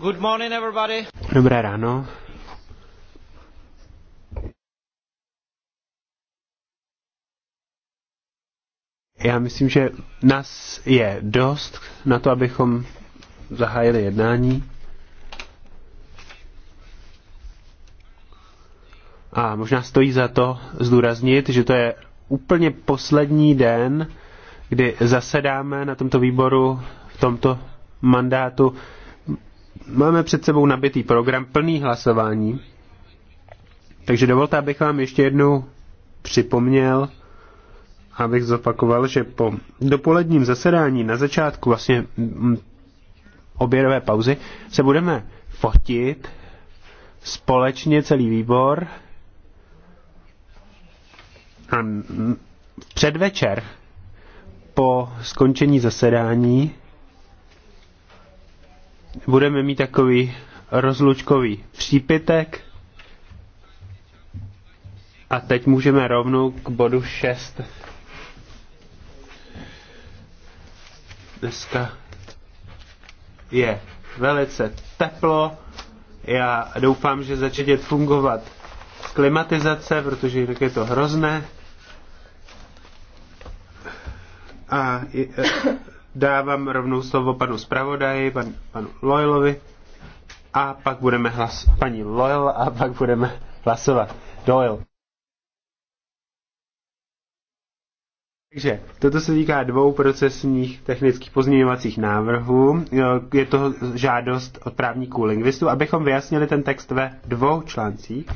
Good morning, everybody. Dobré ráno. Já myslím, že nás je dost na to, abychom zahájili jednání. A možná stojí za to zdůraznit, že to je úplně poslední den, kdy zasedáme na tomto výboru v tomto mandátu Máme před sebou nabitý program plný hlasování, takže dovolte, abych vám ještě jednou připomněl, abych zopakoval, že po dopoledním zasedání na začátku vlastně mm, obědové pauzy se budeme fotit společně celý výbor a předvečer po skončení zasedání budeme mít takový rozlučkový přípitek. A teď můžeme rovnou k bodu 6. Dneska je velice teplo. Já doufám, že začne fungovat klimatizace, protože jinak je to hrozné. A Dávám rovnou slovo panu zpravodaji, pan, panu Loyalovi a pak budeme hlas, paní Loyal a pak budeme hlasovat. Doyle. Takže toto se týká dvou procesních technických pozměňovacích návrhů. Je to žádost od právníků lingvistů, abychom vyjasnili ten text ve dvou článcích,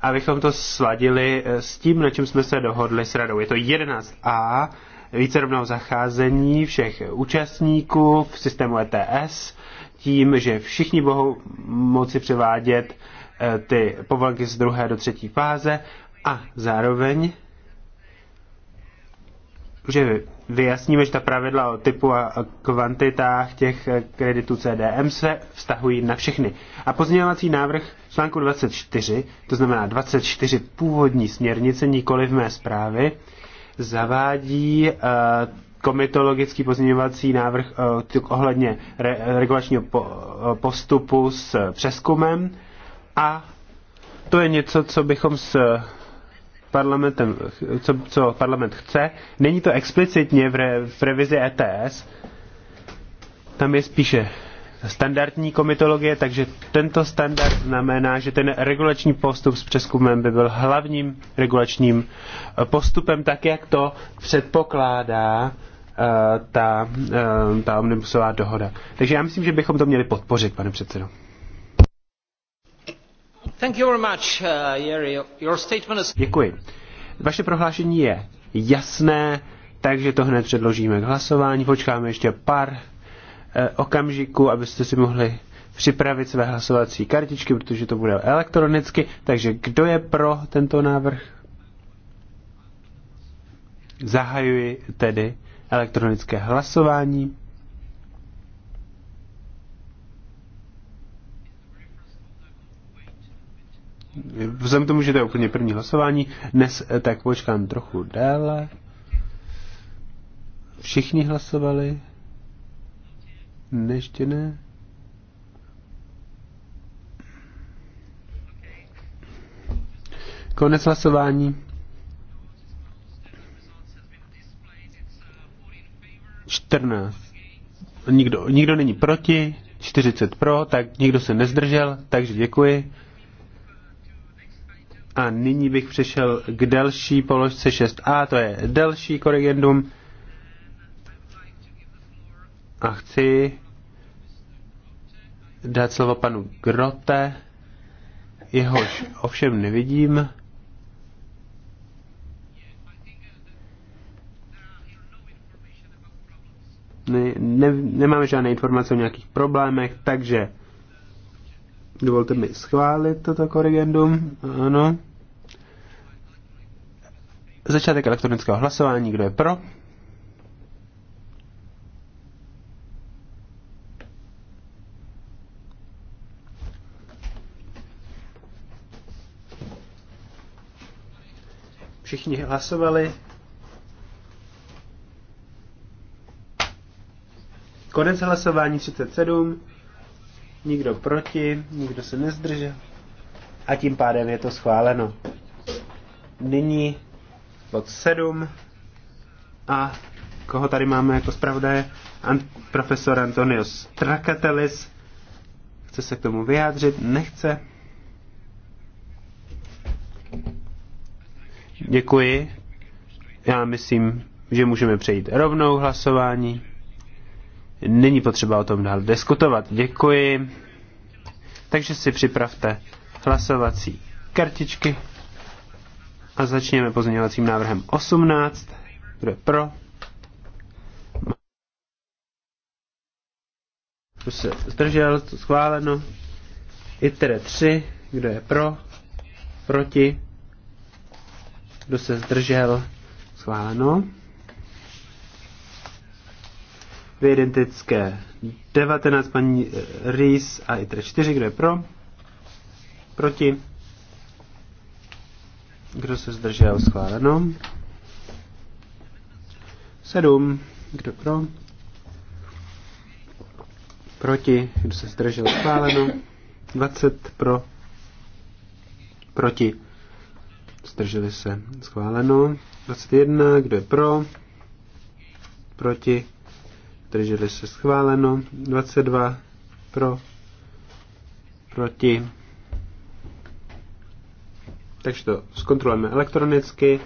abychom to sladili s tím, na čem jsme se dohodli s radou. Je to 11a více rovného zacházení všech účastníků v systému ETS tím, že všichni mohou moci převádět eh, ty povolky z druhé do třetí fáze a zároveň, že vyjasníme, že ta pravidla o typu a kvantitách těch eh, kreditů CDM se vztahují na všechny. A pozměňovací návrh článku 24, to znamená 24 původní směrnice, nikoli v mé zprávy, zavádí eh, komitologický pozměňovací návrh eh, ohledně regulačního eh, postupu s přeskumem a to je něco, co bychom s parlamentem, co, co parlament chce. Není to explicitně v, re, v revizi ETS, tam je spíše standardní komitologie, takže tento standard znamená, že ten regulační postup s přeskumem by byl hlavním regulačním eh, postupem, tak jak to předpokládá eh, ta, eh, ta omnibusová dohoda. Takže já myslím, že bychom to měli podpořit, pane předsedo. Thank you very much, uh, Your statement is... Děkuji. Vaše prohlášení je jasné, takže to hned předložíme k hlasování. Počkáme ještě pár Eh, okamžiku, abyste si mohli připravit své hlasovací kartičky, protože to bude elektronicky. Takže kdo je pro tento návrh? Zahajuji tedy elektronické hlasování. Vzhledem k tomu, že to je úplně první hlasování, dnes eh, tak počkám trochu déle. Všichni hlasovali. Neštine. Konec hlasování. 14. Nikdo, nikdo není proti, 40 pro, tak nikdo se nezdržel, takže děkuji. A nyní bych přešel k další položce 6a, to je další korrigendum. A chci dát slovo panu Grote, jehož ovšem nevidím. Ne, ne, nemáme žádné informace o nějakých problémech, takže dovolte mi schválit toto korrigendum. Ano. Začátek elektronického hlasování, kdo je pro? Všichni hlasovali. Konec hlasování 37. Nikdo proti, nikdo se nezdržel. A tím pádem je to schváleno. Nyní bod 7. A koho tady máme jako zpravodaje? Ant, profesor Antonius Trakatelis. Chce se k tomu vyjádřit? Nechce. Děkuji. Já myslím, že můžeme přejít rovnou hlasování. Není potřeba o tom dál diskutovat. Děkuji. Takže si připravte hlasovací kartičky a začněme pozměňovacím návrhem 18. Kdo je pro? Kdo se zdržel? To schváleno. ITERE 3. Kdo je pro? Proti? Kdo se zdržel? Schváleno. Dvě identické. 19 paní eh, Rees a i 4. Kdo je pro? Proti? Kdo se zdržel? Schváleno. 7. Kdo pro? Proti? Kdo se zdržel? Schváleno. 20 pro? Proti? Zdrželi se. Schváleno. 21. Kdo je pro? Proti. Zdrželi se. Schváleno. 22. Pro. Proti. Takže to zkontrolujeme elektronicky.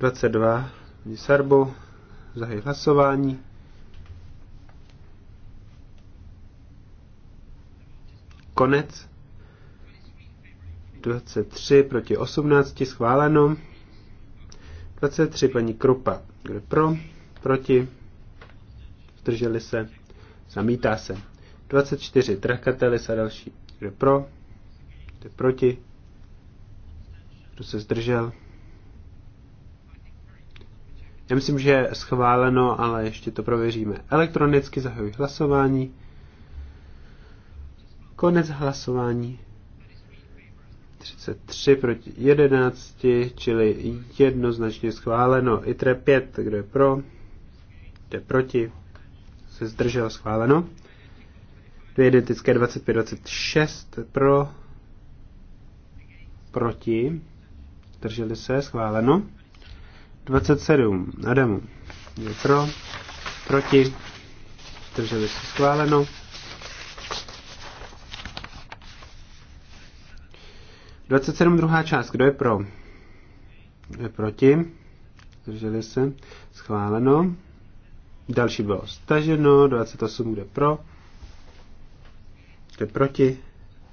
22. Sarbo. Zahaj hlasování. Konec. 23 proti 18 schváleno. 23 paní Krupa. Kdo pro? Proti? Zdrželi se? Zamítá se. 24 Trakatelis a další. Kdo pro? Kdo proti? Kdo se zdržel? Já myslím, že je schváleno, ale ještě to prověříme. Elektronicky zahajuji hlasování. Konec hlasování. 33 proti 11, čili jednoznačně schváleno. ITRE 5, kdo je pro, kdo je proti, se zdržel schváleno. Dvě identické 25-26 pro, proti, zdrželi se, schváleno. 27 Adamu, je pro, proti, zdrželi se, schváleno. 27. druhá část. Kdo je pro? Kdo je proti? Zdrželi se. Schváleno. Další bylo staženo. 28. Kdo je pro? Kdo je proti?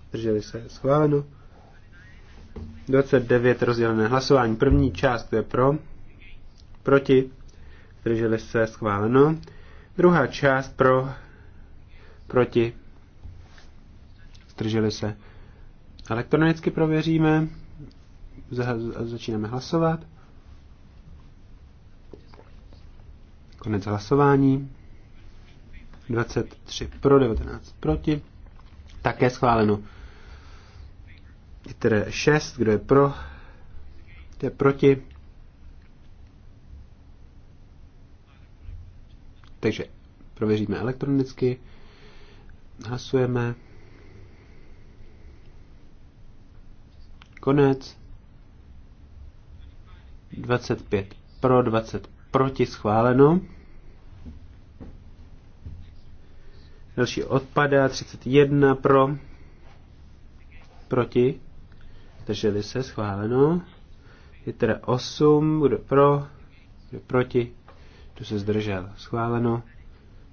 Zdrželi se. Schváleno. 29. Rozdělené hlasování. První část. Kdo je pro? Proti? Zdrželi se. Schváleno. Druhá část. Pro? Proti? Zdrželi se. Elektronicky prověříme. Začínáme hlasovat. Konec hlasování. 23 pro, 19 proti. Také schváleno. Které 6, kdo je pro, kdo je proti. Takže prověříme elektronicky. Hlasujeme. Konec. 25 pro, 20 proti, schváleno. Další odpadá, 31 pro, proti, drželi se, schváleno. Je teda 8, kdo pro, kdo proti, tu se zdržel, schváleno.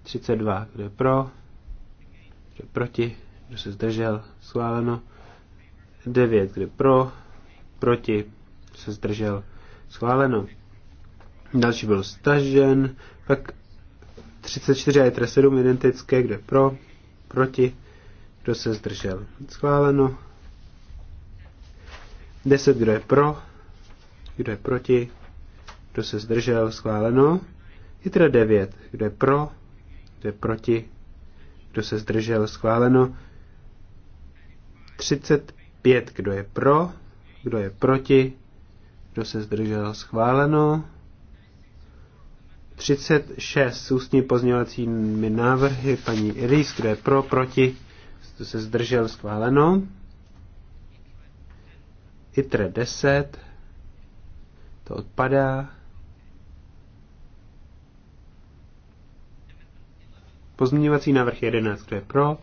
32, kdo pro, kdo proti, kdo se zdržel, schváleno. 9, kde pro, proti, se zdržel, schváleno. Další byl stažen, pak 34 a je 7 identické, kde pro, proti, kdo se zdržel, schváleno. 10, kdo je pro, kdo je proti, kdo se zdržel, schváleno. Je teda 9, kdo je pro, kdo je proti, kdo se zdržel, schváleno. 35 5, kdo je pro, kdo je proti, kdo se zdržel schváleno. 36 s ústní návrhy paní Iris, kdo je pro, proti, kdo se zdržel schváleno. ITRE 10, to odpadá. Pozměňovací návrh 11, kdo je pro,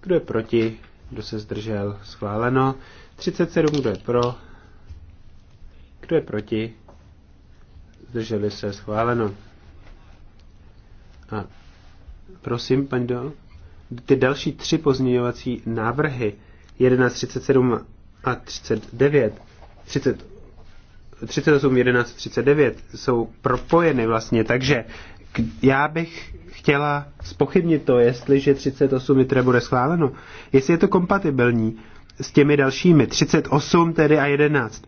kdo je proti, kdo se zdržel? Schváleno. 37. Kdo je pro? Kdo je proti? Zdrželi se? Schváleno. A prosím, paní do, ty další tři pozměňovací návrhy 11, 37 a 39 30, 38, 11, 39 jsou propojeny vlastně, takže já bych chtěla spochybnit to, jestliže 38 litre bude schváleno, jestli je to kompatibilní s těmi dalšími, 38 tedy a 11.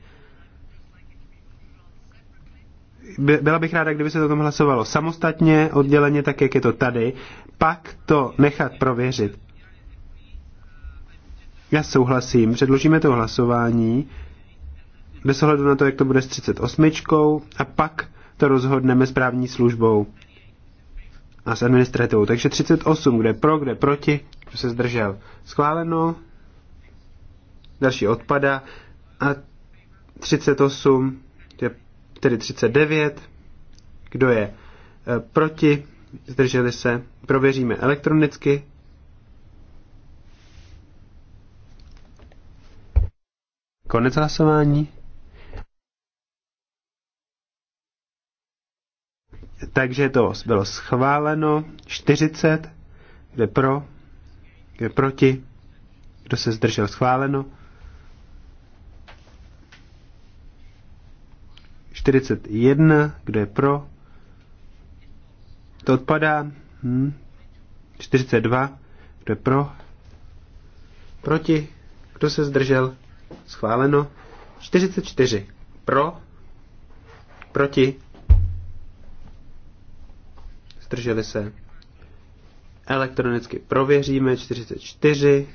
Byla bych ráda, kdyby se to tom hlasovalo samostatně, odděleně, tak jak je to tady, pak to nechat prověřit. Já souhlasím, předložíme to hlasování, bez ohledu na to, jak to bude s 38, a pak to rozhodneme správní službou a s administrativou. Takže 38, kde pro, kde proti, kdo se zdržel. Schváleno, další odpada a 38, kde, tedy 39, kdo je eh, proti, zdrželi se, prověříme elektronicky. Konec hlasování. Takže to bylo schváleno 40, kde pro, kde proti, kdo se zdržel schváleno. 41, kdo je pro, to odpadá. Hm. 42, kdo je pro, proti, kdo se zdržel, schváleno. 44, pro, proti, zdrželi se. Elektronicky prověříme 44.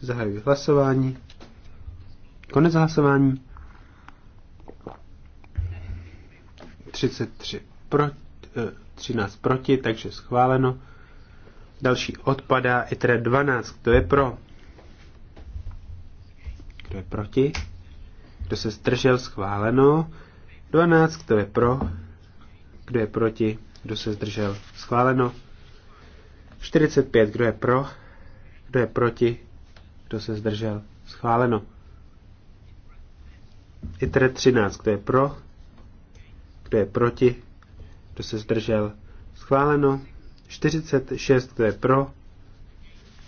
Zahajuji hlasování. Konec hlasování. 33 pro, 13 proti, takže schváleno. Další odpadá i teda 12. Kdo je pro? Kdo je proti? Kdo se zdržel? Schváleno. 12. Kdo je pro? Kdo je proti? Kdo se zdržel? Schváleno. 45. Kdo je pro? Kdo je proti? Kdo se zdržel? Schváleno. itre 13. Kdo je pro? Kdo je proti? Kdo se zdržel? Schváleno. 46. Kdo je pro?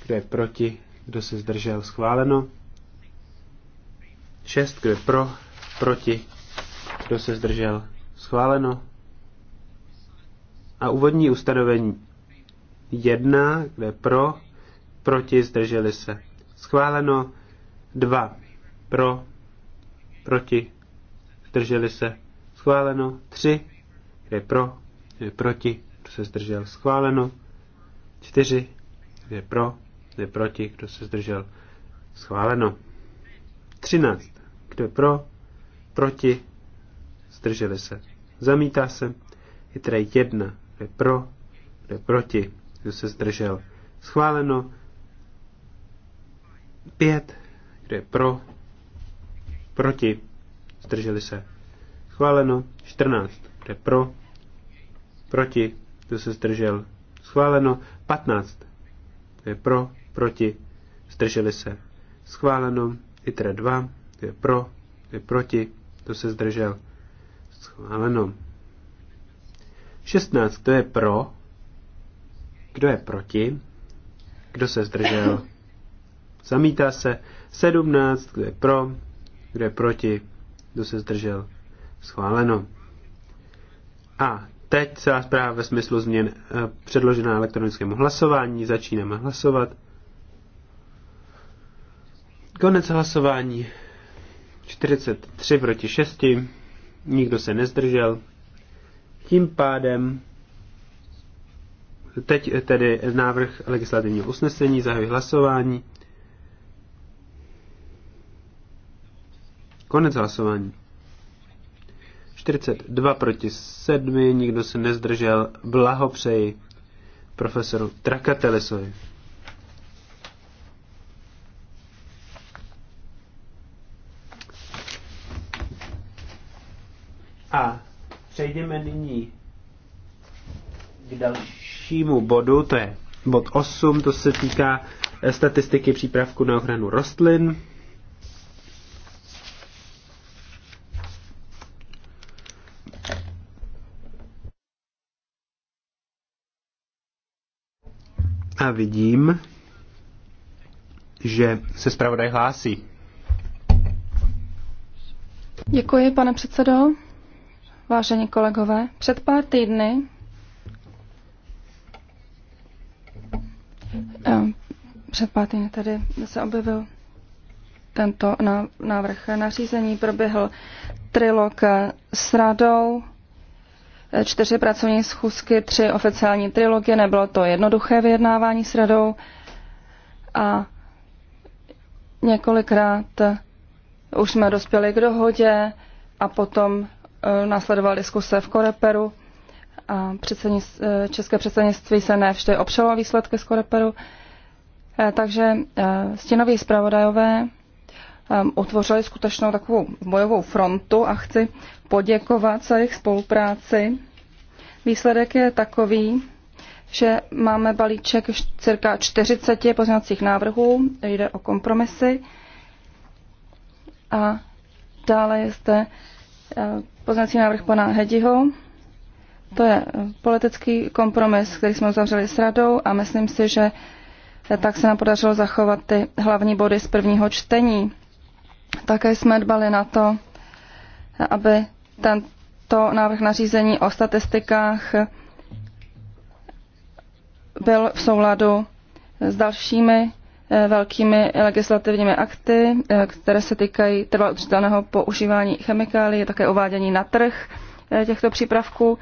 Kdo je proti? Kdo se zdržel? Schváleno. 6. Kdo je pro? Proti? Kdo se zdržel? Schváleno. A úvodní ustanovení jedna, kde pro, proti, zdrželi se. Schváleno dva, pro, proti, zdrželi se. Schváleno tři, kde pro, kde proti, kdo se zdržel. Schváleno čtyři, kde pro, kde proti, kdo se zdržel. Schváleno třináct, kde pro, proti, zdrželi se. Zamítá se. Je tedy jedna, kdo je pro, kdo je proti, kdo se zdržel. Schváleno. Pět, kdo je pro, proti, zdrželi se. Schváleno. čtrnáct. kdo je pro, proti, kdo se zdržel. Schváleno. patnáct. kdo je pro, proti, zdrželi se. Schváleno. Itra dva. kdo je pro, kdo je proti, kdo se zdržel. Schváleno. 16. Kdo je pro? Kdo je proti? Kdo se zdržel? Zamítá se. 17. Kdo je pro? Kdo je proti? Kdo se zdržel? Schváleno. A teď celá zpráva ve smyslu změn eh, předložená elektronickému hlasování. Začínáme hlasovat. Konec hlasování. 43 proti 6. Nikdo se nezdržel. Tím pádem teď tedy návrh legislativního usnesení, zahajuji hlasování. Konec hlasování. 42 proti 7, nikdo se nezdržel. Blahopřeji profesoru Trakatelisovi. Přejdeme nyní k dalšímu bodu, to je bod 8, to se týká eh, statistiky přípravku na ochranu rostlin. A vidím, že se zpravodaj hlásí. Děkuji, pane předsedo vážení kolegové. Před pár týdny eh, před pár týdny tady se objevil tento návrh nařízení. Proběhl trilog s radou, čtyři pracovní schůzky, tři oficiální trilogie. Nebylo to jednoduché vyjednávání s radou a několikrát už jsme dospěli k dohodě a potom Eh, následovala diskuse v Koreperu a eh, české předsednictví se ne vždy opřelo výsledky z Koreperu. Eh, takže stěnoví zpravodajové utvořili skutečnou takovou bojovou frontu a chci poděkovat za jejich spolupráci. Výsledek je takový, že máme balíček cirka 40 pozměňovacích návrhů, jde o kompromisy a dále je zde poznací návrh pana Hediho. To je eh, politický kompromis, který jsme uzavřeli s radou a myslím si, že eh, tak se nám podařilo zachovat ty hlavní body z prvního čtení. Také jsme dbali na to, eh, aby tento návrh nařízení o statistikách byl v souladu s dalšími Eh, velkými legislativními akty, eh, které se týkají trvalého udržitelného používání chemikálií, také uvádění na trh eh, těchto přípravků.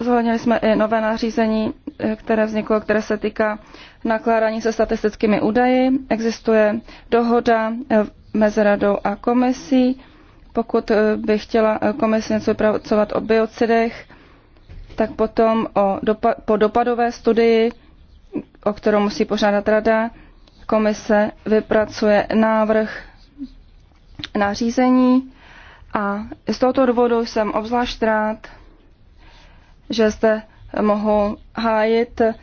Zohlednili jsme i nové nařízení, které vzniklo, které se týká nakládání se statistickými údaji. Existuje dohoda mezi radou a komisí. Pokud by chtěla komise něco pracovat o biocidech, tak potom o dopa- po dopadové studii o kterou musí požádat rada. Komise vypracuje návrh nařízení a z tohoto důvodu jsem obzvlášť rád, že zde mohu hájit eh,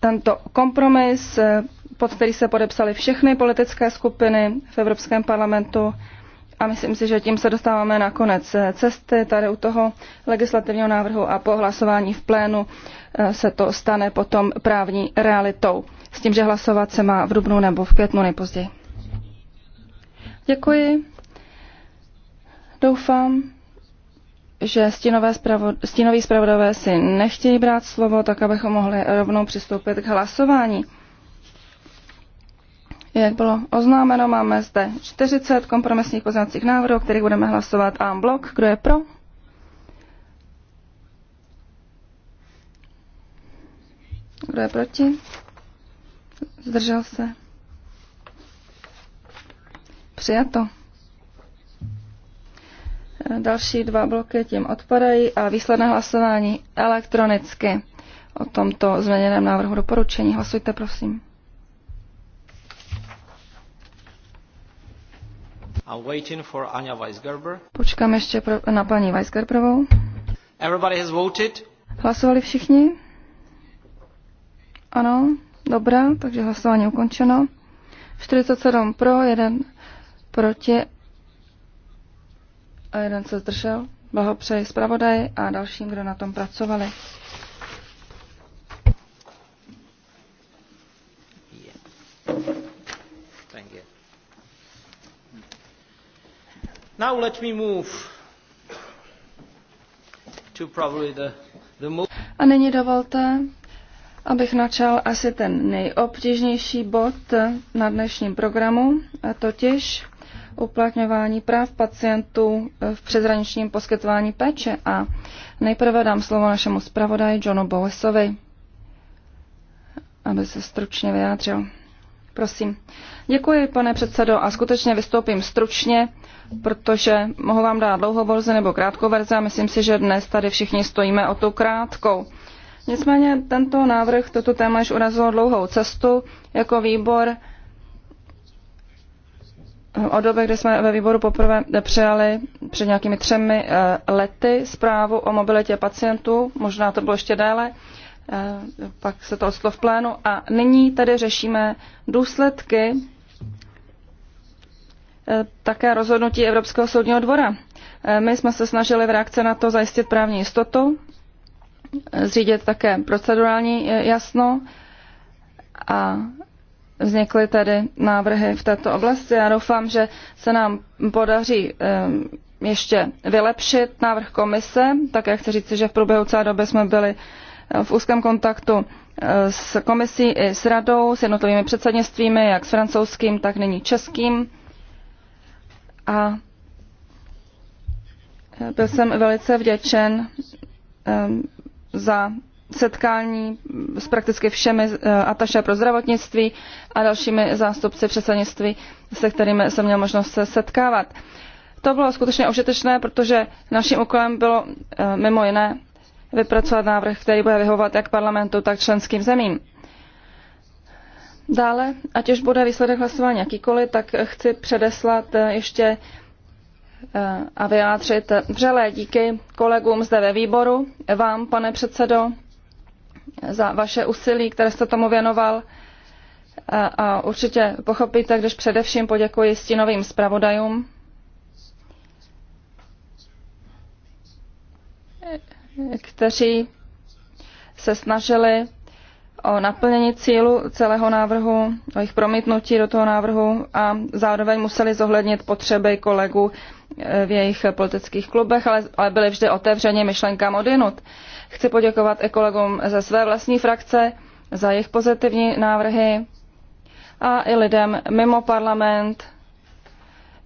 tento kompromis, eh, pod který se podepsaly všechny politické skupiny v Evropském parlamentu a myslím si, že tím se dostáváme na konec eh, cesty tady u toho legislativního návrhu a po hlasování v plénu eh, se to stane potom právní realitou. S tím, že hlasovat se má v dubnu nebo v květnu nejpozději. Děkuji. Doufám, že stínové spravo, stínoví zpravodové si nechtějí brát slovo, tak abychom mohli rovnou přistoupit k hlasování. Jak bylo oznámeno, máme zde 40 kompromisních pozměňovacích návrhů, o kterých budeme hlasovat en blok. Kdo je pro? Kdo je proti? Zdržel se? Přijato. Další dva bloky tím odpadají a výsledné hlasování elektronicky o tomto změněném návrhu doporučení. Hlasujte, prosím. Počkám ještě pro, na paní Weisgerberovou. Everybody has voted. Hlasovali všichni? Ano, dobrá, takže hlasování ukončeno. 47 pro, 1 proti a jeden se zdržel. Blahopřeji zpravodaj a dalším, kdo na tom pracovali. Now let me move to probably the, the most... A nyní dovolte, abych načal asi ten nejobtížnější bod na dnešním programu, a totiž uplatňování práv pacientů v přezraničním poskytování péče. A nejprve dám slovo našemu zpravodaji Johnu Bowesovi, aby se stručně vyjádřil. Prosím. Děkuji, pane předsedo, a skutečně vystoupím stručně protože mohu vám dát dlouhou verzi nebo krátkou verzi a myslím si, že dnes tady všichni stojíme o tu krátkou. Nicméně tento návrh, toto téma již urazilo dlouhou cestu. Jako výbor od doby, kdy jsme ve výboru poprvé přijali před nějakými třemi eh, lety zprávu o mobilitě pacientů, možná to bylo ještě déle, eh, pak se to odstlo v plénu a nyní tady řešíme důsledky Eh, také rozhodnutí Evropského soudního dvora. Eh, my jsme se snažili v reakci na to zajistit právní jistotu, eh, zřídit také procedurální jasno a vznikly tedy návrhy v této oblasti. Já doufám, že se nám podaří ještě vylepšit návrh komise. Také chci říct, že v průběhu celé doby jsme byli v úzkém kontaktu s komisí i s radou, s jednotlivými předsednictvími, jak s francouzským, tak nyní českým a byl jsem velice vděčen ehm, za setkání s prakticky všemi eh, ataše pro zdravotnictví a dalšími zástupci předsednictví, se kterými jsem měl možnost se setkávat. To bylo skutečně užitečné, protože naším úkolem bylo eh, mimo jiné vypracovat návrh, který bude vyhovovat jak parlamentu, tak členským zemím. Dále, ať už bude výsledek hlasování jakýkoliv, tak chci předeslat eh, ještě eh, a vyjádřit vřelé díky kolegům zde ve výboru, vám, pane předsedo, za vaše úsilí, které jste tomu věnoval. A určitě pochopíte, když především poděkuji stínovým zpravodajům. Eh, kteří se snažili o naplnění cílu celého návrhu, o jejich promítnutí do toho návrhu a zároveň museli zohlednit potřeby kolegů eh, v jejich politických klubech, ale, ale byli vždy otevřeni myšlenkám odinut. Chci poděkovat i kolegům ze své vlastní frakce za jejich pozitivní návrhy a i lidem mimo parlament,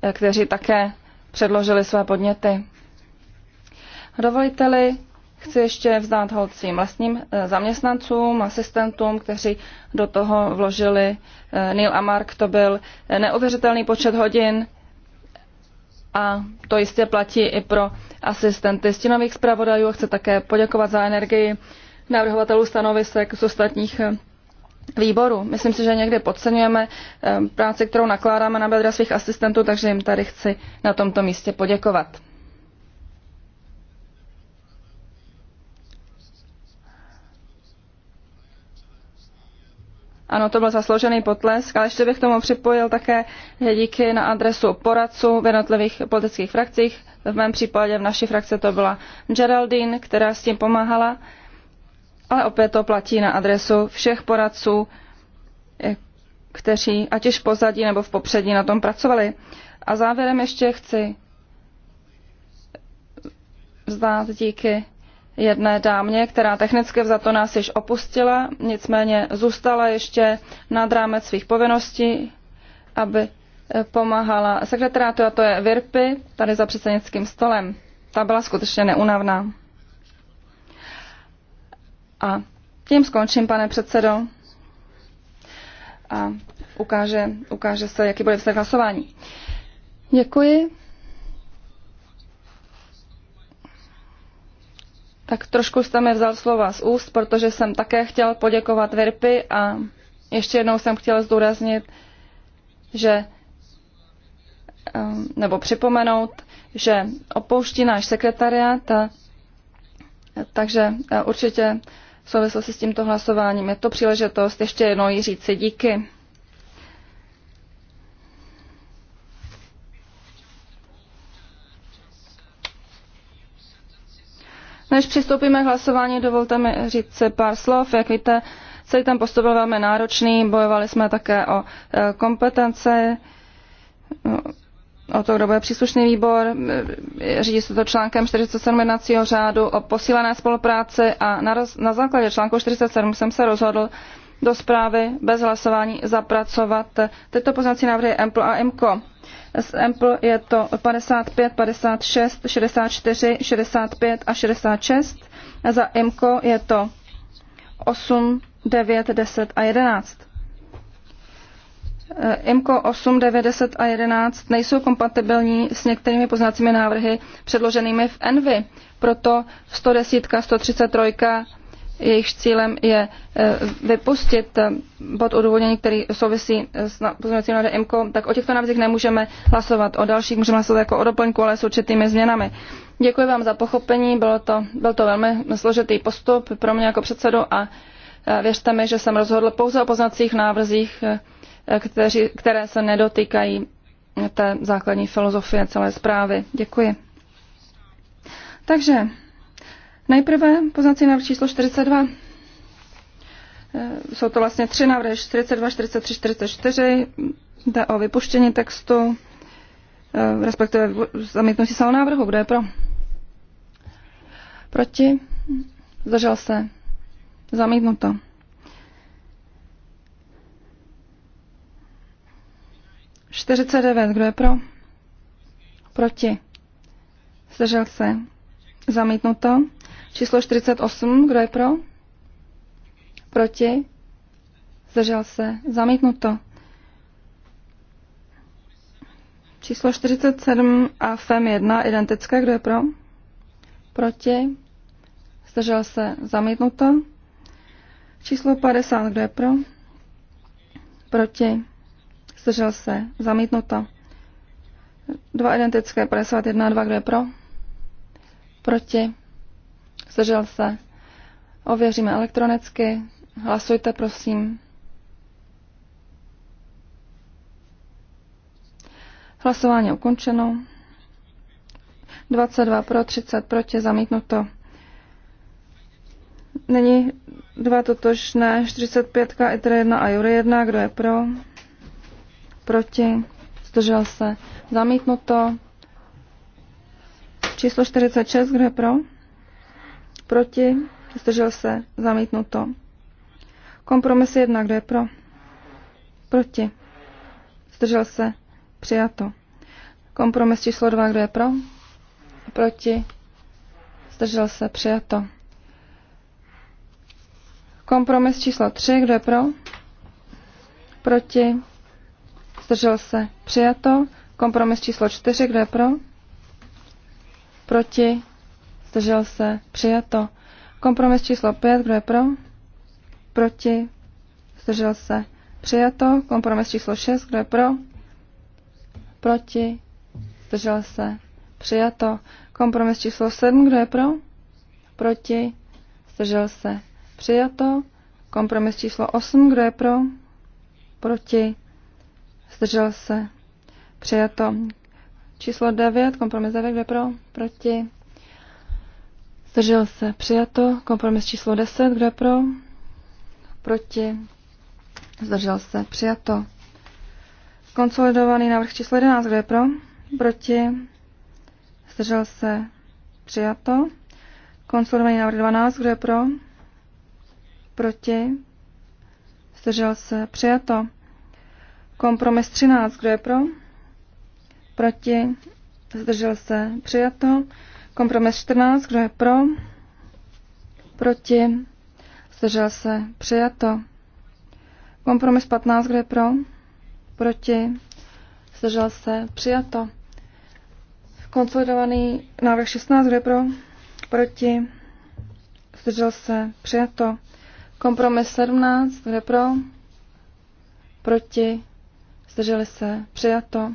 eh, kteří také předložili své podněty. Dovolíte-li, Chci ještě vzdát hod svým vlastním eh, zaměstnancům, asistentům, kteří do toho vložili. Eh, Neil a Mark to byl neuvěřitelný počet hodin a to jistě platí i pro asistenty stinových zpravodajů. Chci také poděkovat za energii navrhovatelů stanovisek z ostatních eh, výborů. Myslím si, že někdy podceňujeme práci, kterou nakládáme na bedra svých asistentů, takže jim tady chci na tomto místě poděkovat. Ano, to byl zasloužený potlesk, ale ještě bych k tomu připojil také díky na adresu poradců v jednotlivých politických frakcích. V mém případě v naší frakci to byla Geraldine, která s tím pomáhala. Ale opět to platí na adresu všech poradců, eh, kteří ať už v pozadí nebo v popředí na tom pracovali. A závěrem ještě chci vzdát díky jedné dámě, která technicky vzato nás již opustila, nicméně zůstala ještě nad rámec svých povinností, aby eh, pomáhala sekretariátu, a to je Virpy, tady za předsednickým stolem. Ta byla skutečně neunavná. A tím skončím, pane předsedo. A ukáže, ukáže se, jaký bude výsledek hlasování. Děkuji. Tak trošku jste mi vzal slova z úst, protože jsem také chtěl poděkovat Virpy a ještě jednou jsem chtěl zdůraznit, že nebo připomenout, že opouští náš sekretariát, a, takže e, určitě v souvislosti s tímto hlasováním je to příležitost ještě jednou jí říci díky. Než přistoupíme k hlasování, dovolte mi říct si pár slov. Jak víte, celý ten postup byl velmi náročný, bojovali jsme také o e, kompetence, o to, kdo bude příslušný výbor. E, řídí se to článkem 47 jednacího řádu o posílené spolupráci a na, roz, na základě článku 47 jsem se rozhodl, do zprávy bez hlasování zapracovat tyto poznací návrhy EMPL a EMCO. Z EMPL je to 55, 56, 64, 65 a 66. A za EMCO je to 8, 9, 10 a 11. IMCO 8, 9, 10 a 11 nejsou kompatibilní s některými poznacími návrhy předloženými v ENVY. Proto 110, 133, jejich cílem je eh, vypustit eh, bod odůvodnění, který souvisí eh, s pozměňovacím návrhem IMCO, tak o těchto návrzích nemůžeme hlasovat. O dalších můžeme hlasovat jako o doplňku, ale s určitými změnami. Děkuji vám za pochopení, bylo to, byl to velmi složitý postup pro mě jako předsedu a věřte mi, že jsem rozhodl pouze o poznacích návrzích, kteří, které se nedotýkají té základní filozofie celé zprávy. Děkuji. Takže Nejprve poznací návrh číslo 42. Eh, jsou to vlastně tři návrhy 42, 43, 44. Jde o vypuštění textu, eh, respektive zamítnutí celého návrhu. Kdo je pro? Proti? Zdržel se? Zamítnuto. Čtyřicet devět. Kdo je pro? Proti? Zdržel se? Zamítnuto. Číslo 48, kdo je pro? Proti? Zdržel se. Zamítnuto. Číslo 47 a FEM 1 identické, kdo je pro? Proti? Zdržel se. Zamítnuto. Číslo 50, kdo je pro? Proti? Zdržel se. Zamítnuto. Dva identické, 51 a 2, kdo je pro? Proti? Zdržel se? Ověříme elektronicky. Hlasujte, prosím. Hlasování ukončeno. 22 pro, 30 proti, zamítnuto. Není dva totožné, 45 i 1 a Jury 1, kdo je pro? Proti, zdržel se, zamítnuto. Číslo 46, kdo je pro? Proti? Zdržel se? Zamítnuto. Kompromis jedna, Kdo je pro? Proti? Zdržel se? Přijato. Kompromis číslo dva, Kdo je pro? Proti? Zdržel se? Přijato. Kompromis číslo tři, Kdo je pro? Proti? Zdržel se? Přijato. Kompromis číslo čtyři, Kdo je pro? Proti? Zdržel se? Přijato. Kompromis číslo 5. Kdo je pro? Proti? Zdržel se? Přijato. Kompromis číslo 6. Kdo je pro? Proti? Zdržel se? Přijato. Kompromis číslo 7. Kdo je pro? Proti? Zdržel se? Přijato. Kompromis číslo 8. Kdo je pro? Proti? Zdržel se? Přijato. Číslo 9. Kompromis 9. Kdo je pro? Proti? Zdržel se. Přijato. Kompromis číslo 10. Kdo je pro? Proti. Zdržel se. Přijato. Konsolidovaný návrh číslo 11. Kdo je pro? Proti. Zdržel se. Přijato. Konsolidovaný návrh 12. Kdo je pro? Proti. Zdržel se. Přijato. Kompromis 13. Kdo je pro? Proti. Zdržel se. Přijato. Kompromis 14, kdo je pro? Proti? Zdržel se? Přijato. Kompromis 15, kdo je pro? Proti? Zdržel se? Přijato. Konsolidovaný návrh 16, kdo je pro? Proti? Zdržel se? Přijato. Kompromis 17, kdo je pro? Proti? Zdrželi se? Přijato.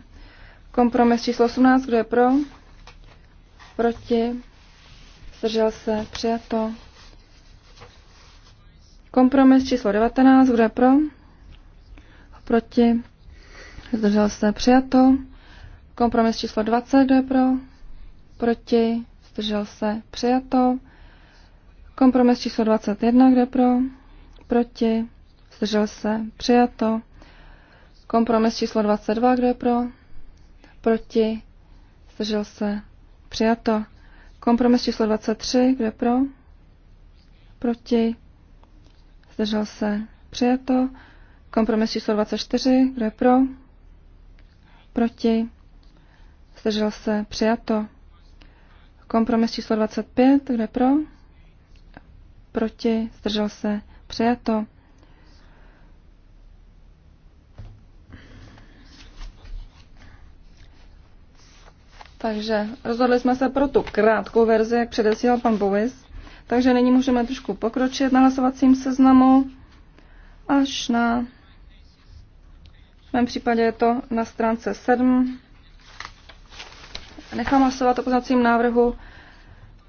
Kompromis číslo 18, kdo je pro? proti, zdržel se, přijato. Kompromis číslo 19, kdo je pro, proti, zdržel se, přijato. Kompromis číslo 20, kdo je pro, proti, zdržel se, přijato. Kompromis číslo 21, kdo je pro, proti, zdržel se, přijato. Kompromis číslo 22, kdo je pro, proti, zdržel se, Přijato. Kompromis číslo 23. Kdo je pro? Proti? Zdržel se. Přijato. Kompromis číslo 24. Kdo je pro? Proti? Zdržel se. Přijato. Kompromis číslo 25. Kdo je pro? Proti? Zdržel se. Přijato. Takže rozhodli jsme se pro tu krátkou verzi, jak předesílal pan Bovis. Takže nyní můžeme trošku pokročit na hlasovacím seznamu až na... V mém případě je to na stránce 7. Nechám hlasovat o poznacím návrhu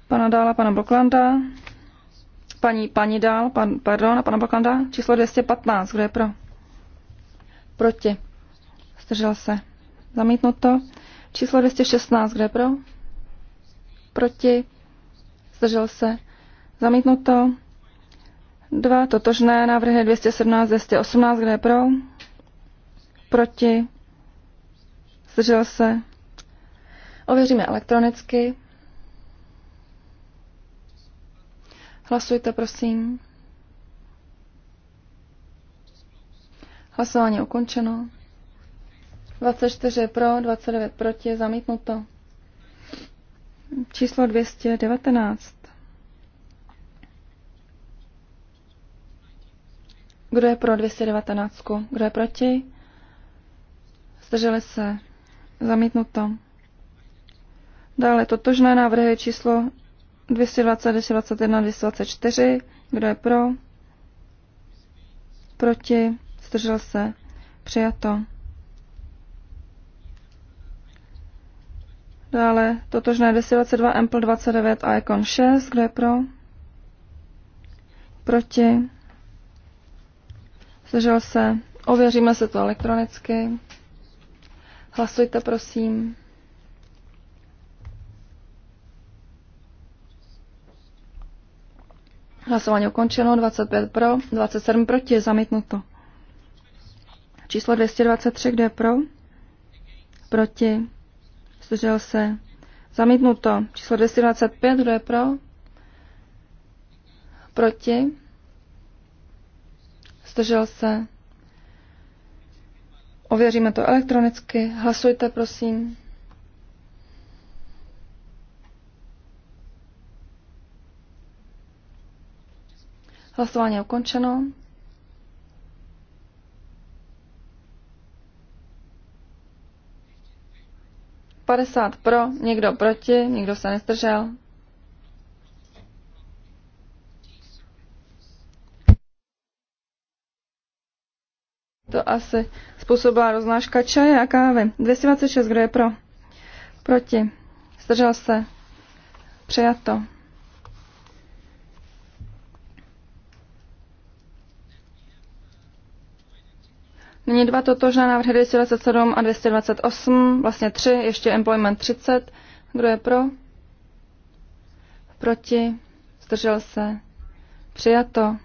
pana Dála, pana Boklanda. paní, paní Dál, pan, pardon, a pana Boklanda. číslo 215. Kdo je pro? Proti. Zdržel se. Zamítnuto. Číslo 216, kde pro? Proti? Zdržel se? Zamítnuto. Dva totožné návrhy 217, 218, kde pro? Proti? Zdržel se? Ověříme elektronicky. Hlasujte, prosím. Hlasování ukončeno. 24 pro, 29 proti, zamítnuto. Číslo 219. Kdo je pro 219? Kdo je proti? Zdrželi se. Zamítnuto. Dále totožné návrhy číslo 220, 221, 224. Kdo je pro? Proti? Zdržel se. Přijato. Dále totožné 1022 Ample 29 a Icon 6. Kdo je pro? Proti? Zdržel se? Ověříme se to elektronicky. Hlasujte, prosím. Hlasování ukončeno, 25 pro, 27 proti, zamítnuto. Číslo 223, kde je pro? Proti. Zdržel se. Zamítnuto. Číslo 225. Kdo je pro? Proti? Zdržel se. Ověříme to elektronicky. Hlasujte, prosím. Hlasování je ukončeno. 50 pro, někdo proti, někdo se nestržel. To asi způsobila roznáška čaje a kávy. 226, kdo je pro? Proti. Zdržel se. Přijato. Nyní dva totožné návrhy 227 a 228, vlastně tři, ještě employment 30. Kdo je pro? Proti? Zdržel se? Přijato.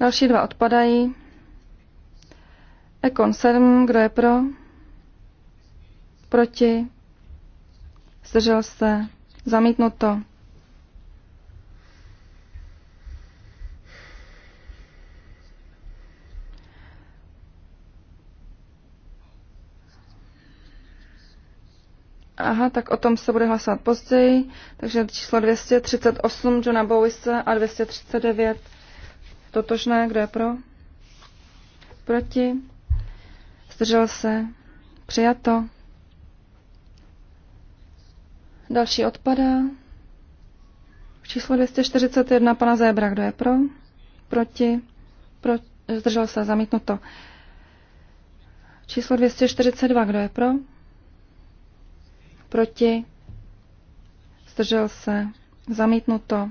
Další dva odpadají. Ekon 7, kdo je pro? Proti? Zdržel se? Zamítnuto. Aha, tak o tom se bude hlasovat později. Takže číslo 238 Johna Bowise a 239 totožné. Kdo je pro? Proti? Zdržel se? Přijato? Další odpadá. Číslo 241 pana Zébra. Kdo je pro? Proti? Pro, zdržel se? Zamítnuto. Číslo 242. Kdo je pro? proti, zdržel se, zamítnuto.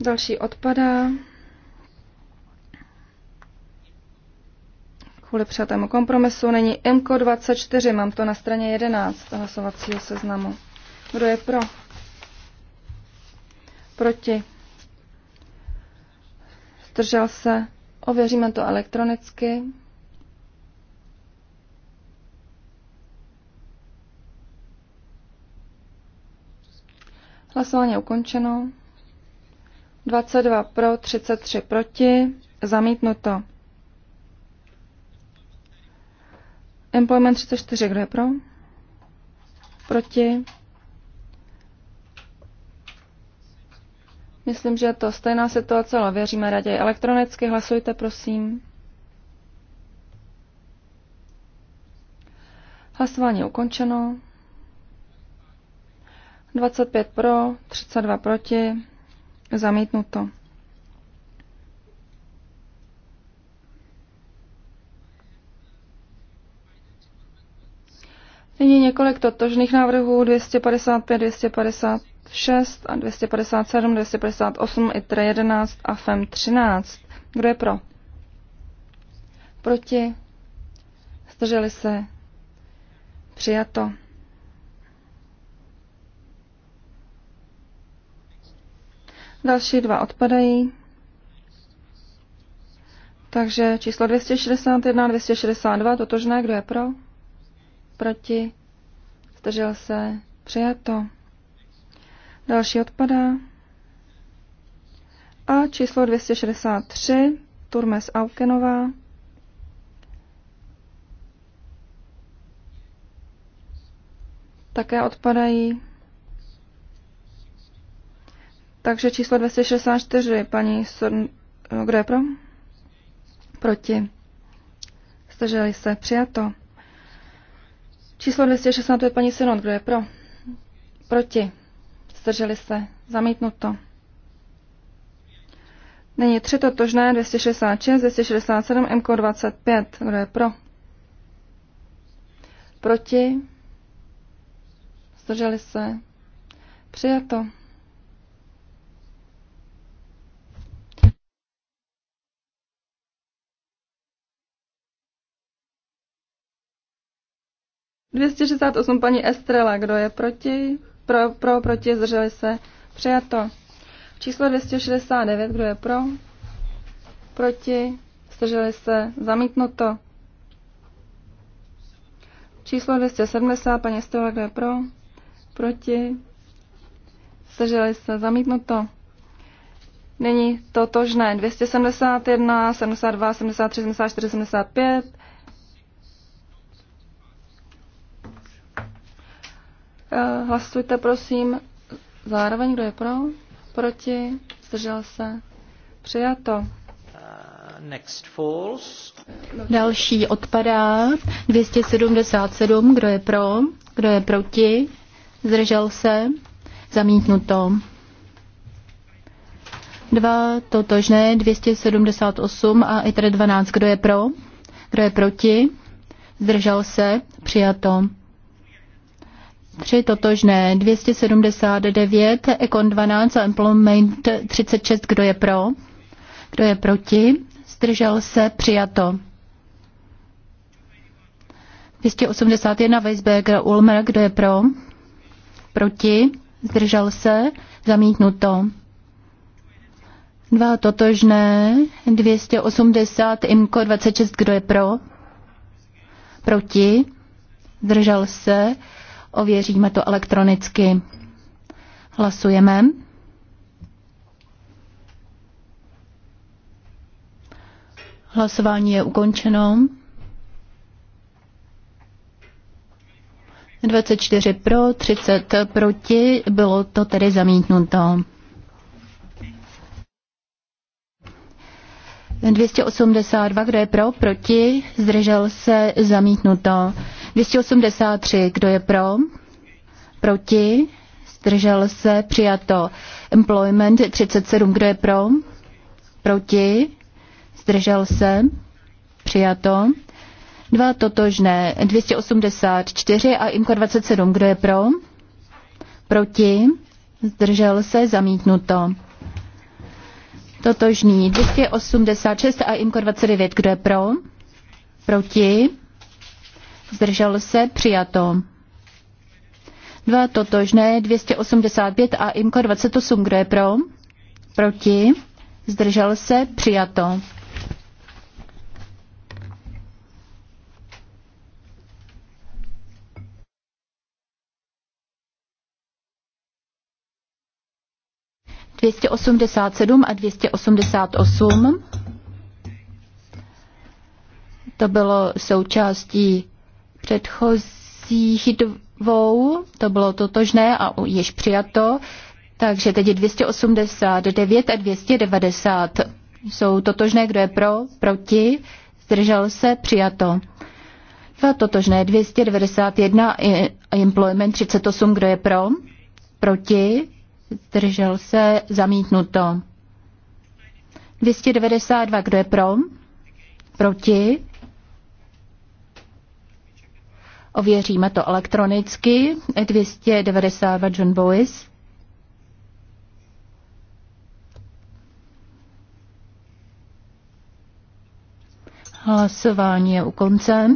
Další odpadá. Kvůli přijatému kompromisu není MKO 24, mám to na straně 11 hlasovacího seznamu. Kdo je pro? Proti? Zdržel se? Ověříme to elektronicky. Hlasování ukončeno. 22 pro, 33 proti, zamítnuto. Employment 34, kdo je pro? Proti? Myslím, že je to stejná situace, ale věříme raději elektronicky. Hlasujte, prosím. Hlasování ukončeno. 25 pro, 32 proti, zamítnuto. Nyní několik totožných návrhů 255, 256 a 257, 258, ITRE 11 a FEM 13. Kdo je pro? Proti? Zdrželi se? Přijato. Další dva odpadají. Takže číslo 261 a 262, totožné, kdo je pro? Proti? Zdržel se? Přijato. Další odpadá. A číslo 263, Turmes Aukenová. Také odpadají. Takže číslo 264, paní Sorn... Kdo je pro? Proti. Zdrželi se. Přijato. Číslo 265, paní Sinon. Kdo je pro? Proti. Zdrželi se. Zamítnuto. Není tři totožné 266, 267, MK25. Kdo je pro? Proti? Zdrželi se? Přijato. 268 paní Estrela, kdo je proti? Pro, pro proti, zdrželi se. Přijato. Číslo 269, kdo je pro? Proti, zdrželi se. Zamítnuto. Číslo 270, paní Estrela, kdo je pro? Proti, zdrželi se. Zamítnuto. Nyní totožné 271, 72, 73, 74, 75. Eh, hlasujte prosím zároveň, kdo je pro, proti, zdržel se, přijato. Eh, next falls. Další odpadá 277, kdo je pro, kdo je proti, zdržel se, zamítnuto. Dva totožné, 278 a i tedy 12, kdo je pro, kdo je proti, zdržel se, přijato. 3 totožné, 279, Ekon 12 a Employment 36, kdo je pro, kdo je proti, zdržel se, přijato. 281 Weisberger Ulmer, kdo je pro, proti, zdržel se, zamítnuto. Dva totožné, 280 IMKO 26, kdo je pro, proti, zdržel se, Ověříme to elektronicky. Hlasujeme. Hlasování je ukončeno. 24 pro, 30 proti, bylo to tedy zamítnuto. 282, kdo je pro, proti, zdržel se, zamítnuto. 283, kdo je pro? Proti? Zdržel se? Přijato. Employment 37, kdo je pro? Proti? Zdržel se? Přijato. Dva totožné, 284 a Imco 27, kdo je pro? Proti? Zdržel se? Zamítnuto. Totožný 286 a Imco 29, kdo je pro? Proti? zdržel se, přijato. Dva totožné, 285 a IMKO 28, kdo je pro? Proti, zdržel se, přijato. Dvěstě a 288 to bylo součástí předchozích dvou, to bylo totožné a již přijato, takže teď je 289 a 290 jsou totožné, kdo je pro, proti, zdržel se, přijato. Dva totožné, 291 employment 38, kdo je pro, proti, zdržel se, zamítnuto. 292, kdo je pro, proti, Ověříme to elektronicky. 292 John Boyce. Hlasování je u konce.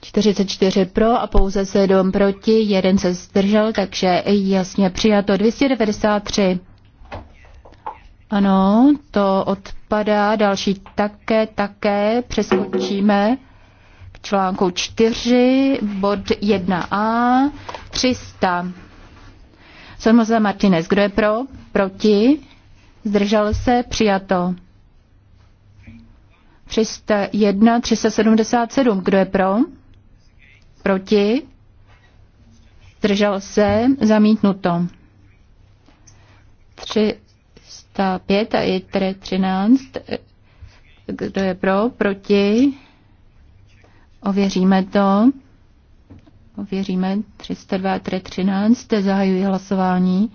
44 pro a pouze 7 proti, jeden se zdržel, takže jasně přijato 293. Ano, to odpadá, další také, také, přeskočíme článku 4, bod 1a, 300. Samozřejmě Martinez, kdo je pro? Proti? Zdržel se? Přijato. 301, 377, kdo je pro? Proti? Zdržel se? Zamítnuto. 305 a je 13. Kdo je pro? Proti? Ověříme to. Ověříme 302 13. Zahajuji hlasování.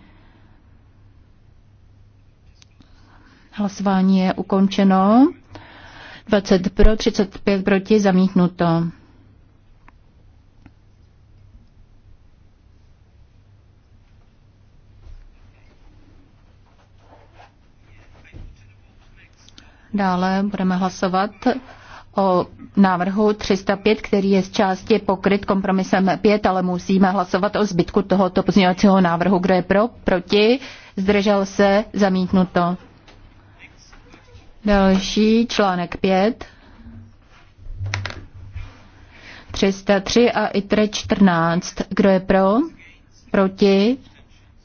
Hlasování je ukončeno. 20 pro, 35 proti, zamítnuto. Dále budeme hlasovat o návrhu 305, který je z části pokryt kompromisem 5, ale musíme hlasovat o zbytku tohoto pozměňovacího návrhu. Kdo je pro? Proti? Zdržel se? Zamítnuto. Další článek 5. 303 a ITRE 14. Kdo je pro? Proti?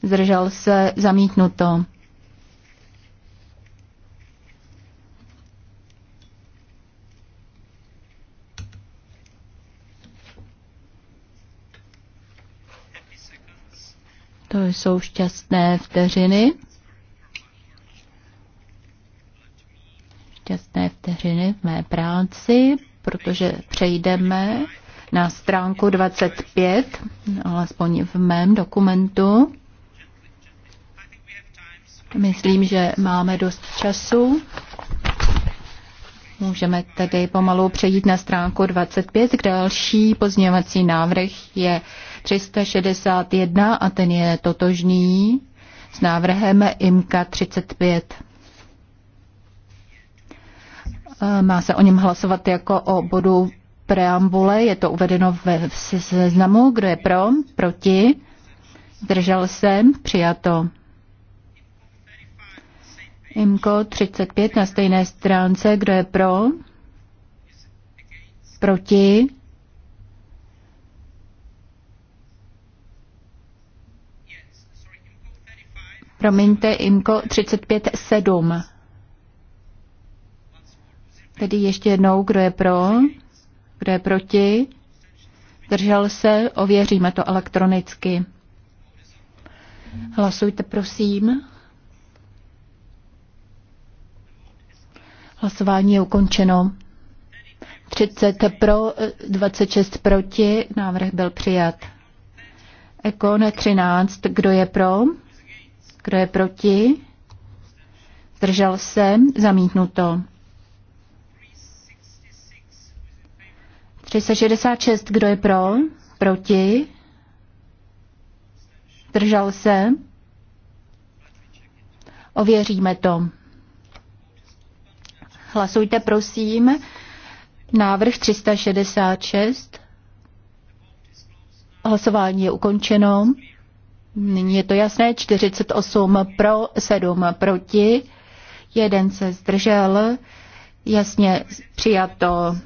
Zdržel se? Zamítnuto. To jsou šťastné vteřiny. Šťastné vteřiny v mé práci, protože přejdeme na stránku 25, alespoň v mém dokumentu. Myslím, že máme dost času. Můžeme tedy pomalu přejít na stránku 25, kde další pozměňovací návrh je 361 a ten je totožný s návrhem IMKA 35. Eh, má se o něm hlasovat jako o bodu preambule, je to uvedeno ve seznamu, kdo je pro, proti, zdržel se, přijato. Imko 35 na stejné stránce, kdo je pro? Proti? Promiňte, Imko 7. Tedy ještě jednou, kdo je pro, kdo je proti. Držel se, ověříme to elektronicky. Hlasujte, prosím. Hlasování je ukončeno. 30 pro, 26 proti. Návrh byl přijat. Ekon 13. Kdo je pro? Kdo je proti? Zdržel se? Zamítnuto. 366. Kdo je pro? Proti? Zdržel se? Ověříme to. Hlasujte prosím. Návrh 366. Hlasování je ukončeno. Nyní je to jasné. 48 pro, 7 proti. Jeden se zdržel. Jasně přijato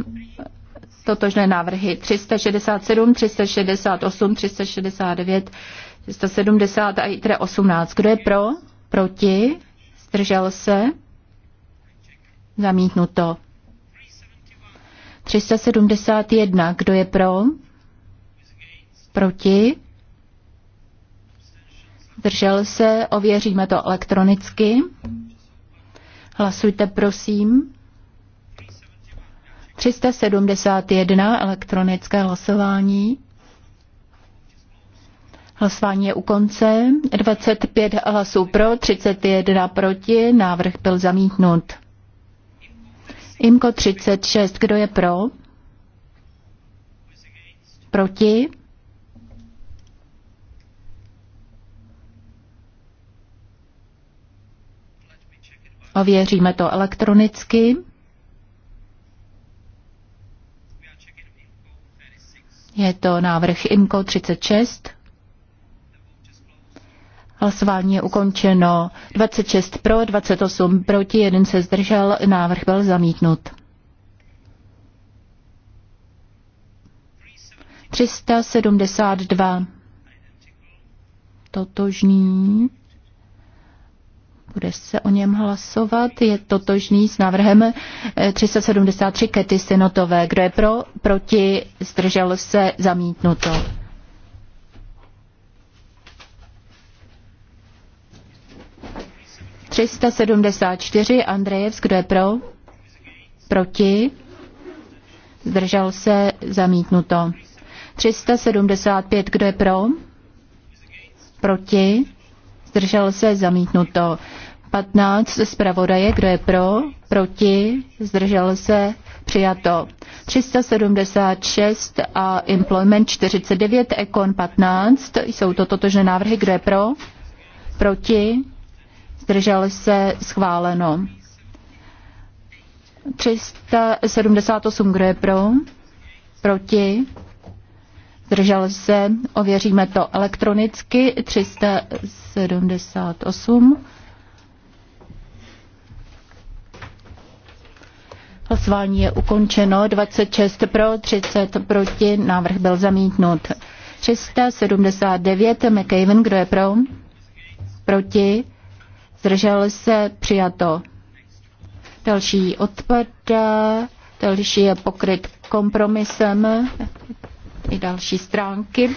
totožné návrhy 367, 368, 369, 370 a i 18. Kdo je pro? Proti? Zdržel se? Zamítnuto. 371. Kdo je pro? Proti? Zdržel se? Ověříme to elektronicky. Hlasujte, prosím. 371 elektronické hlasování. Hlasování je u konce. 25 hlasů pro, 31 proti. Návrh byl zamítnut. Imko 36, kdo je pro? Proti? Ověříme to elektronicky. Je to návrh IMCO 36. Hlasování je ukončeno. 26 pro, 28 proti, jeden se zdržel, návrh byl zamítnut. 372. Totožný. Bude se o něm hlasovat. Je totožný s návrhem 373 Kety Synotové. Kdo je pro, proti, zdržel se, zamítnuto. 374 Andrejevsk, kdo je pro? Proti? Zdržel se zamítnuto. 375, kdo je pro? Proti? Zdržel se zamítnuto. 15 zpravodaje, kdo je pro? Proti? Zdržel se přijato. 376 a Employment 49, Econ 15, jsou to totožné návrhy, kdo je pro? Proti? zdržel se, schváleno. 378, kdo je pro, proti, zdržel se, ověříme to elektronicky, 378. Hlasování je ukončeno. 26 pro, 30 proti. Návrh byl zamítnut. 379 McCaven, kdo je pro? Proti zdržel se, přijato. Další odpad další je pokryt kompromisem, i další stránky.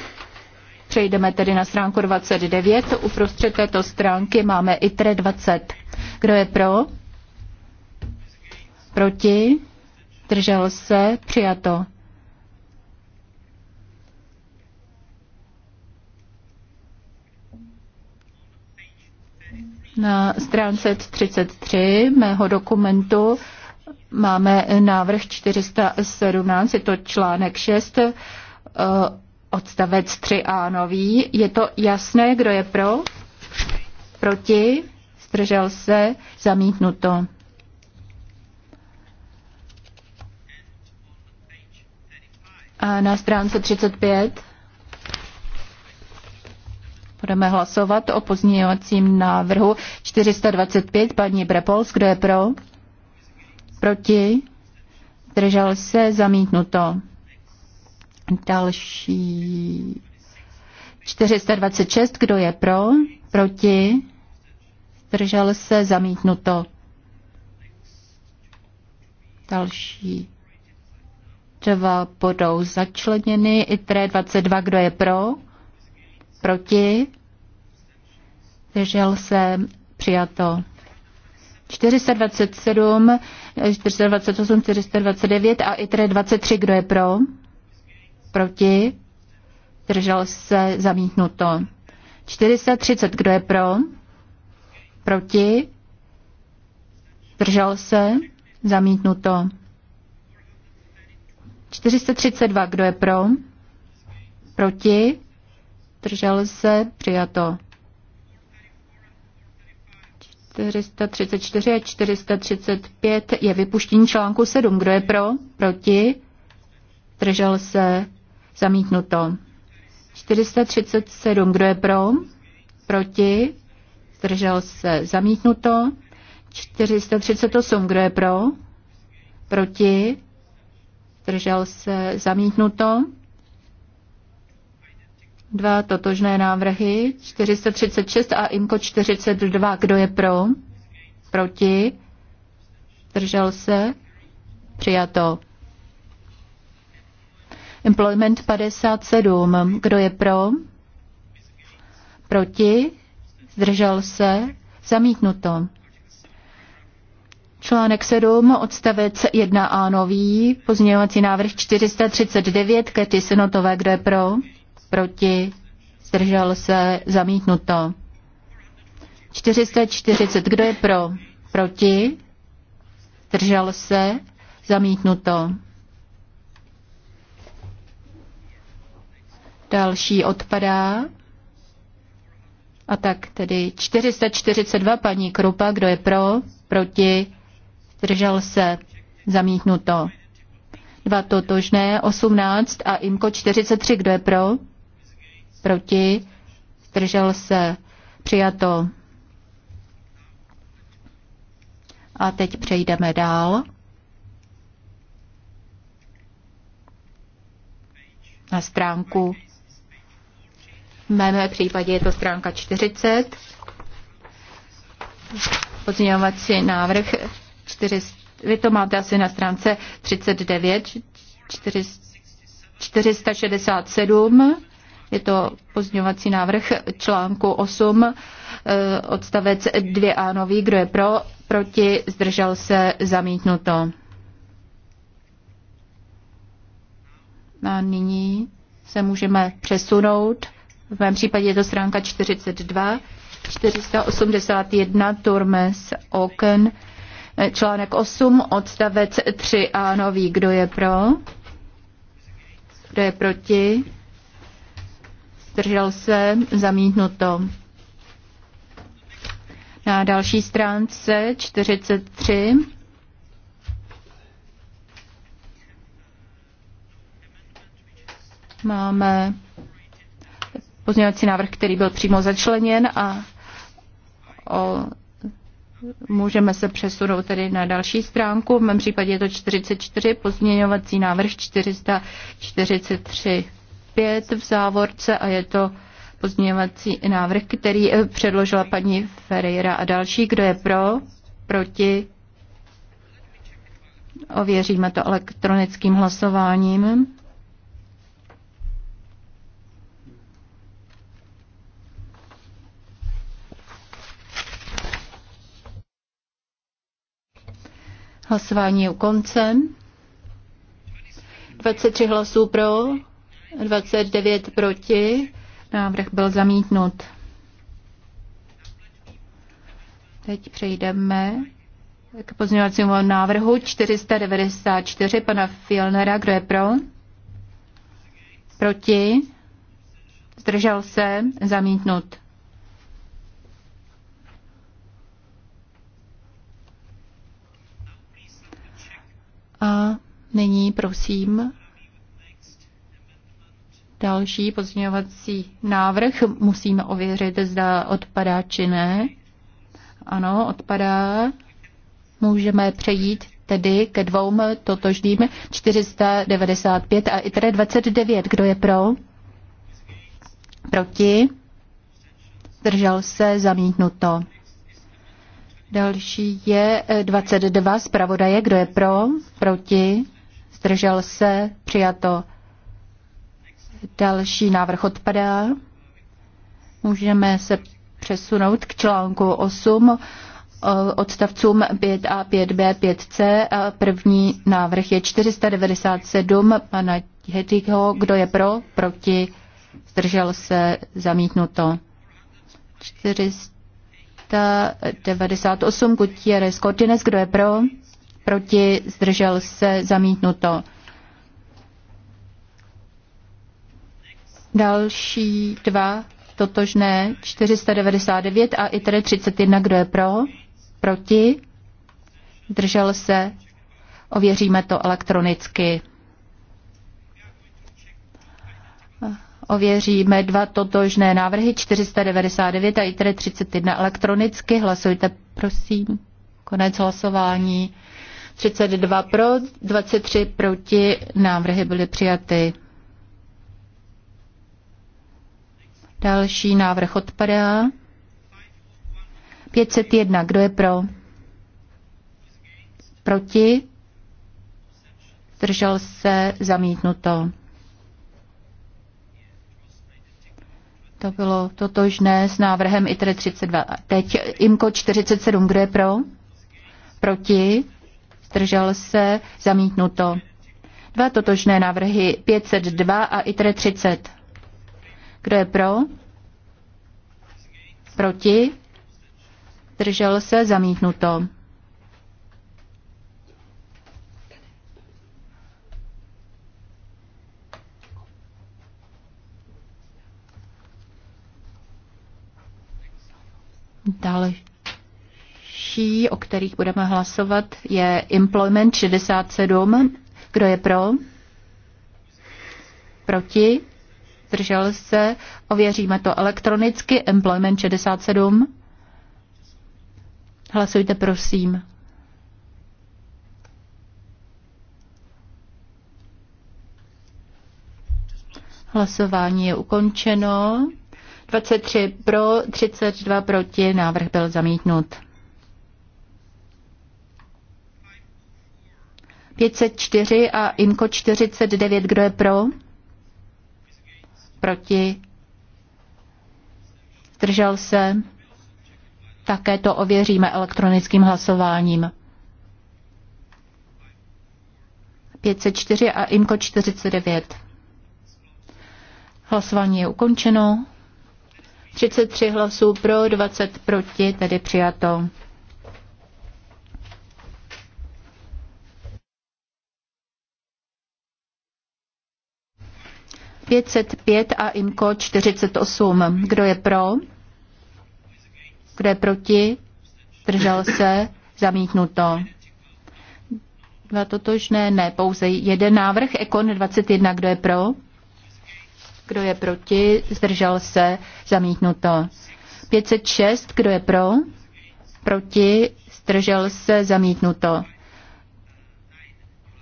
Přejdeme tedy na stránku 29. Uprostřed této stránky máme ITRE 20. Kdo je pro? Proti? Držel se? Přijato. Na stránce 33 mého dokumentu máme návrh 417, je to článek 6, eh, odstavec 3a nový. Je to jasné, kdo je pro? Proti? Zdržel se? Zamítnuto. A na stránce 35 budeme hlasovat o pozměňovacím návrhu 425. Paní Brepols, kdo je pro? Proti? Držel se zamítnuto. Další. 426. Kdo je pro? Proti? Držel se zamítnuto. Další dva budou začleněny. I 22, kdo je pro? Proti? Držel se přijato. 427, 428, 429 a tedy 23. Kdo je pro? Proti? Držel se zamítnuto. 430. Kdo je pro? Proti? Držel se? Zamítnuto. 432. Kdo je pro? Proti? Držel se? Přijato. 434 a 435 je vypuštění článku 7. Kdo je pro? Proti? Držel se? Zamítnuto. 437. Kdo je pro? Proti? Držel se? Zamítnuto. 438. Kdo je pro? Proti? Držel se? Zamítnuto dva totožné návrhy, 436 a IMKO 42. Kdo je pro? Proti? Držel se? Přijato. Employment 57. Kdo je pro? Proti? Zdržel se? Zamítnuto. Článek 7, odstavec 1a nový, pozměňovací návrh 439, Kety Synotové, kdo je pro? proti, zdržel se, zamítnuto. 440, kdo je pro, proti, zdržel se, zamítnuto. Další odpadá. A tak tedy 442 paní Krupa, kdo je pro, proti, zdržel se, zamítnuto. Dva totožné, 18 a Imko 43, kdo je pro, proti, zdržel se, přijato. A teď přejdeme dál. Na stránku. V mém případě je to stránka 40. Pozměňovací návrh 40. Vy to máte asi na stránce 39, 4, 467. Je to pozňovací návrh článku 8, eh, odstavec 2a nový, kdo je pro, proti, zdržel se, zamítnuto. A nyní se můžeme přesunout. V mém případě je to stránka 42, 481 Turmes Oken, eh, článek 8, odstavec 3a nový. Kdo je pro? Kdo je proti? zdržel se, zamítnuto. Na další stránce 43 máme pozměňovací návrh, který byl přímo začleněn a o, můžeme se přesunout tedy na další stránku. V mém případě je to 44, pozměňovací návrh 443. 5 v závorce a je to pozměňovací návrh, který eh, předložila paní Ferreira a další. Kdo je pro? Proti? Ověříme to elektronickým hlasováním. Hlasování je u konce. 23 hlasů pro, 29 proti. Návrh byl zamítnut. Teď přejdeme k pozměňovacímu návrhu 494 pana Fielnera. Kdo je pro? Proti? Zdržel se? Zamítnut. A nyní prosím Další pozměňovací návrh musíme ověřit, zda odpadá či ne. Ano, odpadá. Můžeme přejít tedy ke dvou totožným 495 a i tedy 29. Kdo je pro? Proti? Zdržel se zamítnuto. Další je 22 eh, zpravodaje. Kdo je pro? Proti? Zdržel se přijato. Další návrh odpadá. Můžeme se přesunout k článku 8 eh, odstavcům 5a, 5b, 5c. první návrh je 497 pana Hetiho. Kdo je pro? Proti? Zdržel se? Zamítnuto. 498 Gutierrez Cortines. Kdo je pro? Proti? Zdržel se? Zamítnuto. Další dva totožné 499 a i tedy 31, kdo je pro, proti, držel se, ověříme to elektronicky. Ověříme dva totožné návrhy 499 a i tedy 31 elektronicky. Hlasujte, prosím. Konec hlasování. 32 pro, 23 proti, návrhy byly přijaty. Další návrh odpadá. 501. Kdo je pro? Proti? Držel se zamítnuto. To bylo totožné s návrhem ITRE 32. Teď IMKO 47. Kdo je pro? Proti? Držel se zamítnuto. Dva totožné návrhy 502 a ITRE 30. Kdo je pro? Proti? Držel se zamítnuto. Další, o kterých budeme hlasovat, je Employment 67. Kdo je pro? Proti? zdržel se, ověříme to elektronicky, employment 67. Hlasujte prosím. Hlasování je ukončeno. 23 pro, 32 proti, návrh byl zamítnut. 504 a IMKO 49, kdo je pro? proti, zdržel se, také to ověříme elektronickým hlasováním. 504 a IMKO 49. Hlasování je ukončeno. 33 hlasů pro, 20 proti, tedy přijato. 505 a IMCO 48. Kdo je pro? Kdo je proti? Držel se? Zamítnuto. Dva totožné? Ne, pouze jeden návrh. Ekon 21. Kdo je pro? Kdo je proti? Zdržel se? Zamítnuto. 506. Kdo je pro? Proti? Zdržel se? Zamítnuto.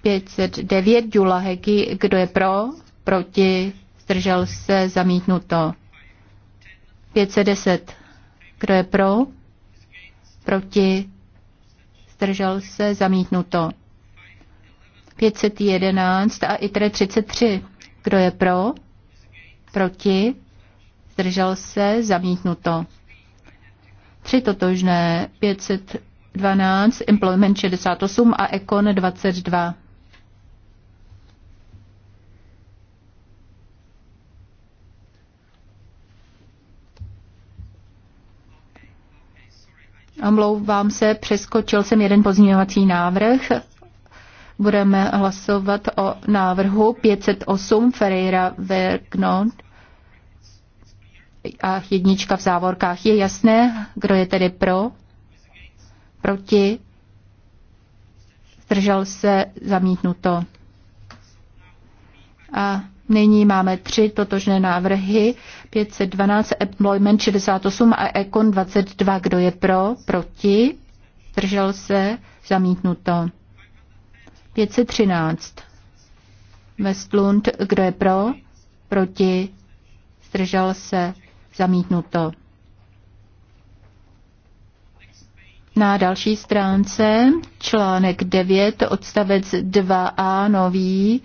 509. Dula Hegi. Kdo je pro? proti, zdržel se, zamítnuto. 510, kdo je pro, proti, zdržel se, zamítnuto. 511 a ITRE 33, kdo je pro, proti, zdržel se, zamítnuto. Tři totožné, 512, Employment 68 a Econ 22. Omlouvám se, přeskočil jsem jeden pozměňovací návrh. Budeme hlasovat o návrhu 508 Ferreira Vergnon a jednička v závorkách. Je jasné, kdo je tedy pro, proti, zdržel se, zamítnuto. A Nyní máme tři totožné návrhy, 512, Employment 68 a Econ 22. Kdo je pro, proti, Držel se, zamítnuto. 513. Westlund, kdo je pro, proti, zdržel se, zamítnuto. Na další stránce článek 9, odstavec 2a, nový,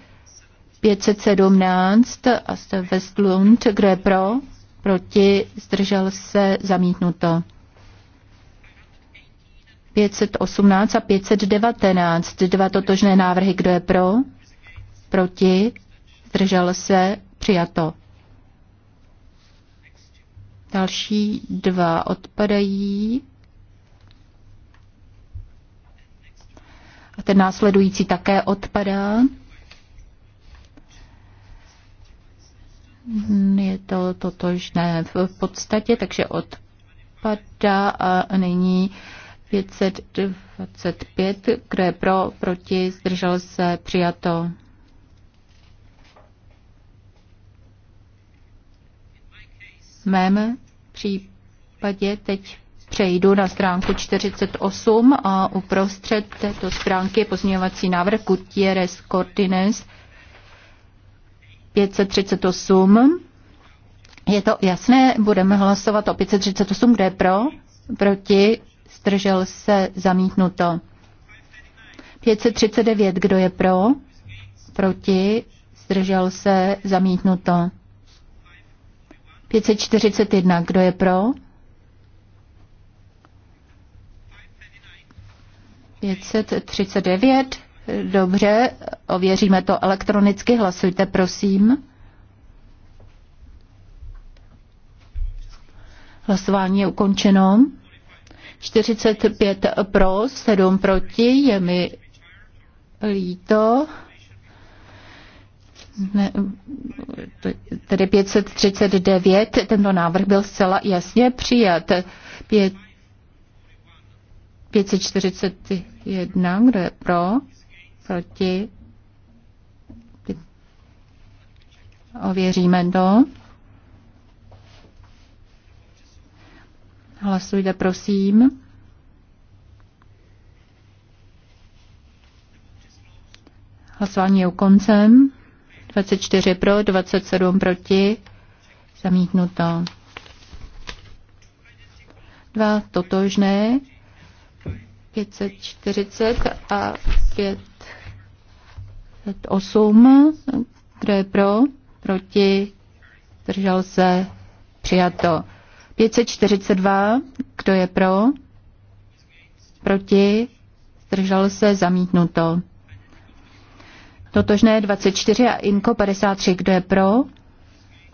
517 Aste Westlund, kdo je pro, proti, zdržel se, zamítnuto. 518 a 519, dva totožné návrhy, kdo je pro, proti, zdržel se, přijato. Další dva odpadají. A ten následující také odpadá. Je to totožné v podstatě, takže odpadá a nyní 525, kde pro, proti, zdržel se, přijato. V mém případě teď přejdu na stránku 48 a uprostřed této stránky je pozměňovací návrh Gutierrez Cortines 538. Je to jasné, budeme hlasovat o 538, kde je pro, proti, zdržel se, zamítnuto. 539, kdo je pro, proti, zdržel se, zamítnuto. 541, kdo je pro? 539, Dobře, ověříme to elektronicky. Hlasujte, prosím. Hlasování je ukončeno. 45 pro, 7 proti, je mi líto. Ne, tedy 539, tento návrh byl zcela jasně přijat. 5, 541, kdo je pro? proti, ověříme do. Hlasujte, prosím. Hlasování je u koncem. 24 pro, 27 proti. Zamítnuto. Dva totožné. 540 a 5 8. Kdo je pro? Proti? držel se? Přijato. 542. Kdo je pro? Proti? držel se? Zamítnuto. Totožné 24 a INKO 53. Kdo je pro?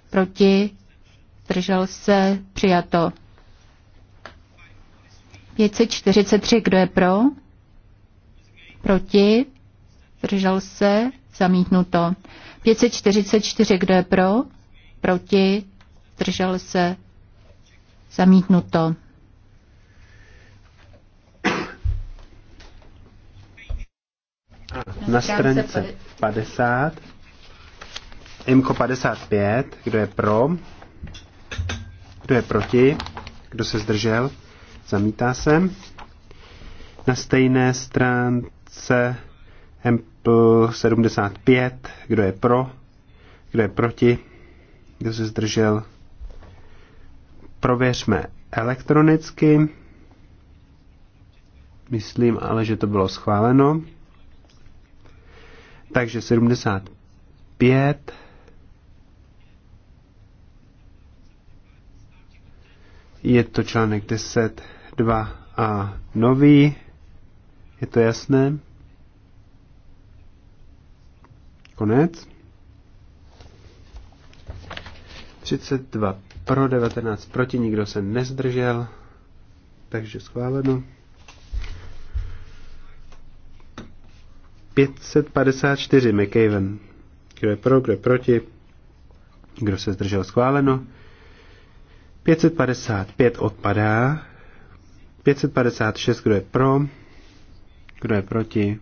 Proti? držel se? Přijato. 543. Kdo je pro? Proti? Zdržel se? Zamítnuto. 544. Kdo je pro? Proti? Zdržel se? Zamítnuto. Na stranice 50, IMKO 55, kdo je pro, kdo je proti, kdo se zdržel, zamítá se. Na stejné stránce Hempl 75, kdo je pro, kdo je proti, kdo se zdržel. Prověřme elektronicky. Myslím ale, že to bylo schváleno. Takže 75. Je to článek 10, 2 a nový. Je to jasné? Konec. 32 pro, 19 proti, nikdo se nezdržel, takže schváleno. 554 McAven. Kdo je pro, kdo je proti, kdo se zdržel, schváleno. 555 odpadá. 556, kdo je pro, kdo je proti,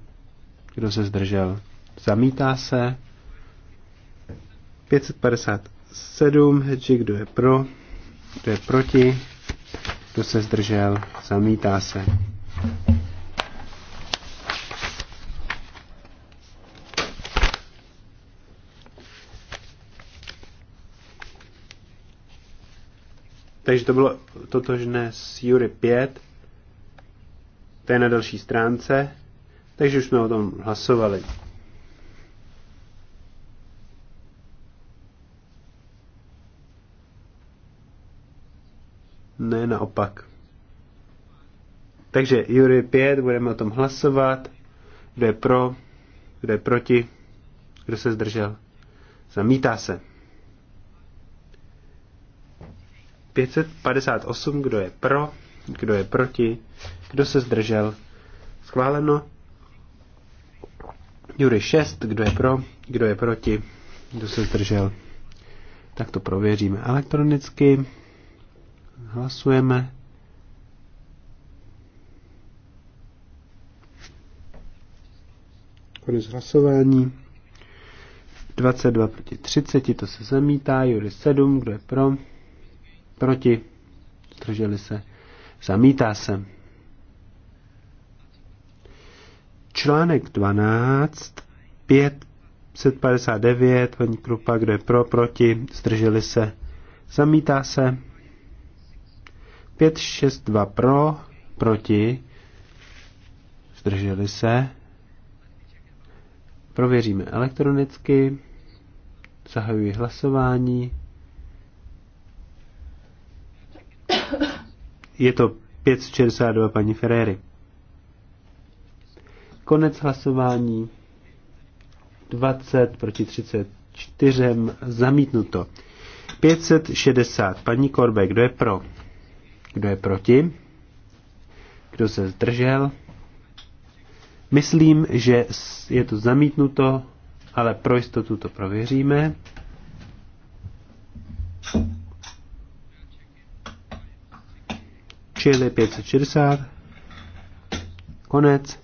kdo se zdržel, zamítá se. 557, hedži, kdo je pro, kdo je proti, kdo se zdržel, zamítá se. Takže to bylo totožné s Jury 5. To je na další stránce. Takže už jsme o tom hlasovali. ne naopak. Takže Jury 5, budeme o tom hlasovat. Kdo je pro, kdo je proti, kdo se zdržel. Zamítá se. 558, kdo je pro, kdo je proti, kdo se zdržel. Schváleno. Jury 6, kdo je pro, kdo je proti, kdo se zdržel. Tak to prověříme elektronicky. Hlasujeme. Konec hlasování. 22 proti 30, to se zamítá. Jury 7, kdo je pro? Proti. Zdrželi se. Zamítá se. Článek 12, 559, paní Krupa, kdo je pro, proti, zdrželi se, zamítá se. 5, 6, 2 pro, proti, zdrželi se. Prověříme elektronicky, zahajuji hlasování. Je to 562 paní Ferrery. Konec hlasování. 20 proti 34 zamítnuto. 560 paní Korbe, kdo je pro? Kdo je proti? Kdo se zdržel? Myslím, že je to zamítnuto, ale pro jistotu to prověříme. Čili 560. Konec.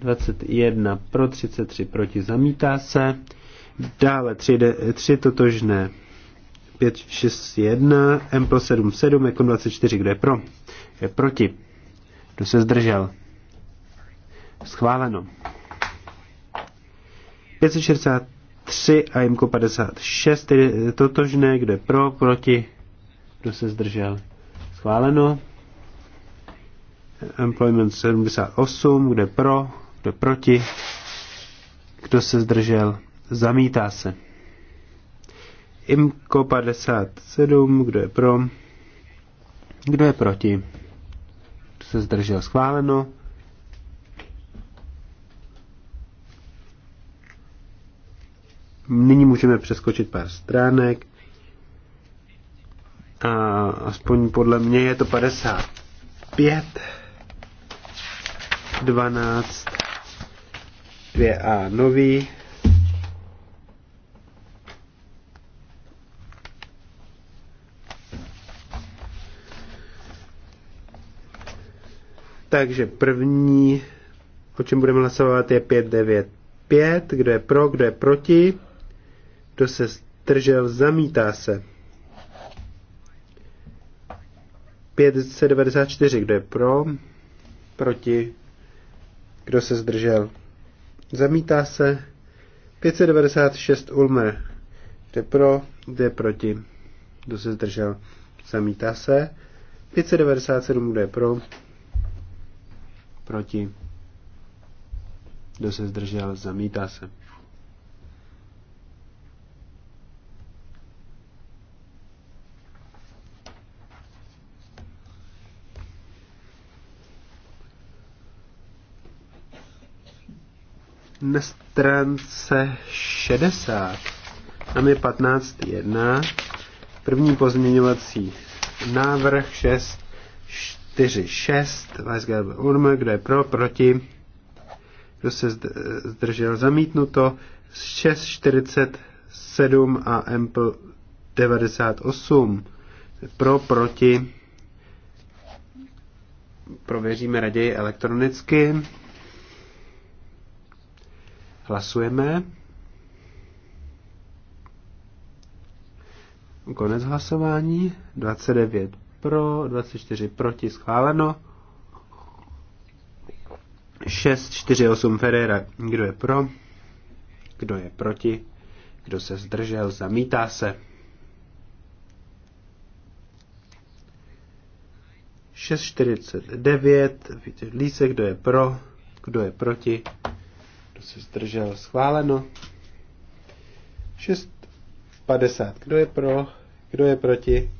21 pro 33 proti zamítá se. Dále 3, 3 totožné 561, M 7, 77, jako 24, kdo je pro? Je proti. Kdo se zdržel? Schváleno. 563 a MK 56, tedy totožné, kdo je pro, proti, kdo se zdržel? Schváleno. Employment 78, je pro, je proti, kdo se zdržel, zamítá se. Imko 57, kdo je pro, kdo je proti, kdo se zdržel schváleno. Nyní můžeme přeskočit pár stránek a aspoň podle mě je to 55, 12, 2A nový, Takže první, o čem budeme hlasovat, je 595. Kdo je pro, kdo je proti? Kdo se zdržel, zamítá se. 594. Kdo je pro, proti? Kdo se zdržel? Zamítá se. 596 Ulmer. Kdo je pro, kdo je proti? Kdo se zdržel? Zamítá se. 597, kdo je pro, proti, kdo se zdržel, zamítá se. na stránce 60, tam je 15.1, první pozměňovací návrh 6 4-6, Weisgerber Urme, kdo je pro, proti, kdo se zdržel zamítnuto, 6, 47 a Ample 98, pro, proti, prověříme raději elektronicky, hlasujeme, konec hlasování, 29 pro, 24 proti, schváleno. 6, 4, 8 Ferreira. Kdo je pro? Kdo je proti? Kdo se zdržel? Zamítá se. 6.49, Lísek, kdo je pro, kdo je proti, kdo se zdržel, schváleno. 6.50, kdo je pro, kdo je proti,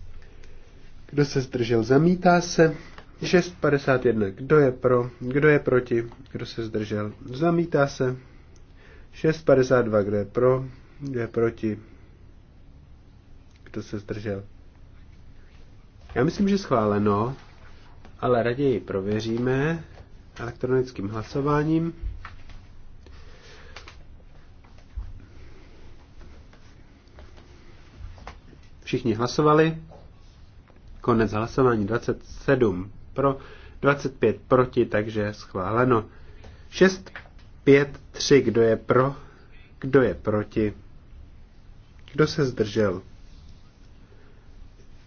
kdo se zdržel, zamítá se. 6.51. Kdo je pro? Kdo je proti? Kdo se zdržel? Zamítá se. 6.52. Kdo je pro? Kdo je proti? Kdo se zdržel? Já myslím, že schváleno, ale raději prověříme elektronickým hlasováním. Všichni hlasovali. Konec hlasování 27 pro, 25 proti, takže schváleno. 6, 5, 3, kdo je pro, kdo je proti, kdo se zdržel.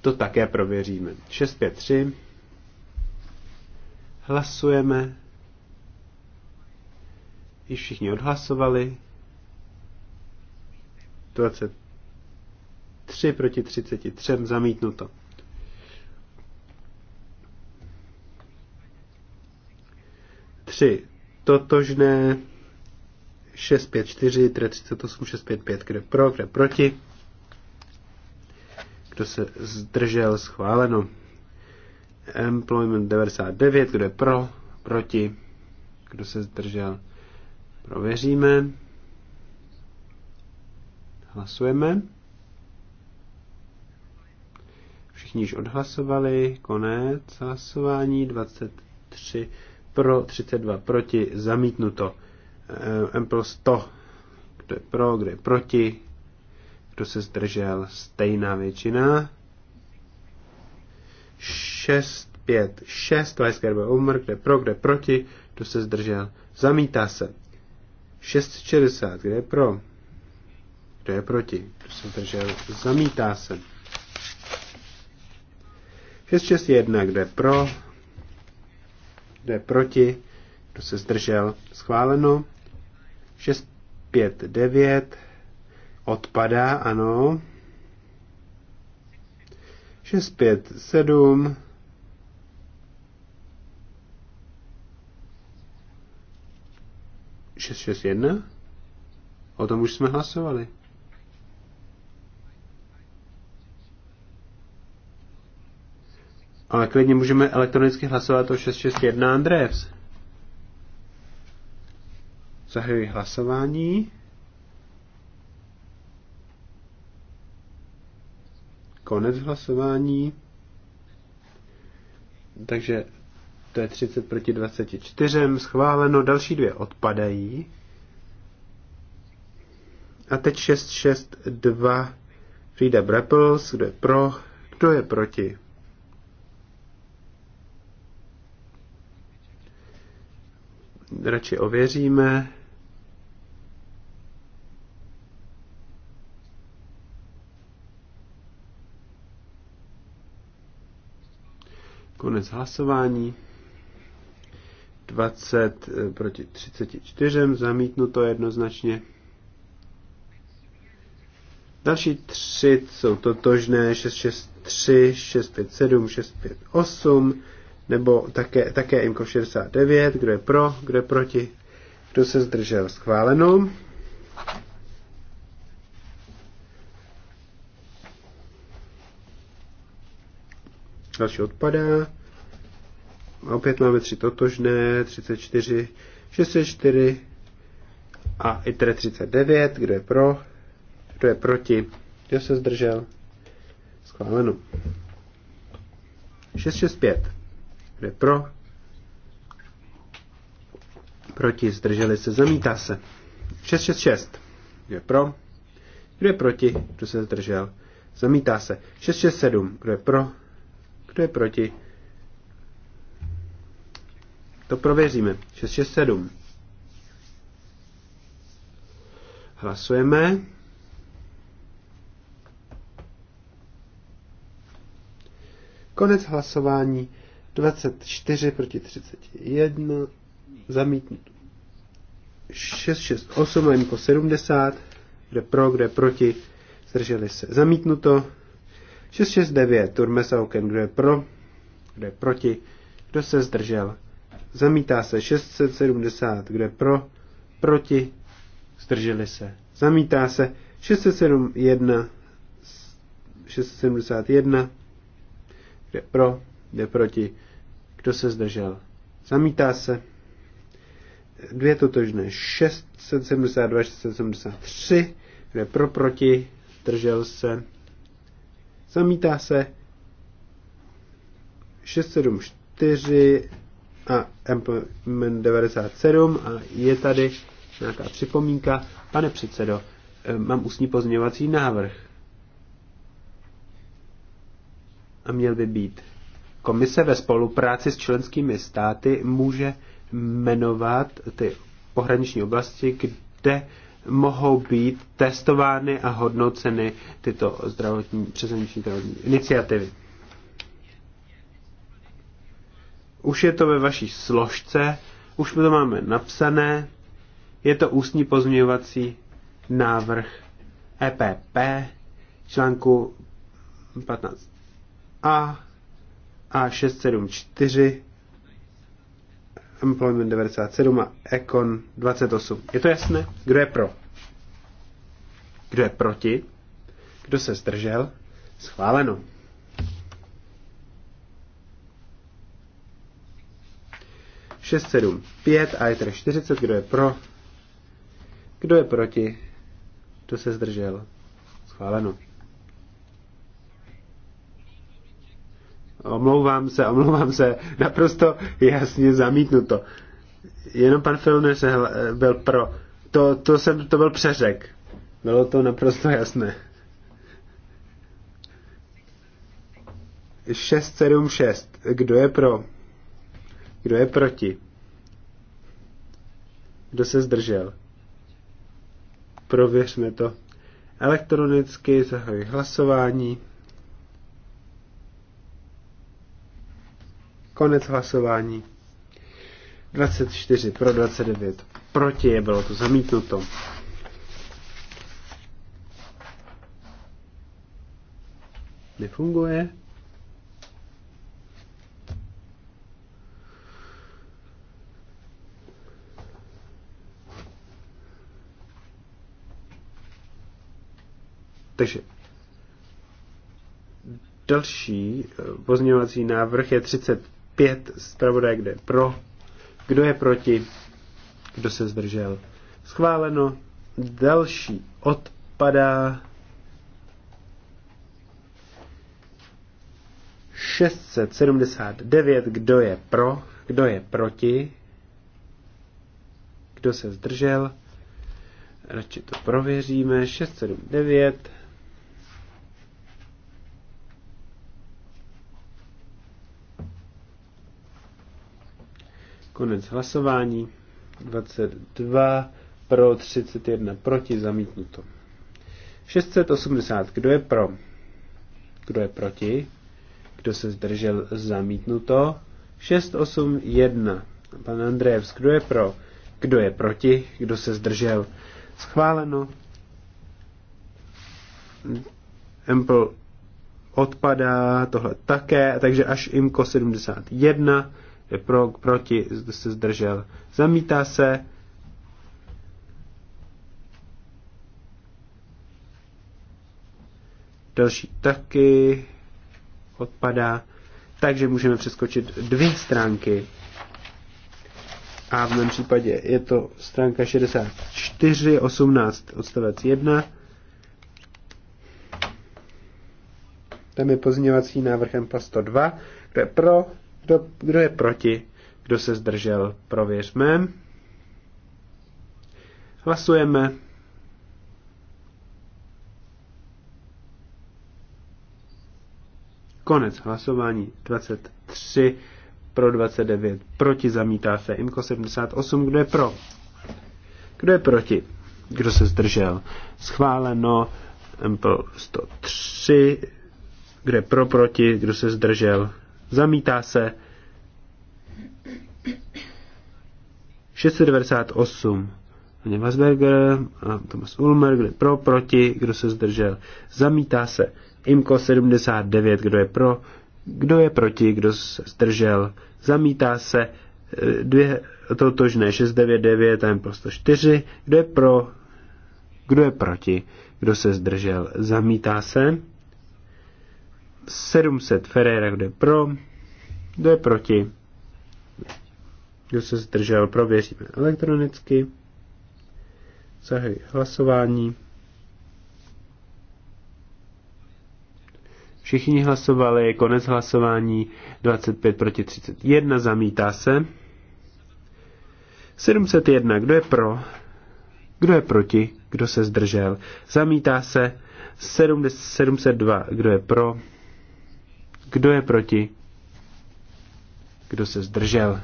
To také prověříme. 6, 5, 3. Hlasujeme. I všichni odhlasovali. 23 proti 33 zamítnuto. 3 totožné, 654, 38, 655, kde pro, kde proti. Kdo se zdržel, schváleno. Employment 99, kdo je pro, proti. Kdo se zdržel, prověříme. Hlasujeme. Všichni již odhlasovali. Konec hlasování 23 pro, 32 proti, zamítnuto. Eh, M plus 100, kdo je pro, kdo je proti, kdo se zdržel, stejná většina. 6, 5, 6, Weisgerbe Umr, kde pro, kde proti, kdo se zdržel, zamítá se. 660, kde je pro, kdo je proti, kdo se zdržel, zamítá se. 661, kde je pro, kdo je proti, kdo se zdržel, schváleno. 6, 5, 9, odpadá, ano. 6, 5, 7, Šest, šest, jedna? O tom už jsme hlasovali. Ale klidně můžeme elektronicky hlasovat o 661 Andreevs. Zahajuji hlasování. Konec hlasování. Takže to je 30 proti 24. Schváleno. Další dvě odpadají. A teď 662 Frida Brapples. Kdo je pro? Kdo je proti? radši ověříme. Konec hlasování. 20 eh, proti 34, zamítnuto jednoznačně. Další tři jsou totožné, 663, 657, 658, nebo také, také IMCO 69, kdo je pro, kdo je proti, kdo se zdržel schváleno. Další odpadá. A opět máme tři totožné, 34, 64 a i 39, kdo je pro, kdo je proti, kdo se zdržel. Schváleno. 665. Kdo je pro? Proti, zdrželi se, zamítá se. 666. Kdo je pro? Kdo je proti? Kdo se zdržel? Zamítá se. 667. Kdo je pro? Kdo je proti? To prověříme. 667. Hlasujeme. Konec hlasování. 24 proti 31, zamítnut 6, 6, 8 a jako 70, kde pro, kde proti, zdrželi se. Zamítnuto. 6, 6, 9, Turmes Oken, kde pro, kde proti, kdo se zdržel. Zamítá se 670, kde pro, proti, zdrželi se. Zamítá se 671, 671, kde pro, Jde proti. Kdo se zdržel? Zamítá se. Dvě totožné. 672, 673. Kde pro, proti. Držel se. Zamítá se. 674 a M97 a je tady nějaká připomínka. Pane předsedo, eh, mám ústní pozměňovací návrh. A měl by být Komise ve spolupráci s členskými státy může jmenovat ty pohraniční oblasti, kde mohou být testovány a hodnoceny tyto zdravotní, přeshraniční zdravotní iniciativy. Už je to ve vaší složce, už to máme napsané, je to ústní pozměňovací návrh EPP článku 15a a 674 Employment 97 a Econ 28. Je to jasné? Kdo je pro? Kdo je proti? Kdo se zdržel? Schváleno. Šest, sedm, pět a je tedy 40. Kdo je pro? Kdo je proti? Kdo se zdržel? Schváleno. Omlouvám se, omlouvám se, naprosto jasně zamítnuto. Jenom pan Filner se byl pro. To, to, jsem, to byl přeřek. Bylo to naprosto jasné. 676. Kdo je pro? Kdo je proti? Kdo se zdržel? Prověřme to. Elektronicky zahajuji hlasování. Konec hlasování. 24 pro 29. Proti je bylo to zamítnuto. Nefunguje. Takže další eh, pozměňovací návrh je 30 5 zpravodaj, kde je pro, kdo je proti, kdo se zdržel. Schváleno. Další odpadá 679, kdo je pro, kdo je proti, kdo se zdržel. Radši to prověříme. 679 Konec hlasování. 22 pro, 31 proti, zamítnuto. 680. Kdo je pro? Kdo je proti? Kdo se zdržel? Zamítnuto. 681. Pan Andrejevs, kdo je pro? Kdo je proti? Kdo se zdržel? Schváleno. Ample odpadá, tohle také, takže až IMCO 71 pro, proti, se zdržel. Zamítá se. Další taky odpadá. Takže můžeme přeskočit dvě stránky. A v mém případě je to stránka 64, 18, odstavec 1. Tam je pozměňovací návrh MPA 102, kde pro kdo, kdo je proti? Kdo se zdržel? Prověřme. Hlasujeme. Konec hlasování 23 pro 29, proti zamítá se Inko 78, kdo je pro? Kdo je proti? Kdo se zdržel? Schváleno MPL 103, kdo je pro, proti, kdo se zdržel? zamítá se 698 Anja Masberger Thomas Ulmer, je pro, proti, kdo se zdržel, zamítá se IMKO 79, kdo je pro, kdo je proti, kdo se zdržel, zamítá se eh, dvě totožné 699 a M pro 4. kdo je pro, kdo je proti, kdo se zdržel, zamítá se 700 Ferreira, kdo je pro, kdo je proti, kdo se zdržel, prověříme elektronicky. Zahajuji hlasování. Všichni hlasovali, konec hlasování, 25 proti 31, zamítá se. 701, kdo je pro, kdo je proti, kdo se zdržel, zamítá se. 7, 702, kdo je pro, kdo je proti? Kdo se zdržel?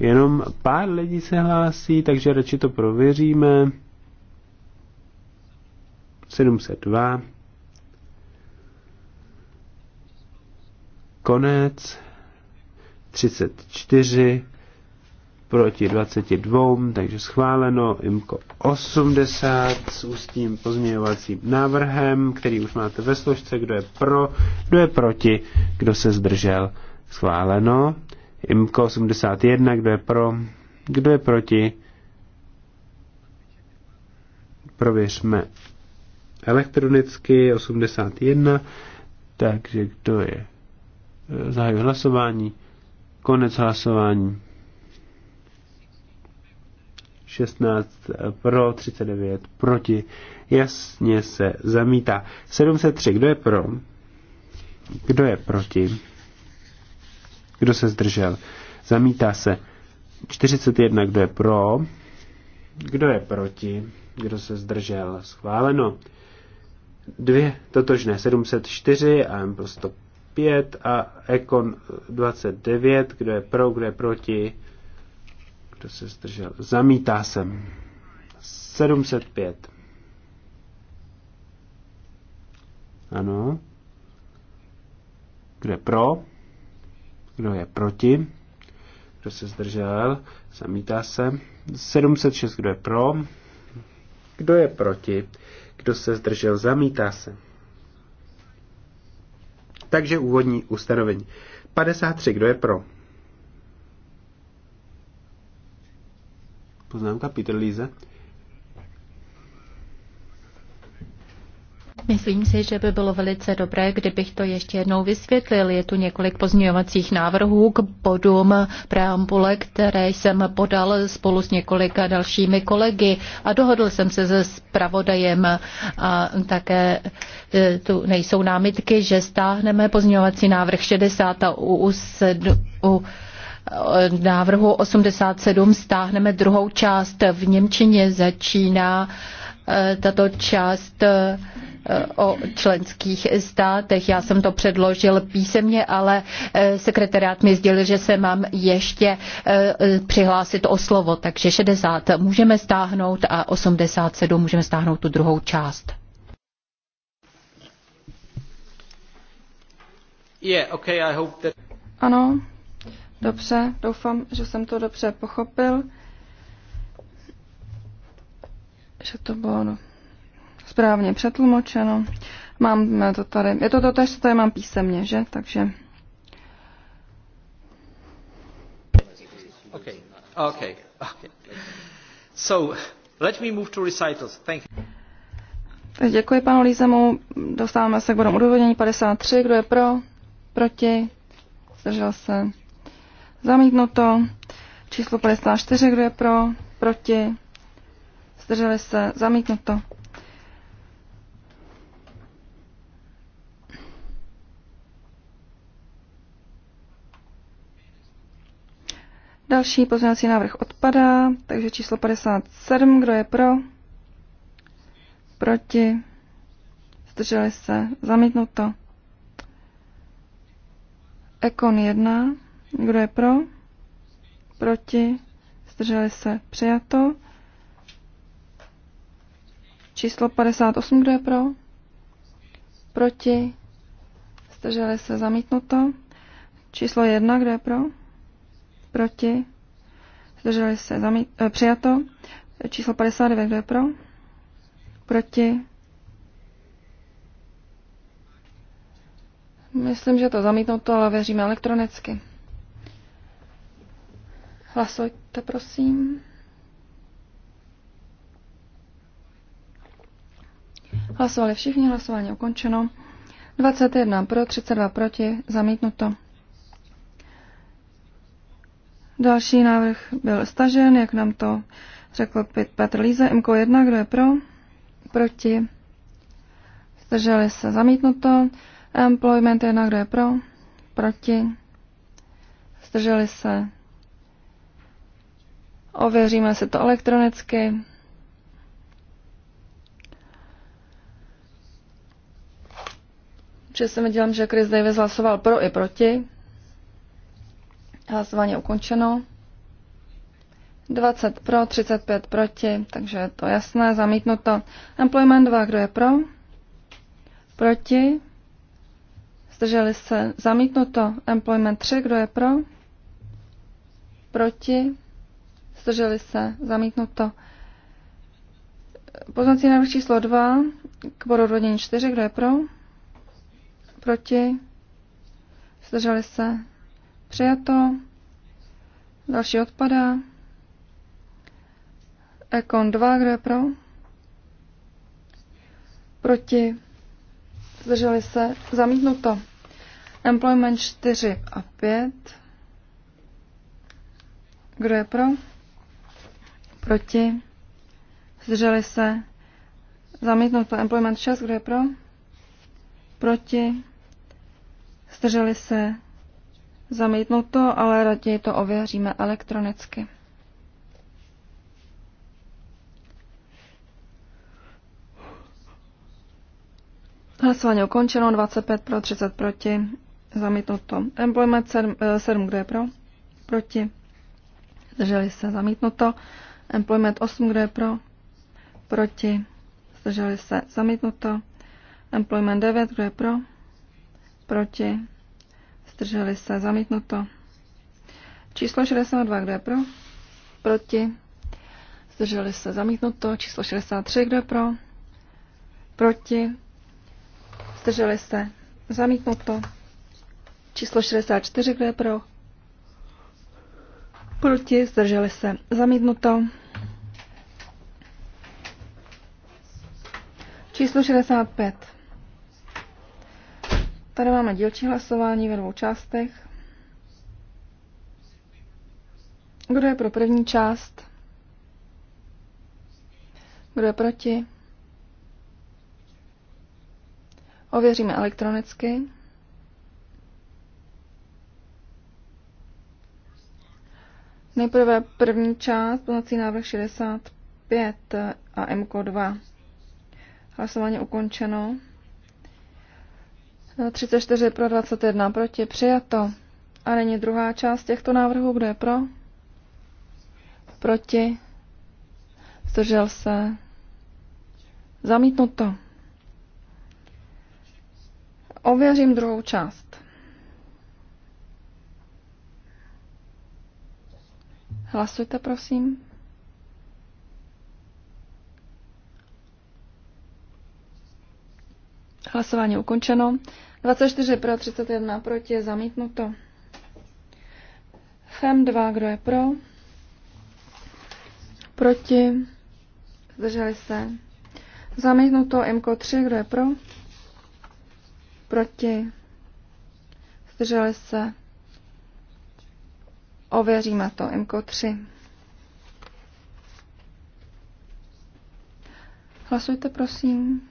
Jenom pár lidí se hlásí, takže radši to prověříme. 702. Konec. 34 proti 22, takže schváleno IMKO 80 s ústním pozměňovacím návrhem, který už máte ve složce, kdo je pro, kdo je proti, kdo se zdržel, schváleno. IMKO 81, kdo je pro, kdo je proti, prověřme elektronicky 81, takže kdo je, eh, zahajuji hlasování, konec hlasování, 16 pro, 39 proti. Jasně se zamítá. 703, kdo je pro? Kdo je proti? Kdo se zdržel? Zamítá se. 41, kdo je pro? Kdo je proti? Kdo se zdržel? Schváleno. Dvě totožné 704 a M105 a Econ 29, kdo je pro, kdo je proti? Kdo se zdržel? Zamítá se. 705. Ano. Kdo je pro? Kdo je proti? Kdo se zdržel? Zamítá se. 706. Kdo je pro? Kdo je proti? Kdo se zdržel? Zamítá se. Takže úvodní ustanovení. 53. Kdo je pro? poznámka. Peter Líze. Myslím si, že by bylo velice dobré, kdybych to ještě jednou vysvětlil. Je tu několik pozměňovacích návrhů k bodům preambule, které jsem podal spolu s několika dalšími kolegy a dohodl jsem se se zpravodajem a také e, tu nejsou námitky, že stáhneme pozměňovací návrh 60 a u, u, u Eh, návrhu 87 stáhneme druhou část. V Němčině začíná eh, tato část eh, o členských státech. Já jsem to předložil písemně, ale sekretariát mi sdělil, že se mám ještě přihlásit o slovo, takže 60 můžeme stáhnout a 87 můžeme stáhnout tu druhou část. Yeah, okay, I hope that... Ano, Dobře, doufám, že jsem to dobře pochopil, že to bylo no, správně přetlumočeno. Mám eh, to tady, je to to tež, co tady mám písemně, že? Takže... Okay. Okay. Okay. So, let me move to recitals. Thank you. Tak děkuji panu Lízemu. Dostáváme se k bodům odůvodnění 53. Kdo je pro? Proti? Zdržel se? Zamítnuto. Číslo 54, kdo je pro? Proti? Zdrželi se? Zamítnuto. Další pozměňovací návrh odpadá, takže číslo 57, kdo je pro? Proti? Zdrželi se? Zamítnuto. Ekon 1. Kdo je pro? Proti? Zdrželi se? Přijato. Číslo 58. Kdo je pro? Proti? Zdrželi se? Zamítnuto. Číslo 1. Kdo je pro? Proti? Zdrželi se? Zamít, eh, přijato. Číslo 59. Kdo je pro? Proti? Myslím, že to zamítnuto, ale věříme elektronicky. Hlasujte, prosím. Hlasovali všichni, hlasování ukončeno. 21 pro, 32 proti, zamítnuto. Další návrh byl stažen, jak nám to řekl Petr Líze. MK1, kdo je pro? Proti. Zdrželi se zamítnuto. Employment 1, kdo je pro? Proti. Zdrželi se Ověříme si to elektronicky. Protože mi dělám, že Chris Davis hlasoval pro i proti. Hlasování ukončeno. 20 pro, 35 proti, takže je to jasné, zamítnuto. Employment 2, kdo je pro? Proti? Zdrželi se. Zamítnuto. Employment 3, kdo je pro? Proti? zdrželi se, zamítnout to. Poznací návrh číslo 2 k bodu odvodnění 4, kdo je pro? Proti? Zdrželi se, přijato. Další odpadá. Ekon 2, kdo je pro? Proti? Zdrželi se, Zamítnout to. Employment 4 a 5. Kdo je pro? proti, zdrželi se, Zamítnout to. employment 6, kdo je pro, proti, zdrželi se, Zamítnout to, ale raději to ověříme elektronicky. Hlasování ukončeno, 25 pro, 30 proti, Zamítnout to. Employment 7, 7 eh, kdo je pro? Proti. Zdrželi se, Zamítnout to. Employment 8, kdo je pro? Proti? Zdrželi se. Zamítnuto. Employment 9, kdo je pro? Proti? Zdrželi se. Zamítnuto. Číslo 62, kdo je pro? Proti? Zdrželi se. Zamítnuto. Číslo 63, kdo je pro? Proti? Zdrželi se. Zamítnuto. Číslo 64, kdo je pro? Proti, zdrželi se. Zamítnuto. Číslo 65. Tady máme dílčí hlasování ve dvou částech. Kdo je pro první část? Kdo je proti? Ověříme elektronicky. Nejprve první část, plnací návrh 65 a MK2. Hlasování ukončeno. 34 pro 21 proti přijato. A není druhá část těchto návrhů, kdo je pro? Proti? Zdržel se? Zamítnuto. Ověřím druhou část. Hlasujte, prosím. Hlasování ukončeno. 24 pro, 31 proti je zamítnuto. FEM 2, kdo je pro? Proti? Zdrželi se. Zamítnuto MKO 3, kdo je pro? Proti? Zdrželi se. Ověříme to. mk 3. Hlasujte, prosím.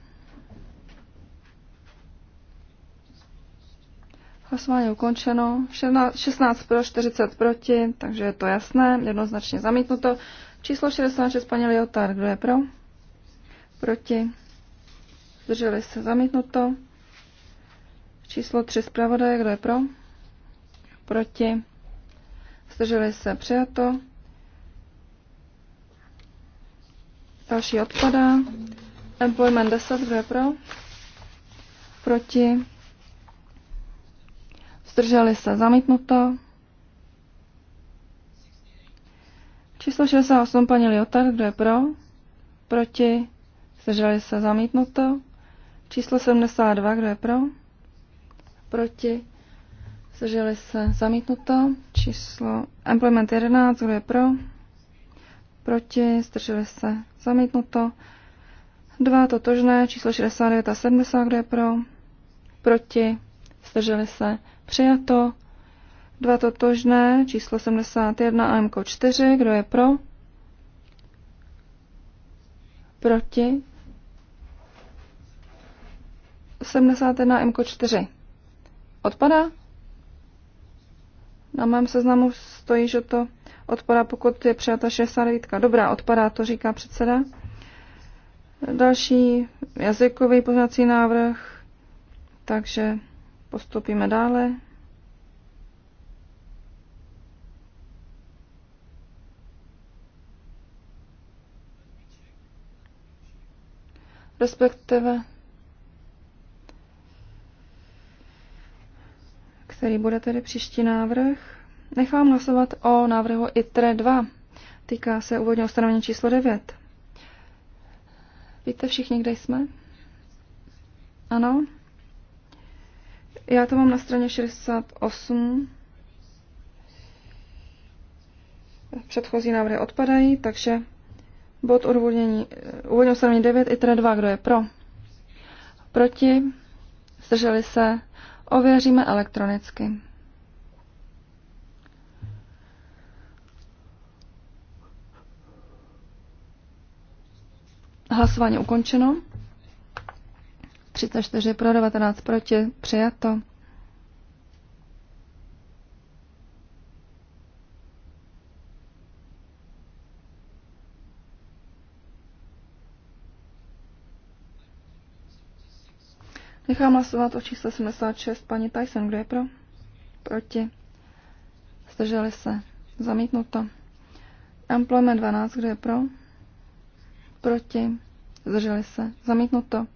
Hlasování ukončeno. 16 pro, 40 proti, takže je to jasné, jednoznačně zamítnuto. Číslo 66, paní Liotár, kdo je pro? Proti. Zdrželi se zamítnuto. Číslo 3, zpravodaje, kdo je pro? Proti zdrželi se přijato. Další odpadá. Employment 10, kdo je pro? Proti. Zdrželi se zamítnuto. Číslo 68, paní Liotard, kdo je pro? Proti. Zdrželi se zamítnuto. Číslo 72, kdo je pro? Proti. Zdrželi se zamítnuto. Číslo Employment 11, kdo je pro? Proti, zdrželi se zamítnuto. dva totožné, číslo 69 a 70, kdo je pro? Proti, zdrželi se přijato. dva totožné, číslo 71 a MK 4, kdo je pro? Proti. 71 MK 4. Odpadá? Na mém seznamu stojí, že to odpadá, pokud je přijata 69. Dobrá, odpadá, to říká předseda. Další jazykový poznací návrh, takže postupíme dále. Respektive který bude tedy příští návrh. Nechám hlasovat o návrhu ITRE 2. Týká se úvodního ustanovení číslo 9. Víte všichni, kde jsme? Ano? Já to mám na straně 68. Předchozí návrhy odpadají, takže bod odvodnění, úvodní ustanovení 9, 3 2, kdo je pro? Proti? Zdrželi se? Ověříme elektronicky. Hlasování ukončeno. 34 pro 19 proti. Přijato. Nechám hlasovat o čísle 76 paní Tyson. Kdo je pro? Proti. Zdrželi se. Zamítnuto. Employment 12. Kdo je pro? Proti. Zdrželi se. Zamítnuto.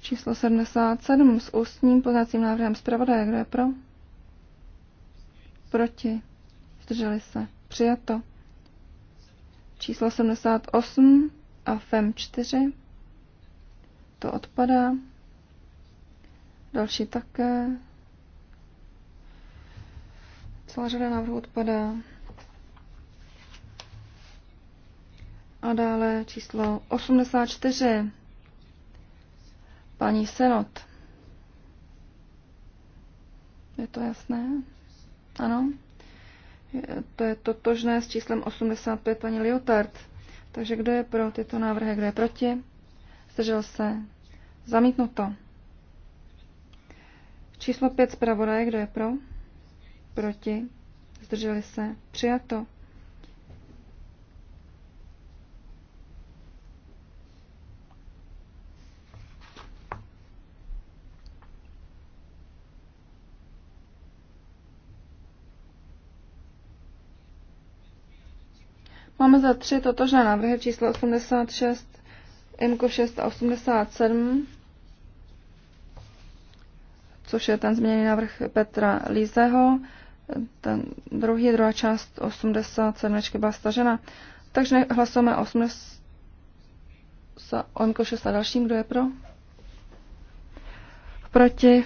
Číslo 77 s ústním poznacím návrhem zpravodaje. Kdo je pro? Proti. Zdrželi se. Přijato. Číslo 78 a FEM 4. To odpadá. Další také. Celá řada návrhů odpadá. A dále číslo 84. Paní Senot. Je to jasné? Ano. Je, to je totožné s číslem 85 paní Liotard. Takže kdo je pro tyto návrhy, kdo je proti? Zdržel se. Zamítnuto. Číslo 5 zpravodaje, kdo je pro? Proti? Zdrželi se? Přijato. Máme za tři totožné návrhy číslo 86, MK 6 a 87 což je ten změněný návrh Petra Lízeho. Ten druhý, druhá část 87 byla stažena. Takže hlasujeme 80 Onko 6 a dalším, kdo je pro? Proti?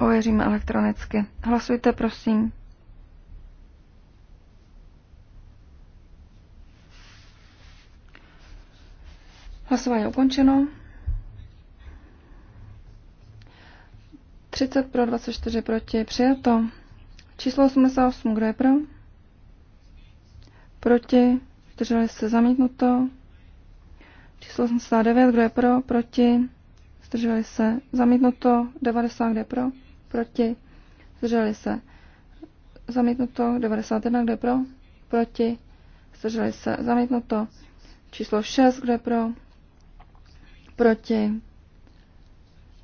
Ověříme elektronicky. Hlasujte, prosím. Hlasování ukončeno. 30 pro, 24 proti, přijato. Číslo 88, kdo je pro? Proti, zdrželi se zamítnuto. Číslo 89, kdo je pro? Proti, zdrželi se zamítnuto. 90, kdo je pro? Proti, zdrželi se zamítnuto. 91, kdo je pro? Proti, zdrželi se zamítnuto. Číslo 6, kdo je pro? proti,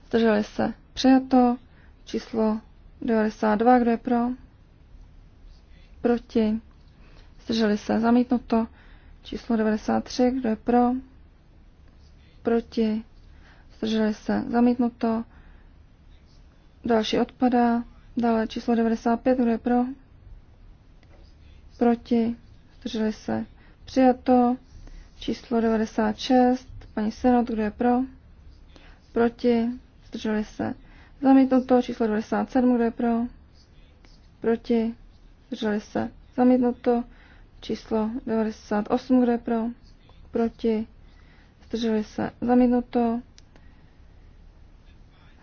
zdrželi se přijato, číslo 92, kdo je pro, proti, zdrželi se zamítnuto, číslo 93, kdo je pro, proti, zdrželi se zamítnuto, další odpadá, dále číslo 95, kdo je pro, proti, zdrželi se přijato, číslo 96, paní Senot, kdo je pro, proti, zdrželi se. Zamítnuto číslo 97, kdo je pro, proti, zdrželi se. Zamítnuto číslo 98, kdo je pro, proti, zdrželi se. Zamítnuto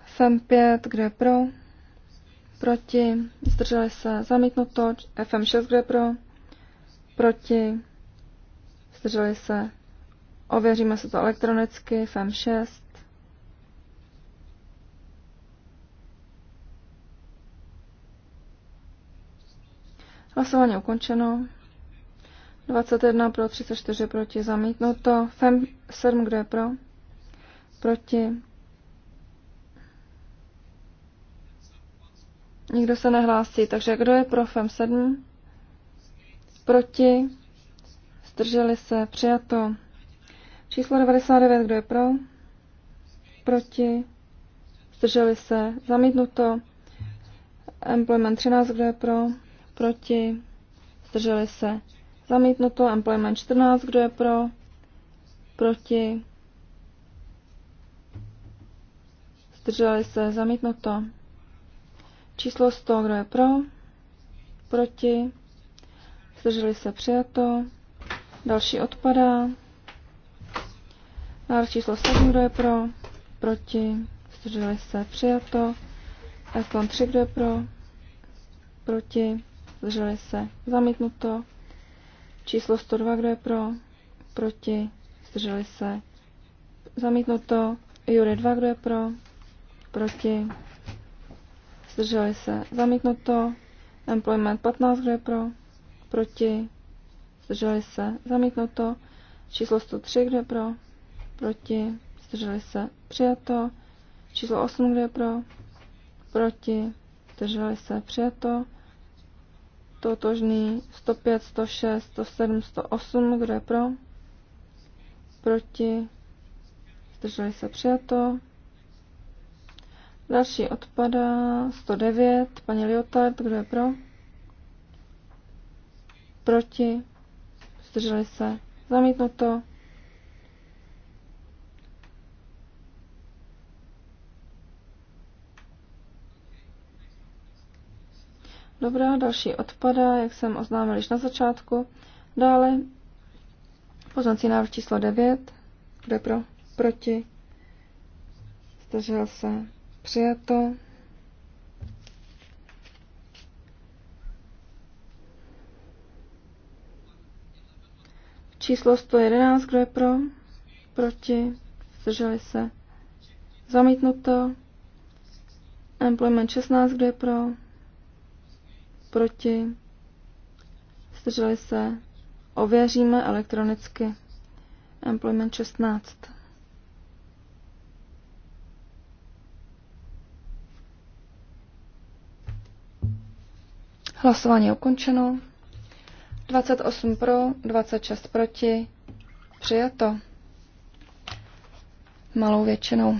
FM 5, kdo je pro, proti, zdrželi se. Zamítnuto FM 6, kdo je pro, proti, zdrželi se. Ověříme se to elektronicky, FEM 6. Hlasování ukončeno. 21 pro, 34 proti, zamítnuto. FEM 7, kdo je pro? Proti. Nikdo se nehlásí, takže kdo je pro FEM 7? Proti. Zdrželi se, přijato. Číslo 99, kdo je pro? Proti? Zdrželi se? Zamítnuto. Employment 13, kdo je pro? Proti? Zdrželi se? Zamítnuto. Employment 14, kdo je pro? Proti? Zdrželi se? Zamítnuto. Číslo 100, kdo je pro? Proti? Zdrželi se? Přijato. Další odpadá. Návrh číslo 7, kdo je pro? Proti? Zdrželi se? Přijato. f 3, kdo je pro? Proti? Zdrželi se? Zamítnuto. Číslo 102, kdo je pro? Proti? Zdrželi se? Zamítnuto. Jury 2, kdo je pro? Proti? Zdrželi se? Zamítnuto. Employment 15, kdo je pro? Proti? Zdrželi se? Zamítnuto. Číslo 103, kdo je pro? proti, zdrželi se, přijato. Číslo 8, kdo je pro, proti, zdrželi se, přijato. Totožný 105, 106, 107, 108, kdo je pro, proti, zdrželi se, přijato. Další odpadá 109, paní Liotard, kdo je pro? Proti, zdrželi se, zamítnuto. Dobrá, další odpadá, jak jsem oznámil již na začátku. Dále poznací návrh číslo 9. kde pro? Proti? Zdržel se? Přijato. Číslo 111, kdo je pro? Proti? Zdrželi se? Zamítnuto. Employment 16, kdo je pro? proti, zdrželi se, ověříme elektronicky. Employment 16. Hlasování je ukončeno. 28 pro, 26 proti. Přijato. Malou většinou.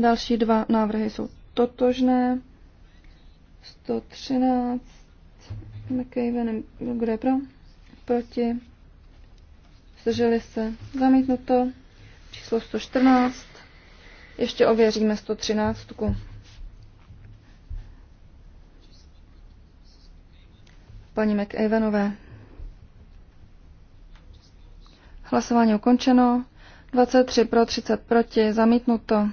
Další dva návrhy jsou totožné. 113 McCavenem, kdo je pro? Proti. Zdrželi se. Zamítnuto. Číslo 114. Ještě ověříme 113. Paní McAvenové. Hlasování ukončeno. 23 pro, 30 proti, zamítnuto.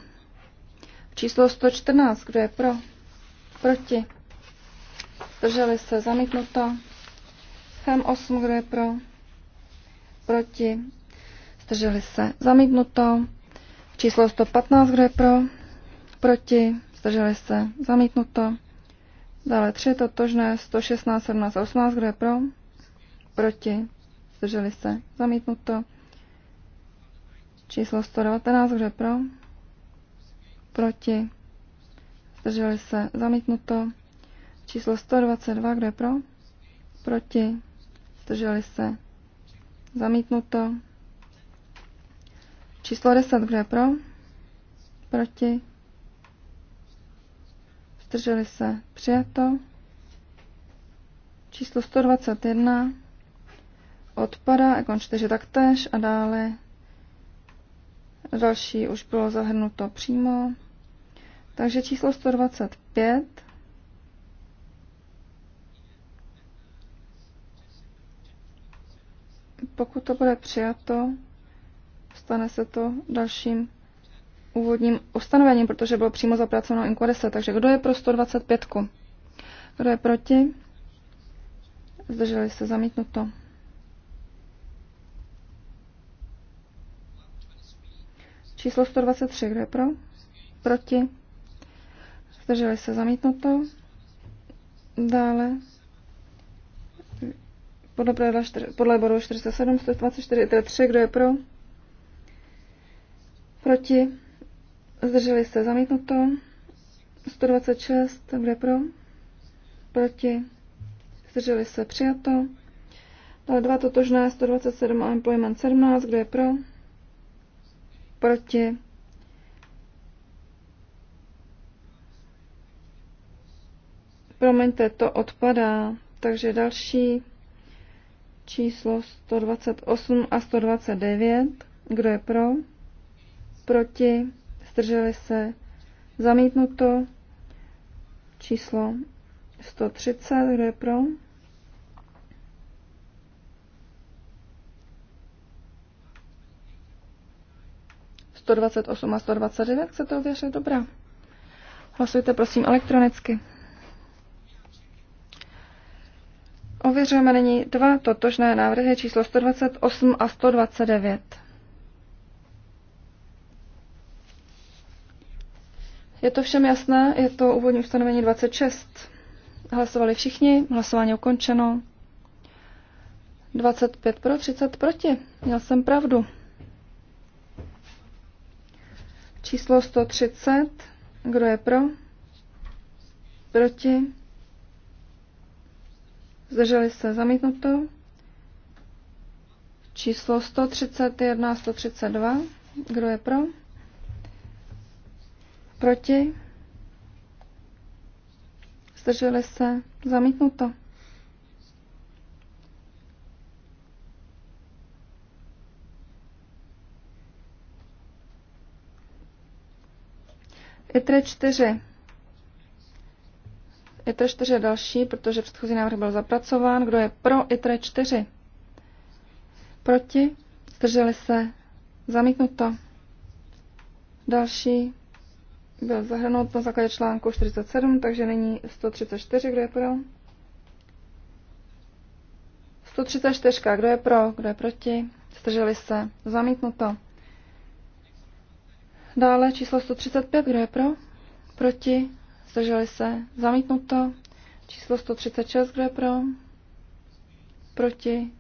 Číslo 114, kdo je pro? Proti. Zdrželi se, zamítnuto. FEM 8, kdo je pro? Proti. Zdrželi se, zamítnuto. Číslo 115, kdo je pro? Proti. Zdrželi se, zamítnuto. Dále 3, totožné, 116, 17, 18, kdo je pro? Proti. Zdrželi se, zamítnuto. Číslo 119, kdo je pro? proti, zdrželi se, zamítnuto. Číslo 122, kdo je pro, proti, zdrželi se, zamítnuto. Číslo 10, kdo je pro, proti, zdrželi se, přijato. Číslo 121 odpada, ekon 4 taktéž a dále další už bylo zahrnuto přímo. Takže číslo 125. Pokud to bude přijato, stane se to dalším úvodním ustanovením, protože bylo přímo zapracováno in 10. Takže kdo je pro 125? Kdo je proti? Zdrželi se zamítnuto. 123. Kdo je pro? Proti? zdrželi se zamítnuto. Dále podle, pravidla, podle bodu 407, 124, tedy 3, kdo je pro, proti, zdrželi se zamítnuto. 126, kdo je pro, proti, zdrželi se přijato. Dále dva totožné, 127 a employment 17, kdo je pro, proti, Promiňte, to odpadá. Takže další číslo 128 a 129. Kdo je pro? Proti? Zdrželi se? Zamítnuto. Číslo 130. Kdo je pro? ...128 a 129 se to ověřit dobrá. Hlasujte prosím elektronicky. Ověřujeme nyní dva totožné návrhy číslo 128 a 129. Je to všem jasné? Je to úvodní ustanovení 26. Hlasovali všichni, hlasování ukončeno. 25 pro, 30 proti. Měl jsem pravdu. Číslo 130. Kdo je pro? Proti? Zdrželi se zamítnuto. Číslo 131 132. Kdo je pro? Proti? Zdrželi se zamítnuto. ITRE 4. ITR 4 je další, protože předchozí návrh byl zapracován. Kdo je pro ITR 4? Proti? Zdrželi se? Zamítnuto. Další byl zahrnut na základě článku 47, takže není 134, kdo je pro. 134, kdo je pro, kdo je proti, zdrželi se, zamítnuto. Dále číslo 135, kdo je pro, proti, Zdrželi se. Zamítnuto. Číslo 136, kdo je pro? Proti.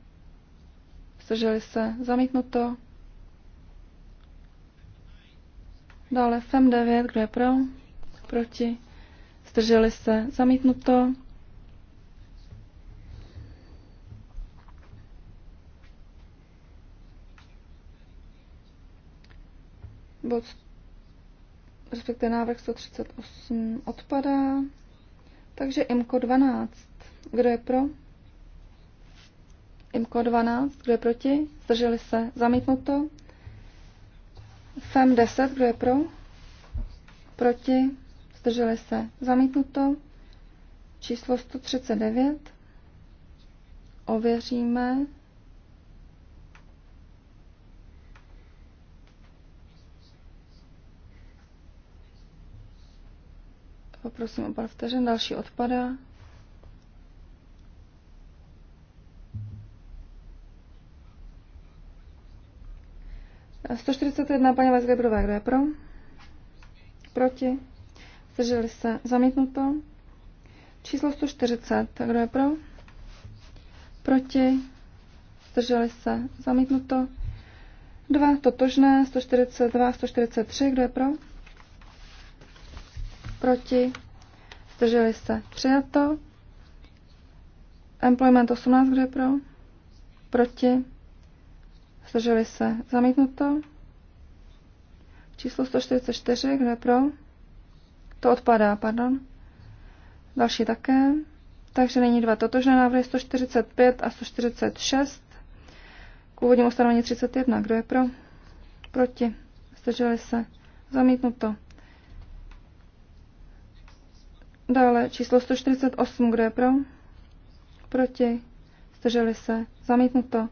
Zdrželi se. Zamítnuto. Dále FEM 9, kdo je pro? Proti. Zdrželi se. Zamítnuto. Bod respektive návrh 138 odpadá. Takže IMKO 12. Kdo je pro? IMKO 12. Kdo je proti? Zdrželi se. Zamítnuto. FEM 10. Kdo je pro? Proti? Zdrželi se. Zamítnuto. Číslo 139. Ověříme. Poprosím o pár vteřin, další odpadá. A 141 paní Vesgebrové, kdo je pro? Proti? Zdrželi se zamítnuto. Číslo 140, kdo je pro? Proti? Zdrželi se zamítnuto. 2 totožné, 142, 143, kdo je pro? proti, zdrželi se, přijato. Employment 18, kdo je pro, proti, zdrželi se, zamítnuto. Číslo 144, kdo je pro, to odpadá, pardon. Další také. Takže není dva totožné návrhy 145 a 146. K úvodnímu ustanovení 31. Kdo je pro? Proti. Zdrželi se. Zamítnuto. Dále číslo 148, kdo je pro? Proti? Zdrželi se? Zamítnuto.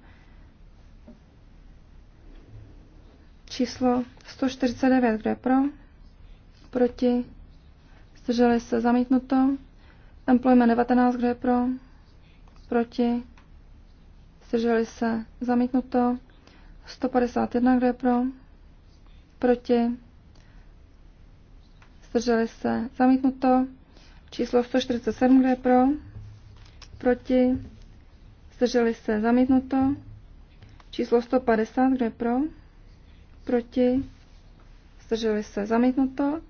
Číslo 149, kdo je pro? Proti? Zdrželi se? Zamítnuto. Employment 19, kdo je pro? Proti? Zdrželi se? Zamítnuto. 151, kdo je pro? Proti? Zdrželi se? Zamítnuto. Číslo 147, kdo je pro? Proti? Zdrželi se zamítnuto. Číslo 150, kdo je pro? Proti? Zdrželi se zamítnuto.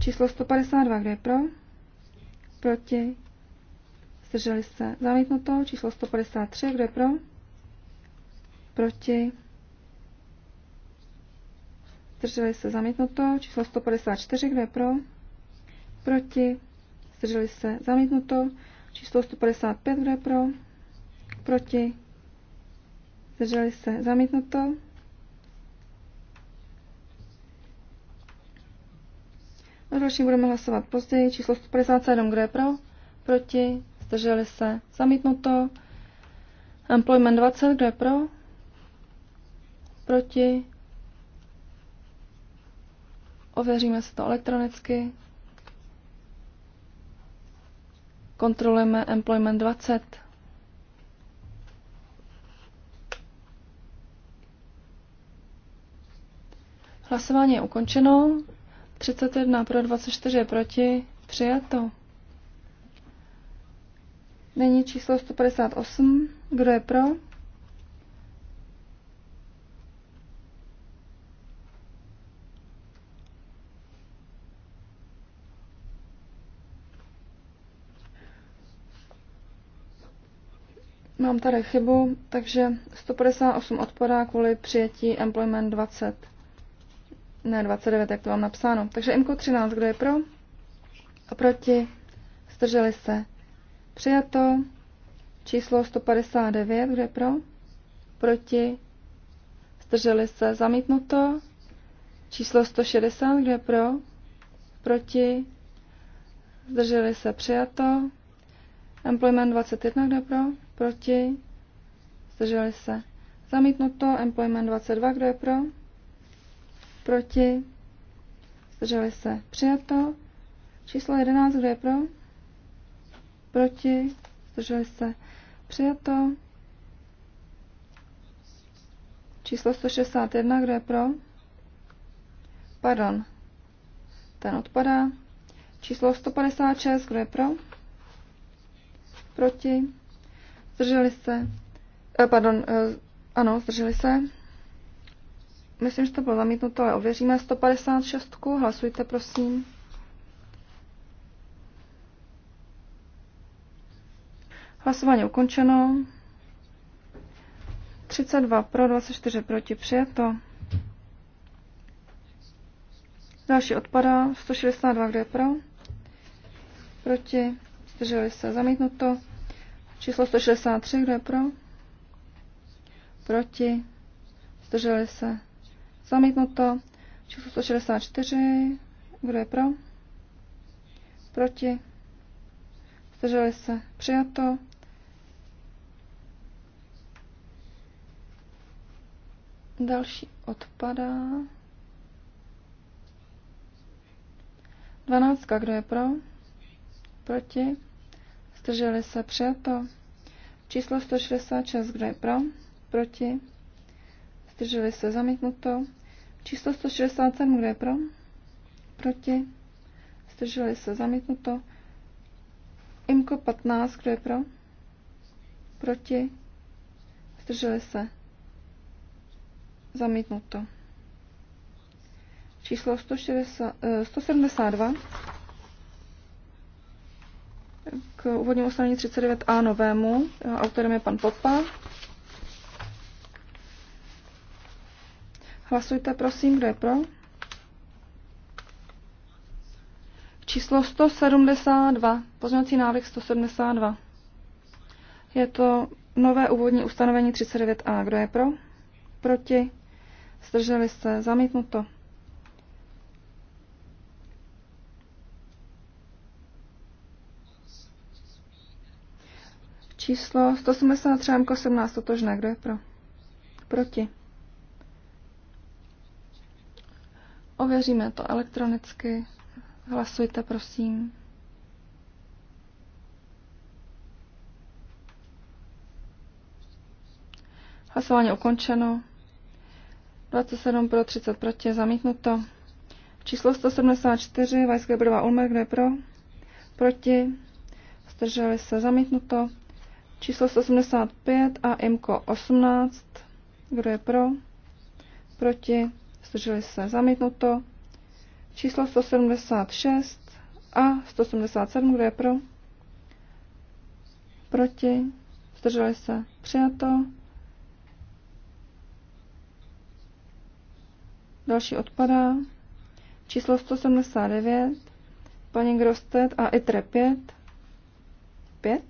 Číslo 152, kdo je pro? Proti? Zdrželi se zamítnuto. Číslo 153, kdo je pro? Proti? Zdrželi se zamítnuto. Číslo 154, kdo je pro? Proti? zdrželi se zamítnuto. Číslo 155, kdo je pro, proti, zdrželi se zamítnuto. O další budeme hlasovat později. Číslo 157, kdo je pro, proti, zdrželi se zamítnuto. Employment 20, kdo je pro, proti, ověříme se to elektronicky. Kontrolujeme Employment 20. Hlasování je ukončeno. 31 pro 24 je proti. Přijato. Není číslo 158. Kdo je pro? Mám tady chybu, takže 158 odpadá kvůli přijetí Employment 20. Ne, 29, jak to mám napsáno. Takže imko 13, kdo je pro? A proti? Zdrželi se. Přijato. Číslo 159, kdo je pro? Proti? Zdrželi se. Zamítnuto. Číslo 160, kdo je pro? Proti? Zdrželi se. Přijato. Employment 21, kdo pro? Proti? Zdrželi se. Zamítnuto. Employment 22, kdo je pro? Proti? Zdrželi se. Přijato. Číslo 11, kdo je pro? Proti? Zdrželi se. Přijato. Číslo 161, kdo je pro? Pardon. Ten odpadá. Číslo 156, kdo je pro? Proti? Zdrželi se? Eh, pardon, eh, ano, zdrželi se. Myslím, že to bylo zamítnuto, ale ověříme 156. Hlasujte, prosím. Hlasování ukončeno. 32 pro, 24 proti, přijato. Další odpada 162, kde je pro? Proti, Zdrželi se zamítnuto. Číslo 163, kdo je pro? Proti. Zdrželi se zamítnuto. Číslo 164, kdo je pro? Proti. Zdrželi se přijato. Další odpadá. Dvanáctka, kdo je pro? Proti? Zdrželi se přijato. Číslo 166, kdo je pro? Proti? Zdrželi se zamítnuto. Číslo 167, kdo je pro? Proti? Zdrželi se zamítnuto. Imko 15, kdo je pro? Proti? Zdrželi se. Zamítnuto. Číslo 160, 172 úvodnímu ustanovení 39a novému. Eh, autorem je pan Popa. Hlasujte prosím, kdo je pro. Číslo 172, pozměňovací návrh 172. Je to nové úvodní ustanovení 39a. Kdo je pro? Proti? Zdrželi se? Zamítnuto. číslo 173 17 totožné. Kdo je pro? Proti. Ověříme to elektronicky. Hlasujte, prosím. Hlasování ukončeno. 27 pro, 30 proti, zamítnuto. Číslo 174, Vajské Brva Ulmer, kdo je pro? Proti. Zdrželi se, zamítnuto. Číslo 185 a IMKO 18. Kdo je pro? Proti? Zdrželi se zamítnuto. Číslo 176 a 177. Kdo je pro? Proti? Zdrželi se přijato. Další odpadá. Číslo 179. Paní Grostet a ITRE 5. 5.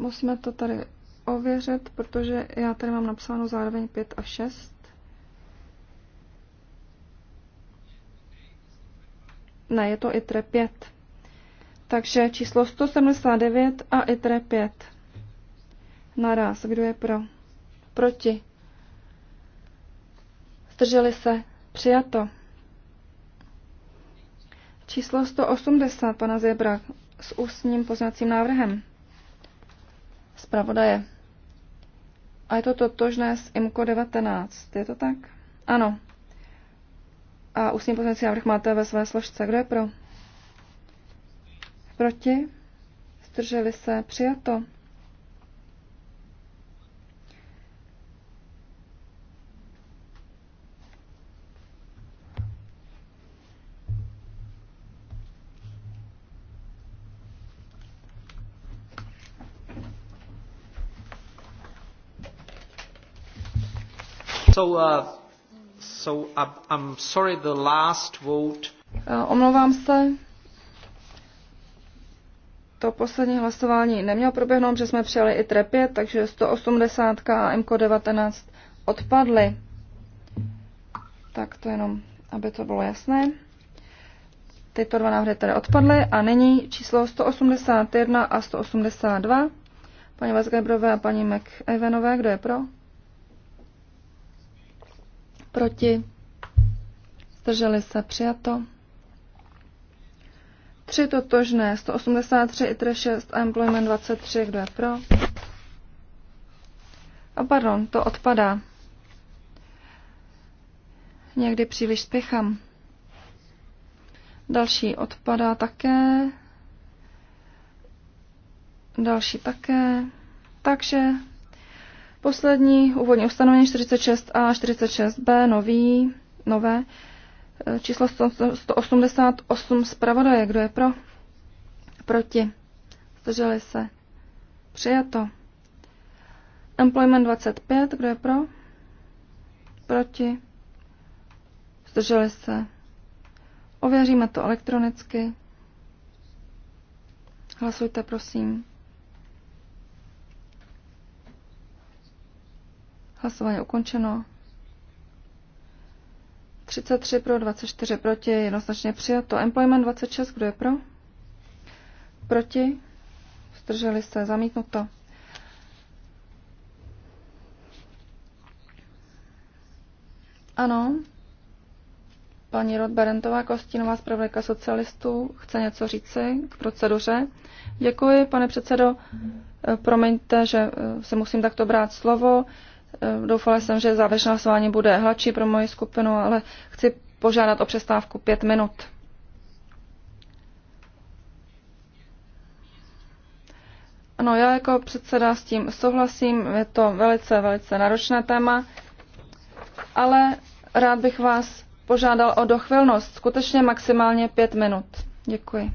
Musíme to tady ověřit, protože já tady mám napsáno zároveň 5 a 6. Ne, je to ITRE 5. Takže číslo 179 a ITRE 5. Naraz, kdo je pro? Proti. Zdrželi se. Přijato. Číslo 180 pana Zebra s ústním poznacím návrhem zpravodaje. A je to totožné s IMCO 19, je to tak? Ano. A ústní pozměnící návrh máte ve své složce. Kdo je pro? Proti? Zdrželi se? Přijato. omlouvám se. To poslední hlasování nemělo proběhnout, že jsme přijali i trepě, takže 180 a MK19 odpadly. Tak to jenom, aby to bylo jasné. Tyto dva návrhy tedy odpadly a nyní číslo 181 a 182. Paní Vazgebrové a paní McEvenové, kdo je pro? proti, zdrželi se přijato. 3 totožné, 183 i 6 a employment 23, kdo je pro? A pardon, to odpadá. Někdy příliš spěchám. Další odpadá také. Další také. Takže Poslední úvodní ustanovení 46a, 46b, nový, nové, e, číslo 188 zpravodaje. Kdo je pro? Proti. Zdrželi se. Přijato. Employment 25. Kdo je pro? Proti. Zdrželi se. Ověříme to elektronicky. Hlasujte, prosím. Hlasování ukončeno. 33 pro, 24 proti, jednoznačně přijato. Employment 26, kdo je pro? Proti? Zdrželi se, zamítnuto. Ano. Paní Rodberentová, Kostínová zpravodajka socialistů, chce něco říci k proceduře. Děkuji, pane předsedo. Promiňte, že eh, se musím takto brát slovo. Eh, doufala jsem, že závěrečné hlasování bude hladší pro moji skupinu, ale chci požádat o přestávku pět minut. Ano, já jako předseda s tím souhlasím, je to velice, velice náročné téma, ale rád bych vás požádal o dochvilnost, skutečně maximálně pět minut. Děkuji.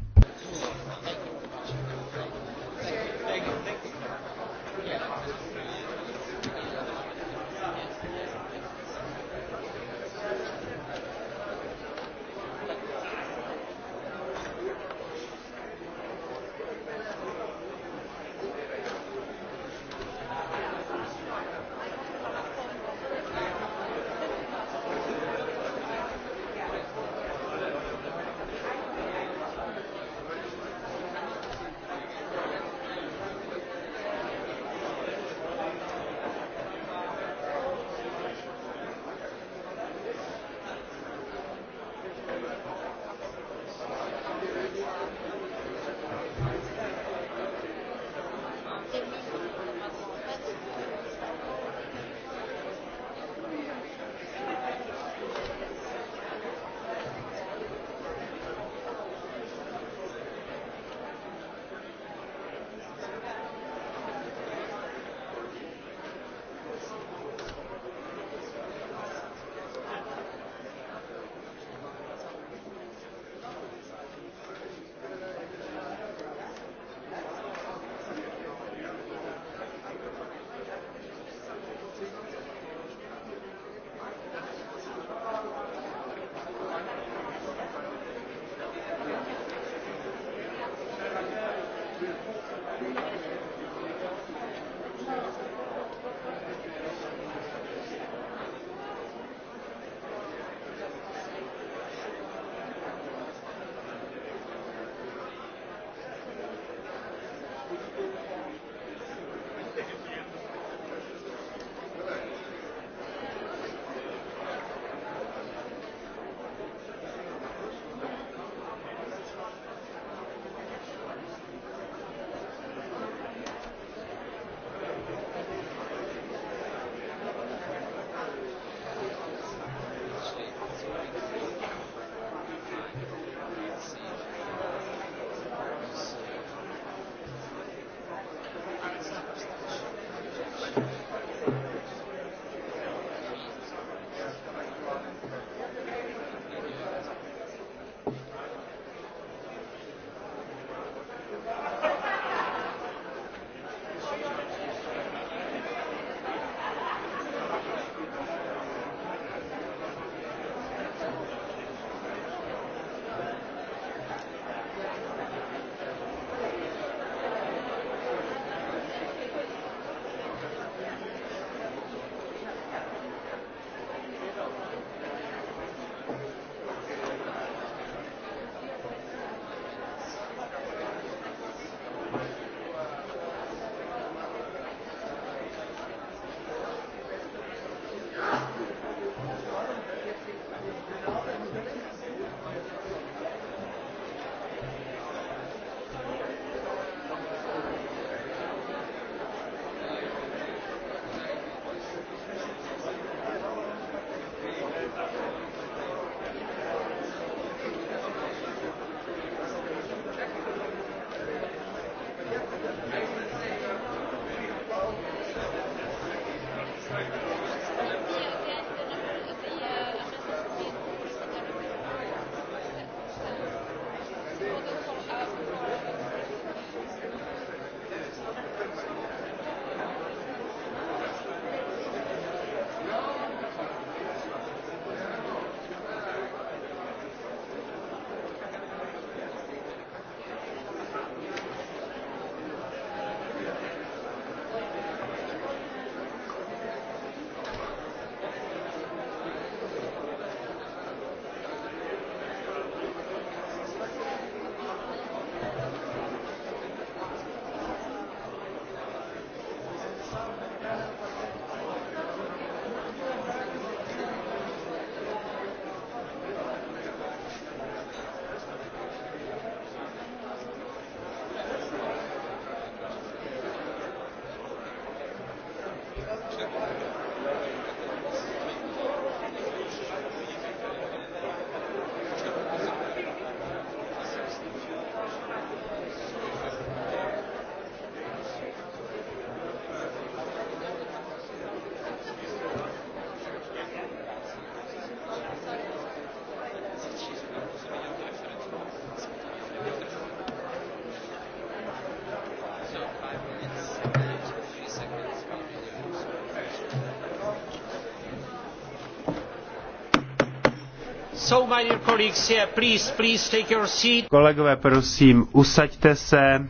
Kolegové, prosím, usaďte se.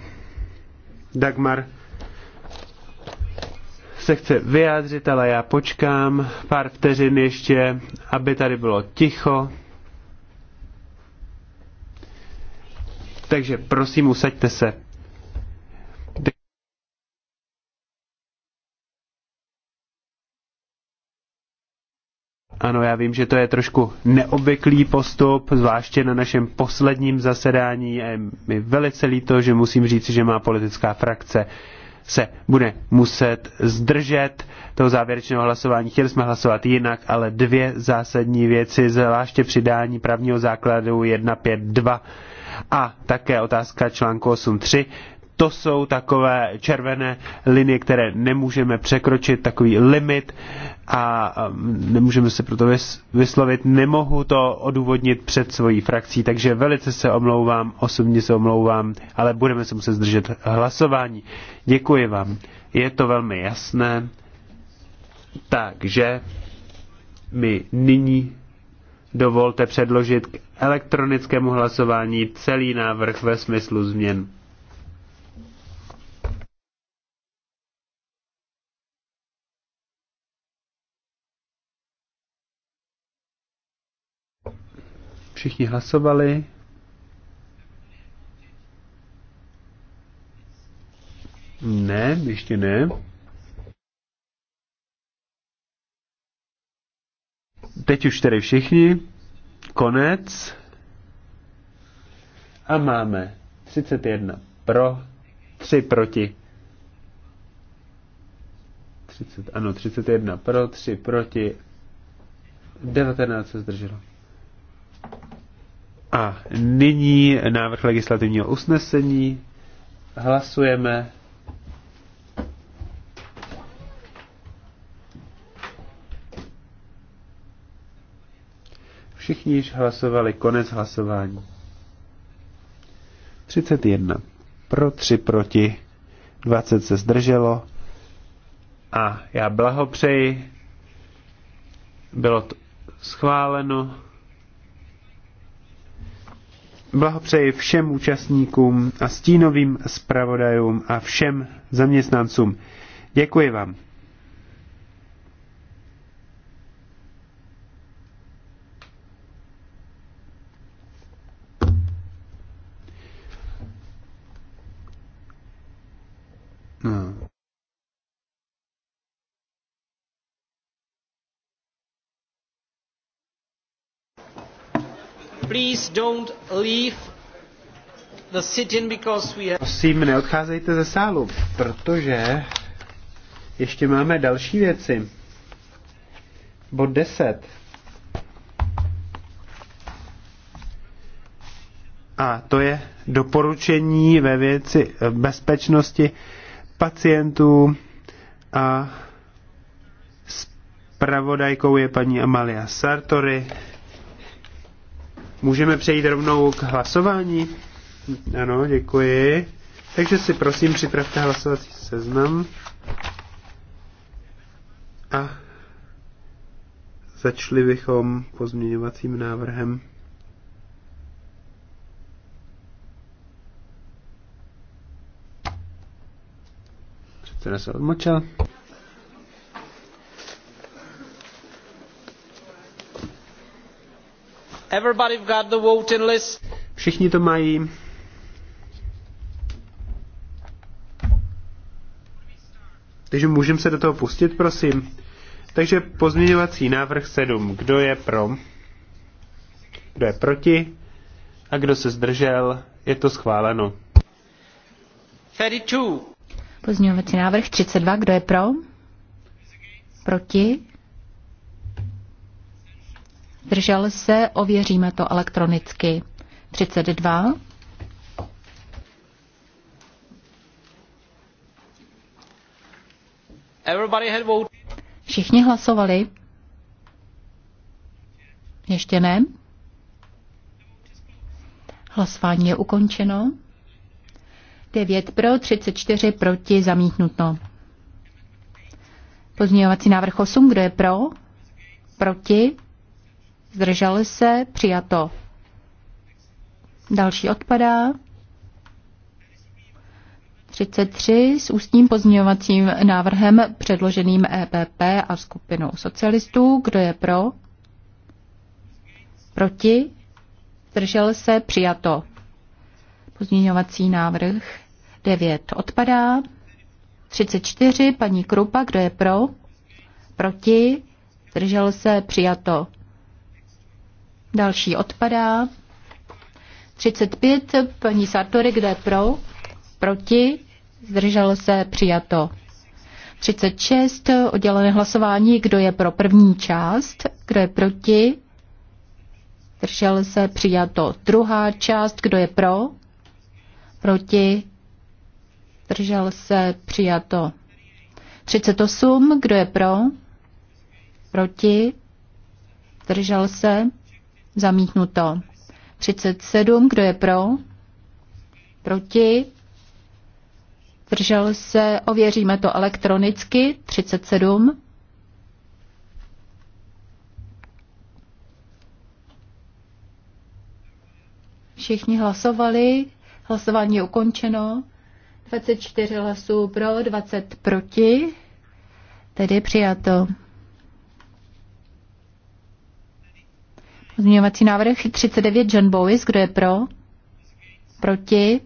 Dagmar se chce vyjádřit, ale já počkám pár vteřin ještě, aby tady bylo ticho. Takže prosím, usaďte se. Ano, já vím, že to je trošku neobvyklý postup, zvláště na našem posledním zasedání. A je mi velice líto, že musím říct, že má politická frakce se bude muset zdržet toho závěrečného hlasování. Chtěli jsme hlasovat jinak, ale dvě zásadní věci, zvláště přidání právního základu 1.5.2 a také otázka článku 8.3 to jsou takové červené linie, které nemůžeme překročit, takový limit a nemůžeme se proto vyslovit, nemohu to odůvodnit před svojí frakcí, takže velice se omlouvám, osobně se omlouvám, ale budeme se muset zdržet hlasování. Děkuji vám. Je to velmi jasné. Takže mi nyní dovolte předložit k elektronickému hlasování celý návrh ve smyslu změn Všichni hlasovali. Ne, ještě ne. Teď už tedy všichni. Konec. A máme 31 pro, 3 proti. 30, ano, 31 pro, 3 proti. 19 se zdrželo. A nyní návrh legislativního usnesení. Hlasujeme. Všichni již hlasovali konec hlasování. 31. Pro 3 proti. 20 se zdrželo. A já blahopřeji. Bylo to schváleno. Blahopřeji všem účastníkům a stínovým zpravodajům a všem zaměstnancům. Děkuji vám. Prosím, neodcházejte ze sálu, protože ještě máme další věci. Bod 10. A to je doporučení ve věci bezpečnosti pacientů a spravodajkou je paní Amalia Sartori. Můžeme přejít rovnou k hlasování? Ano, děkuji. Takže si prosím připravte hlasovací seznam. A začali bychom pozměňovacím návrhem. Předseda se odmočil. Everybody got the voting list. Všichni to mají. Takže můžeme se do toho pustit, prosím. Takže pozměňovací návrh 7. Kdo je pro? Kdo je proti? A kdo se zdržel? Je to schváleno. 32. Pozměňovací návrh 32. Kdo je pro? Proti? Zdržel se? Ověříme to elektronicky. 32. Everybody had Všichni hlasovali? Ještě ne? Hlasování je ukončeno. 9 pro, 34 proti, zamítnuto. Pozměňovací návrh 8, kdo je pro? Proti? zdržel se, přijato. Další odpadá. 33 s ústním pozměňovacím návrhem předloženým EPP a skupinou socialistů. Kdo je pro? Proti? Zdržel se? Přijato. Pozměňovací návrh 9 odpadá. 34 paní Krupa. Kdo je pro? Proti? Zdržel se? Přijato. Další odpadá. 35, paní Sartori, kde je pro? Proti? Zdržel se, přijato. 36, oddělené hlasování, kdo je pro první část, kdo je proti? Zdržel se, přijato. Druhá část, kdo je pro? Proti? Zdržel se, přijato. 38, kdo je pro? Proti? Zdržel se, Zamítnuto. 37. Kdo je pro? Proti? Držel se? Ověříme to elektronicky. 37. Všichni hlasovali. Hlasování je ukončeno. 24 hlasů pro, 20 proti. Tedy přijato. Pozměňovací návrh 39 John Bowis, kdo je pro? Proti?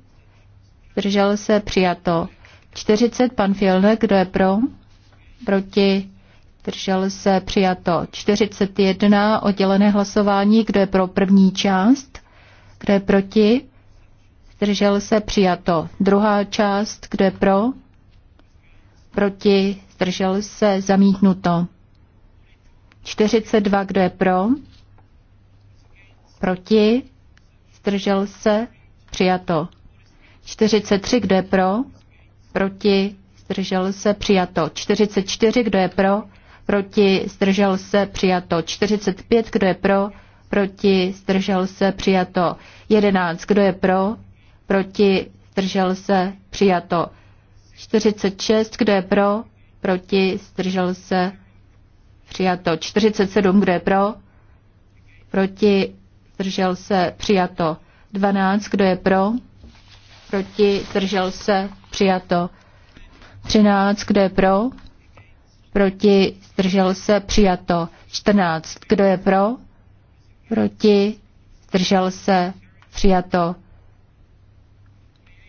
Zdržel se přijato. 40 pan Fielner, kdo je pro? Proti? Držel se přijato. 41 oddělené hlasování, kdo je pro první část? Kdo je proti? Zdržel se přijato. Druhá část, kdo je pro? Proti? Zdržel se zamítnuto. 42, kdo je pro? Proti? Zdržel se? Přijato. 43, kdo je pro? Proti? Zdržel se? Přijato. 44, kdo je pro? Proti? Zdržel se? Přijato. 45, kdo je pro? Proti? Zdržel se? Přijato. 11, kdo je pro? Proti? Zdržel se? Přijato. 46, kdo je pro? Proti? Zdržel se? Přijato. 47, kdo je pro? Proti? zdržel se, přijato. 12, kdo je pro, proti, zdržel se, přijato. 13, kdo je pro, proti, zdržel se, přijato. 14, kdo je pro, proti, zdržel se, přijato.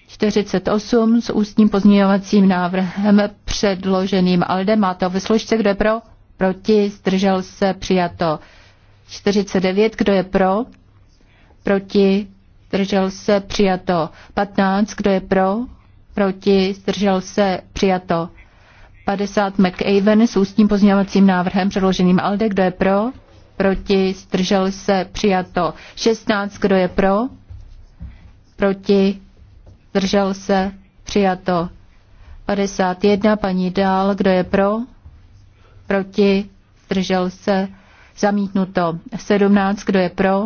48 s ústním pozměňovacím návrhem předloženým Alde. to ve složce, kdo je pro? Proti, zdržel se, přijato. 49, kdo je pro? proti, zdržel se, přijato. 15, kdo je pro, proti, zdržel se, přijato. 50 McAven s ústním pozměňovacím návrhem předloženým ALDE, kdo je pro, proti, zdržel se, přijato. 16, kdo je pro, proti, zdržel se, přijato. 51, paní dál, kdo je pro, proti, zdržel se, zamítnuto. 17, kdo je pro,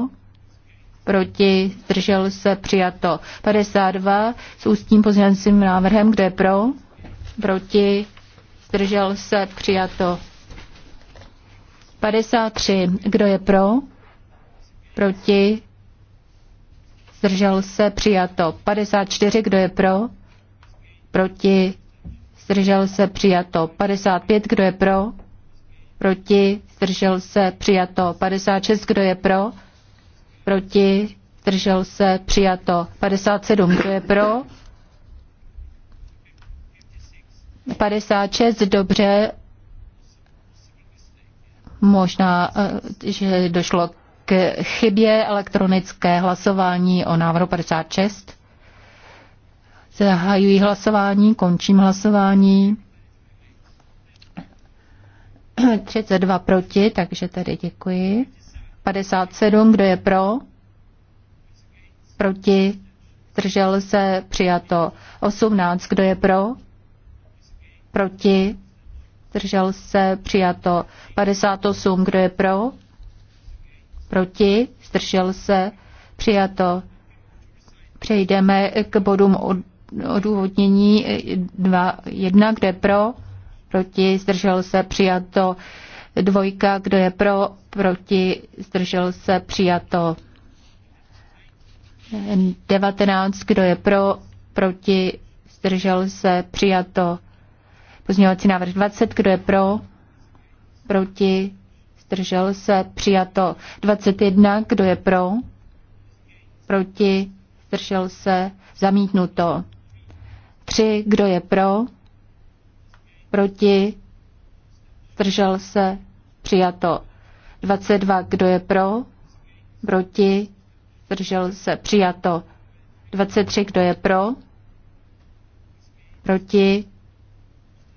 proti, zdržel se, přijato. 52 s ústním pozměňovacím návrhem, kde je pro, proti, zdržel se, přijato. 53, kdo je pro, proti, zdržel se, přijato. 54, kdo je pro, proti, zdržel se, přijato. 55, kdo je pro, proti, zdržel se, přijato. 56, kdo je pro, proti, držel se, přijato. 57, kdo je pro? 56, dobře. Možná, eh, že došlo k chybě elektronické hlasování o návrhu 56. Zahajuji hlasování, končím hlasování. 32 proti, takže tady děkuji. 57, kdo je pro? Proti? Zdržel se? Přijato. 18, kdo je pro? Proti? Zdržel se? Přijato. 58, kdo je pro? Proti? Zdržel se? Přijato. Přejdeme k bodům odůvodnění 2, 1, kde pro? Proti? Zdržel se? Přijato. Dvojka, kdo je pro, proti, zdržel se, přijato. 19, kdo je pro, proti, zdržel se, přijato. Pozměňovací návrh 20, kdo je pro, proti, zdržel se, přijato. 21, kdo je pro, proti, zdržel se, zamítnuto. 3, kdo je pro, proti, zdržel se, přijato. 22, kdo je pro, proti, zdržel se, přijato. 23, kdo je pro, proti,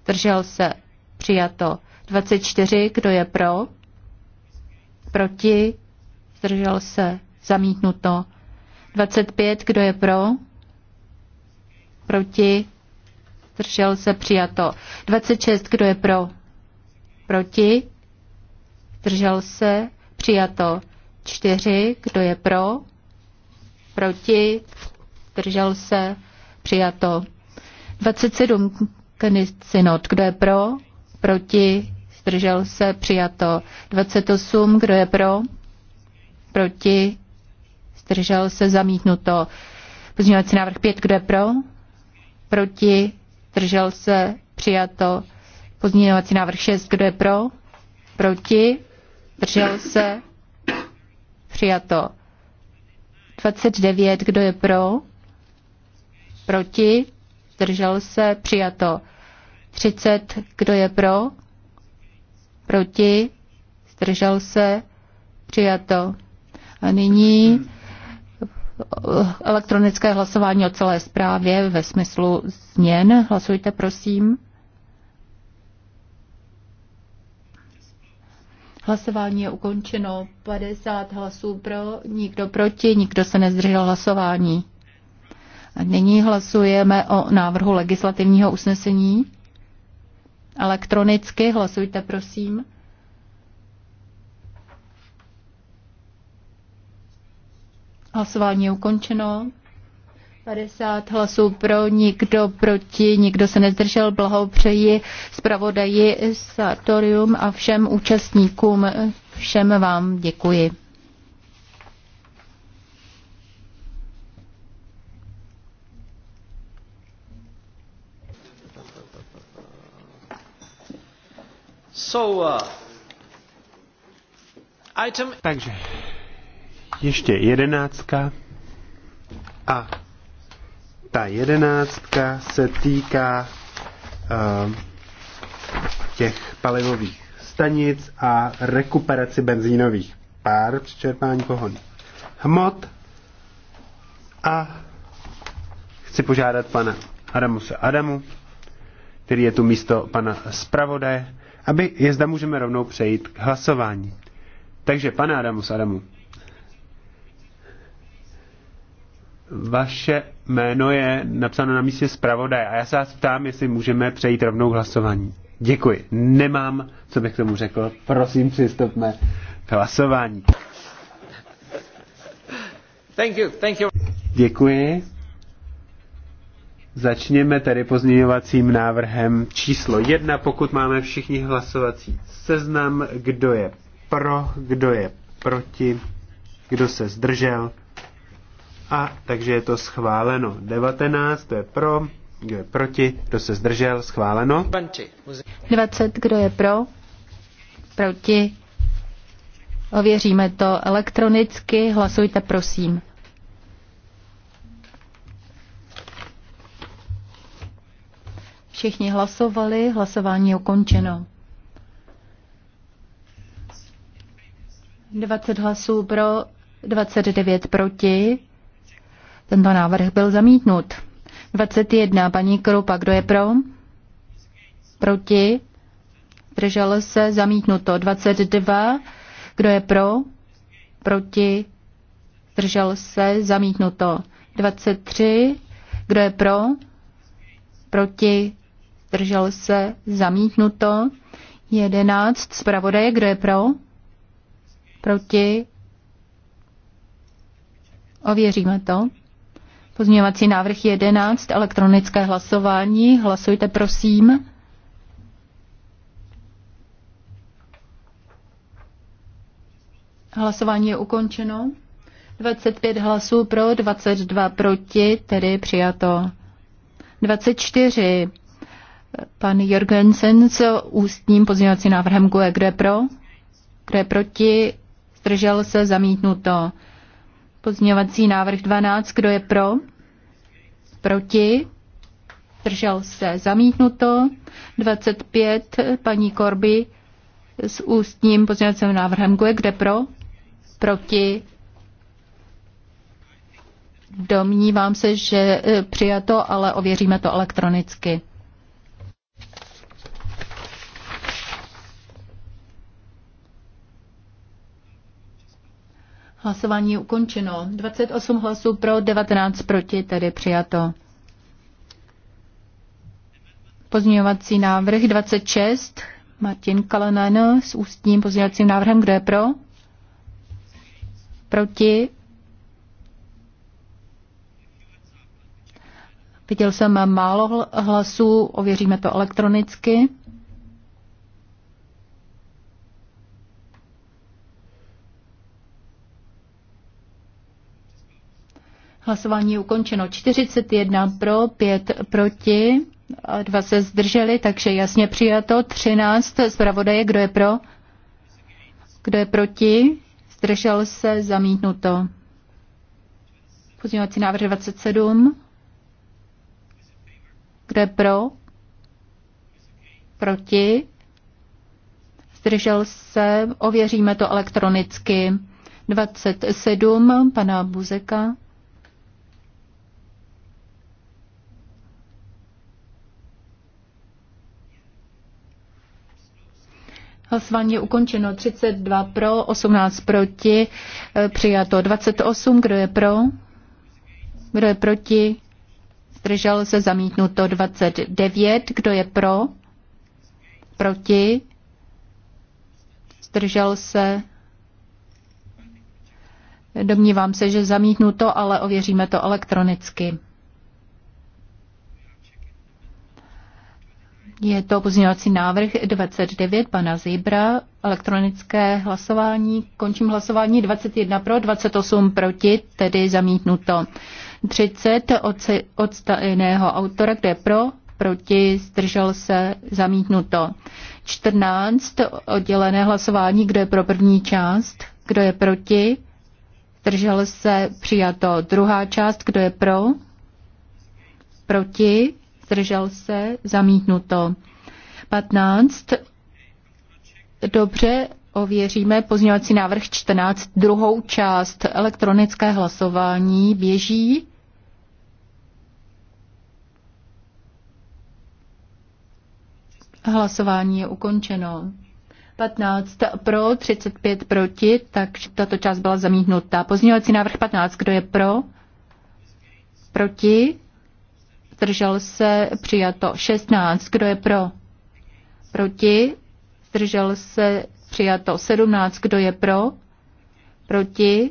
zdržel se, přijato. 24, kdo je pro, proti, zdržel se, zamítnuto. 25, kdo je pro, proti, zdržel se, přijato. 26, kdo je pro, Proti? Držel se? Přijato. Čtyři. Kdo je pro? Proti? Držel se? Přijato. 27. Synod. Kdo je pro? Proti? Zdržel se? Přijato. 28. Kdo je pro? Proti? Zdržel se? Zamítnuto. Pozměňovací návrh 5. Kdo je pro? Proti? Zdržel se? Přijato. Pozměňovací návrh 6, kdo je pro? Proti? Držel se? Přijato. 29, kdo je pro? Proti? Držel se? Přijato. 30, kdo je pro? Proti? Zdržel se? Přijato. A nyní elektronické hlasování o celé zprávě ve smyslu změn. Hlasujte, prosím. Hlasování je ukončeno. 50 hlasů pro, nikdo proti, nikdo se nezdržel hlasování. A nyní hlasujeme o návrhu legislativního usnesení. Elektronicky hlasujte, prosím. Hlasování je ukončeno. 50 hlasů pro, nikdo proti, nikdo se nezdržel. Blahopřeji zpravodaji Sartorium a všem účastníkům. Všem vám děkuji. So, uh, item... Takže ještě jedenáctka a ta jedenáctka se týká uh, těch palivových stanic a rekuperaci benzínových pár při čerpání pohon hmot. A chci požádat pana Adamuse Adamu, který je tu místo pana zpravodaje, aby je zda můžeme rovnou přejít k hlasování. Takže pane Adamus Adamu. Vaše jméno je napsáno na místě zpravodaj a já se vás ptám, jestli můžeme přejít rovnou k hlasování. Děkuji. Nemám, co bych tomu řekl. Prosím, přistupme k hlasování. Thank you, thank you. Děkuji. Začněme tedy pozměňovacím návrhem číslo jedna, pokud máme všichni hlasovací seznam, kdo je pro, kdo je proti, kdo se zdržel. A takže je to schváleno. 19, to je pro, kdo je proti, kdo se zdržel, schváleno. 20, kdo je pro, proti. Ověříme to elektronicky, hlasujte prosím. Všichni hlasovali, hlasování je ukončeno. 20 hlasů pro, 29 proti, tento návrh byl zamítnut. 21. Paní Krupa, kdo je pro? Proti? Držel se zamítnuto. 22. Kdo je pro? Proti? Držel se zamítnuto. 23. Kdo je pro? Proti? Držel se zamítnuto. 11. Zpravodaje, kdo je pro? Proti? Ověříme to. Pozměňovací návrh 11, elektronické hlasování. Hlasujte, prosím. Hlasování je ukončeno. 25 hlasů pro, 22 proti, tedy přijato. 24. Pan Jorgensen s ústním pozměňovacím návrhem GUE, je pro, kde proti, zdržel se zamítnuto. Pozměňovací návrh 12. Kdo je pro? Proti? Držel se zamítnuto. 25. Paní Korby s ústním pozměňovacím návrhem. Kdo je kde pro? Proti? Domnívám se, že eh, přijato, ale ověříme to elektronicky. Hlasování je ukončeno. 28 hlasů pro, 19 proti, tedy přijato. Pozměňovací návrh 26. Martin Kalanen s ústním pozměňovacím návrhem. Kdo je pro? Proti? Viděl jsem málo hlasů, ověříme to elektronicky. Hlasování je ukončeno. 41 pro, 5 proti, dva se zdrželi, takže jasně přijato. 13 zpravodaje, kdo je pro? Kdo je proti? Zdržel se, zamítnuto. Pozměňovací návrh 27. Kdo je pro? Proti? Zdržel se, ověříme to elektronicky. 27 pana Buzeka. Hlasování je ukončeno 32 pro, 18 proti, e, přijato 28, kdo je pro, kdo je proti, zdržel se zamítnuto 29, kdo je pro, proti, zdržel se, domnívám se, že zamítnuto, ale ověříme to elektronicky. Je to pozměňovací návrh 29 pana Zibra, elektronické hlasování. Končím hlasování 21 pro, 28 proti, tedy zamítnuto. 30 od, od autora, kde pro, proti, zdržel se, zamítnuto. 14 oddělené hlasování, kdo je pro první část, kdo je proti, zdržel se, přijato. Druhá část, kdo je pro, proti, zdržel se, zamítnuto. 15. Dobře, ověříme pozměňovací návrh 14, druhou část. Elektronické hlasování běží. Hlasování je ukončeno. 15 pro, 35 proti, Takže tato část byla zamítnuta. Pozměňovací návrh 15, kdo je pro? Proti? zdržel se, přijato 16. Kdo je pro? Proti, zdržel se, přijato 17. Kdo je pro? Proti,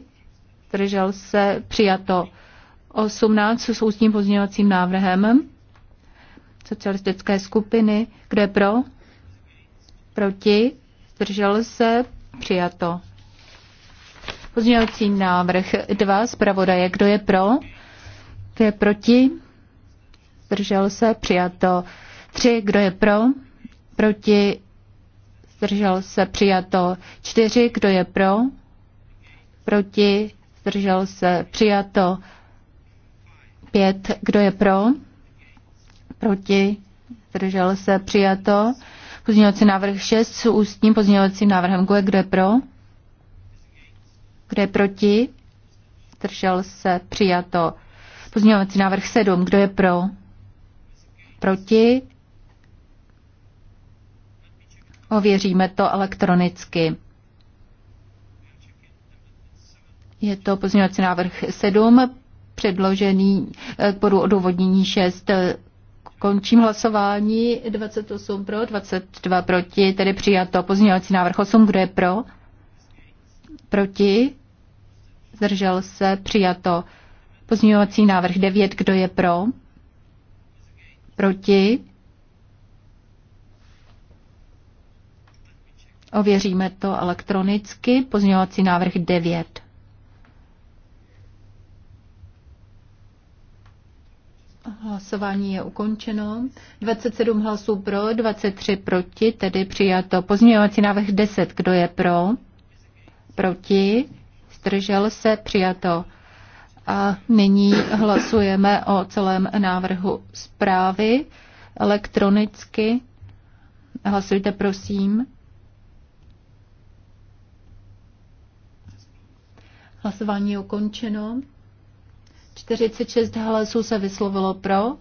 zdržel se, přijato 18 s ústním pozměňovacím návrhem socialistické skupiny. Kdo je pro? Proti, zdržel se, přijato. Pozměňovací návrh 2 zpravodaje. Kdo je pro? Kdo je proti? zdržel se, přijato. 3, kdo je pro, proti, zdržel se, přijato. 4, kdo je pro, proti, zdržel se, přijato. 5, kdo je pro, proti, zdržel se, přijato. Pozměňovací návrh 6 s ústním pozměňovacím návrhem GUE, kdo je pro, kdo je proti, zdržel se, přijato. Pozměňovací návrh 7, kdo je pro? Proti? Ověříme to elektronicky. Je to pozměňovací návrh 7, předložený eh, k bodu odůvodnění 6. Končím hlasování 28 pro, 22 proti, tedy přijato pozměňovací návrh 8. Kdo je pro? Proti? Zdržel se, přijato. Pozměňovací návrh 9. Kdo je pro? Proti? Ověříme to elektronicky. Pozměňovací návrh 9. Hlasování je ukončeno. 27 hlasů pro, 23 proti, tedy přijato pozměňovací návrh 10. Kdo je pro? Proti? Zdržel se? Přijato. A nyní hlasujeme o celém návrhu zprávy elektronicky. Hlasujte prosím. Hlasování je ukončeno. 46 hlasů se vyslovilo pro,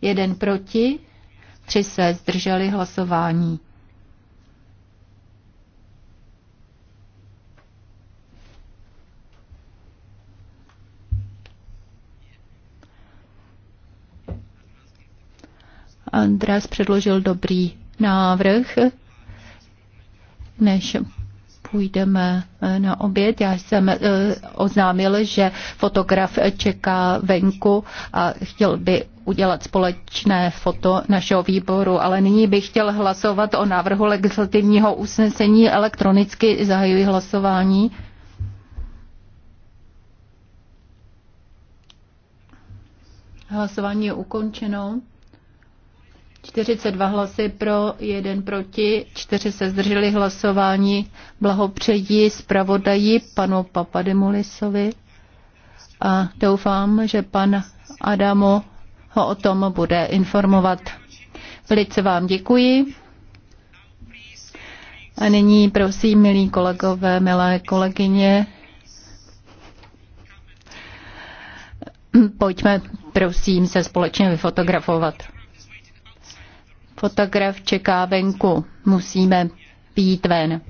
jeden proti, tři se zdrželi hlasování. Andreas předložil dobrý návrh, než půjdeme eh, na oběd. Já jsem eh, oznámil, že fotograf čeká venku a chtěl by udělat společné foto našeho výboru, ale nyní bych chtěl hlasovat o návrhu legislativního usnesení elektronicky. Zahajuji hlasování. Hlasování je ukončeno. 42 hlasy pro, jeden proti, čtyři se zdrželi hlasování. Blahopřeji zpravodaji panu Papademulisovi a doufám, že pan Adamo ho o tom bude informovat. Velice vám děkuji. A nyní prosím, milí kolegové, milé kolegyně, pojďme prosím se společně vyfotografovat. Fotograf čeká venku. Musíme být ven.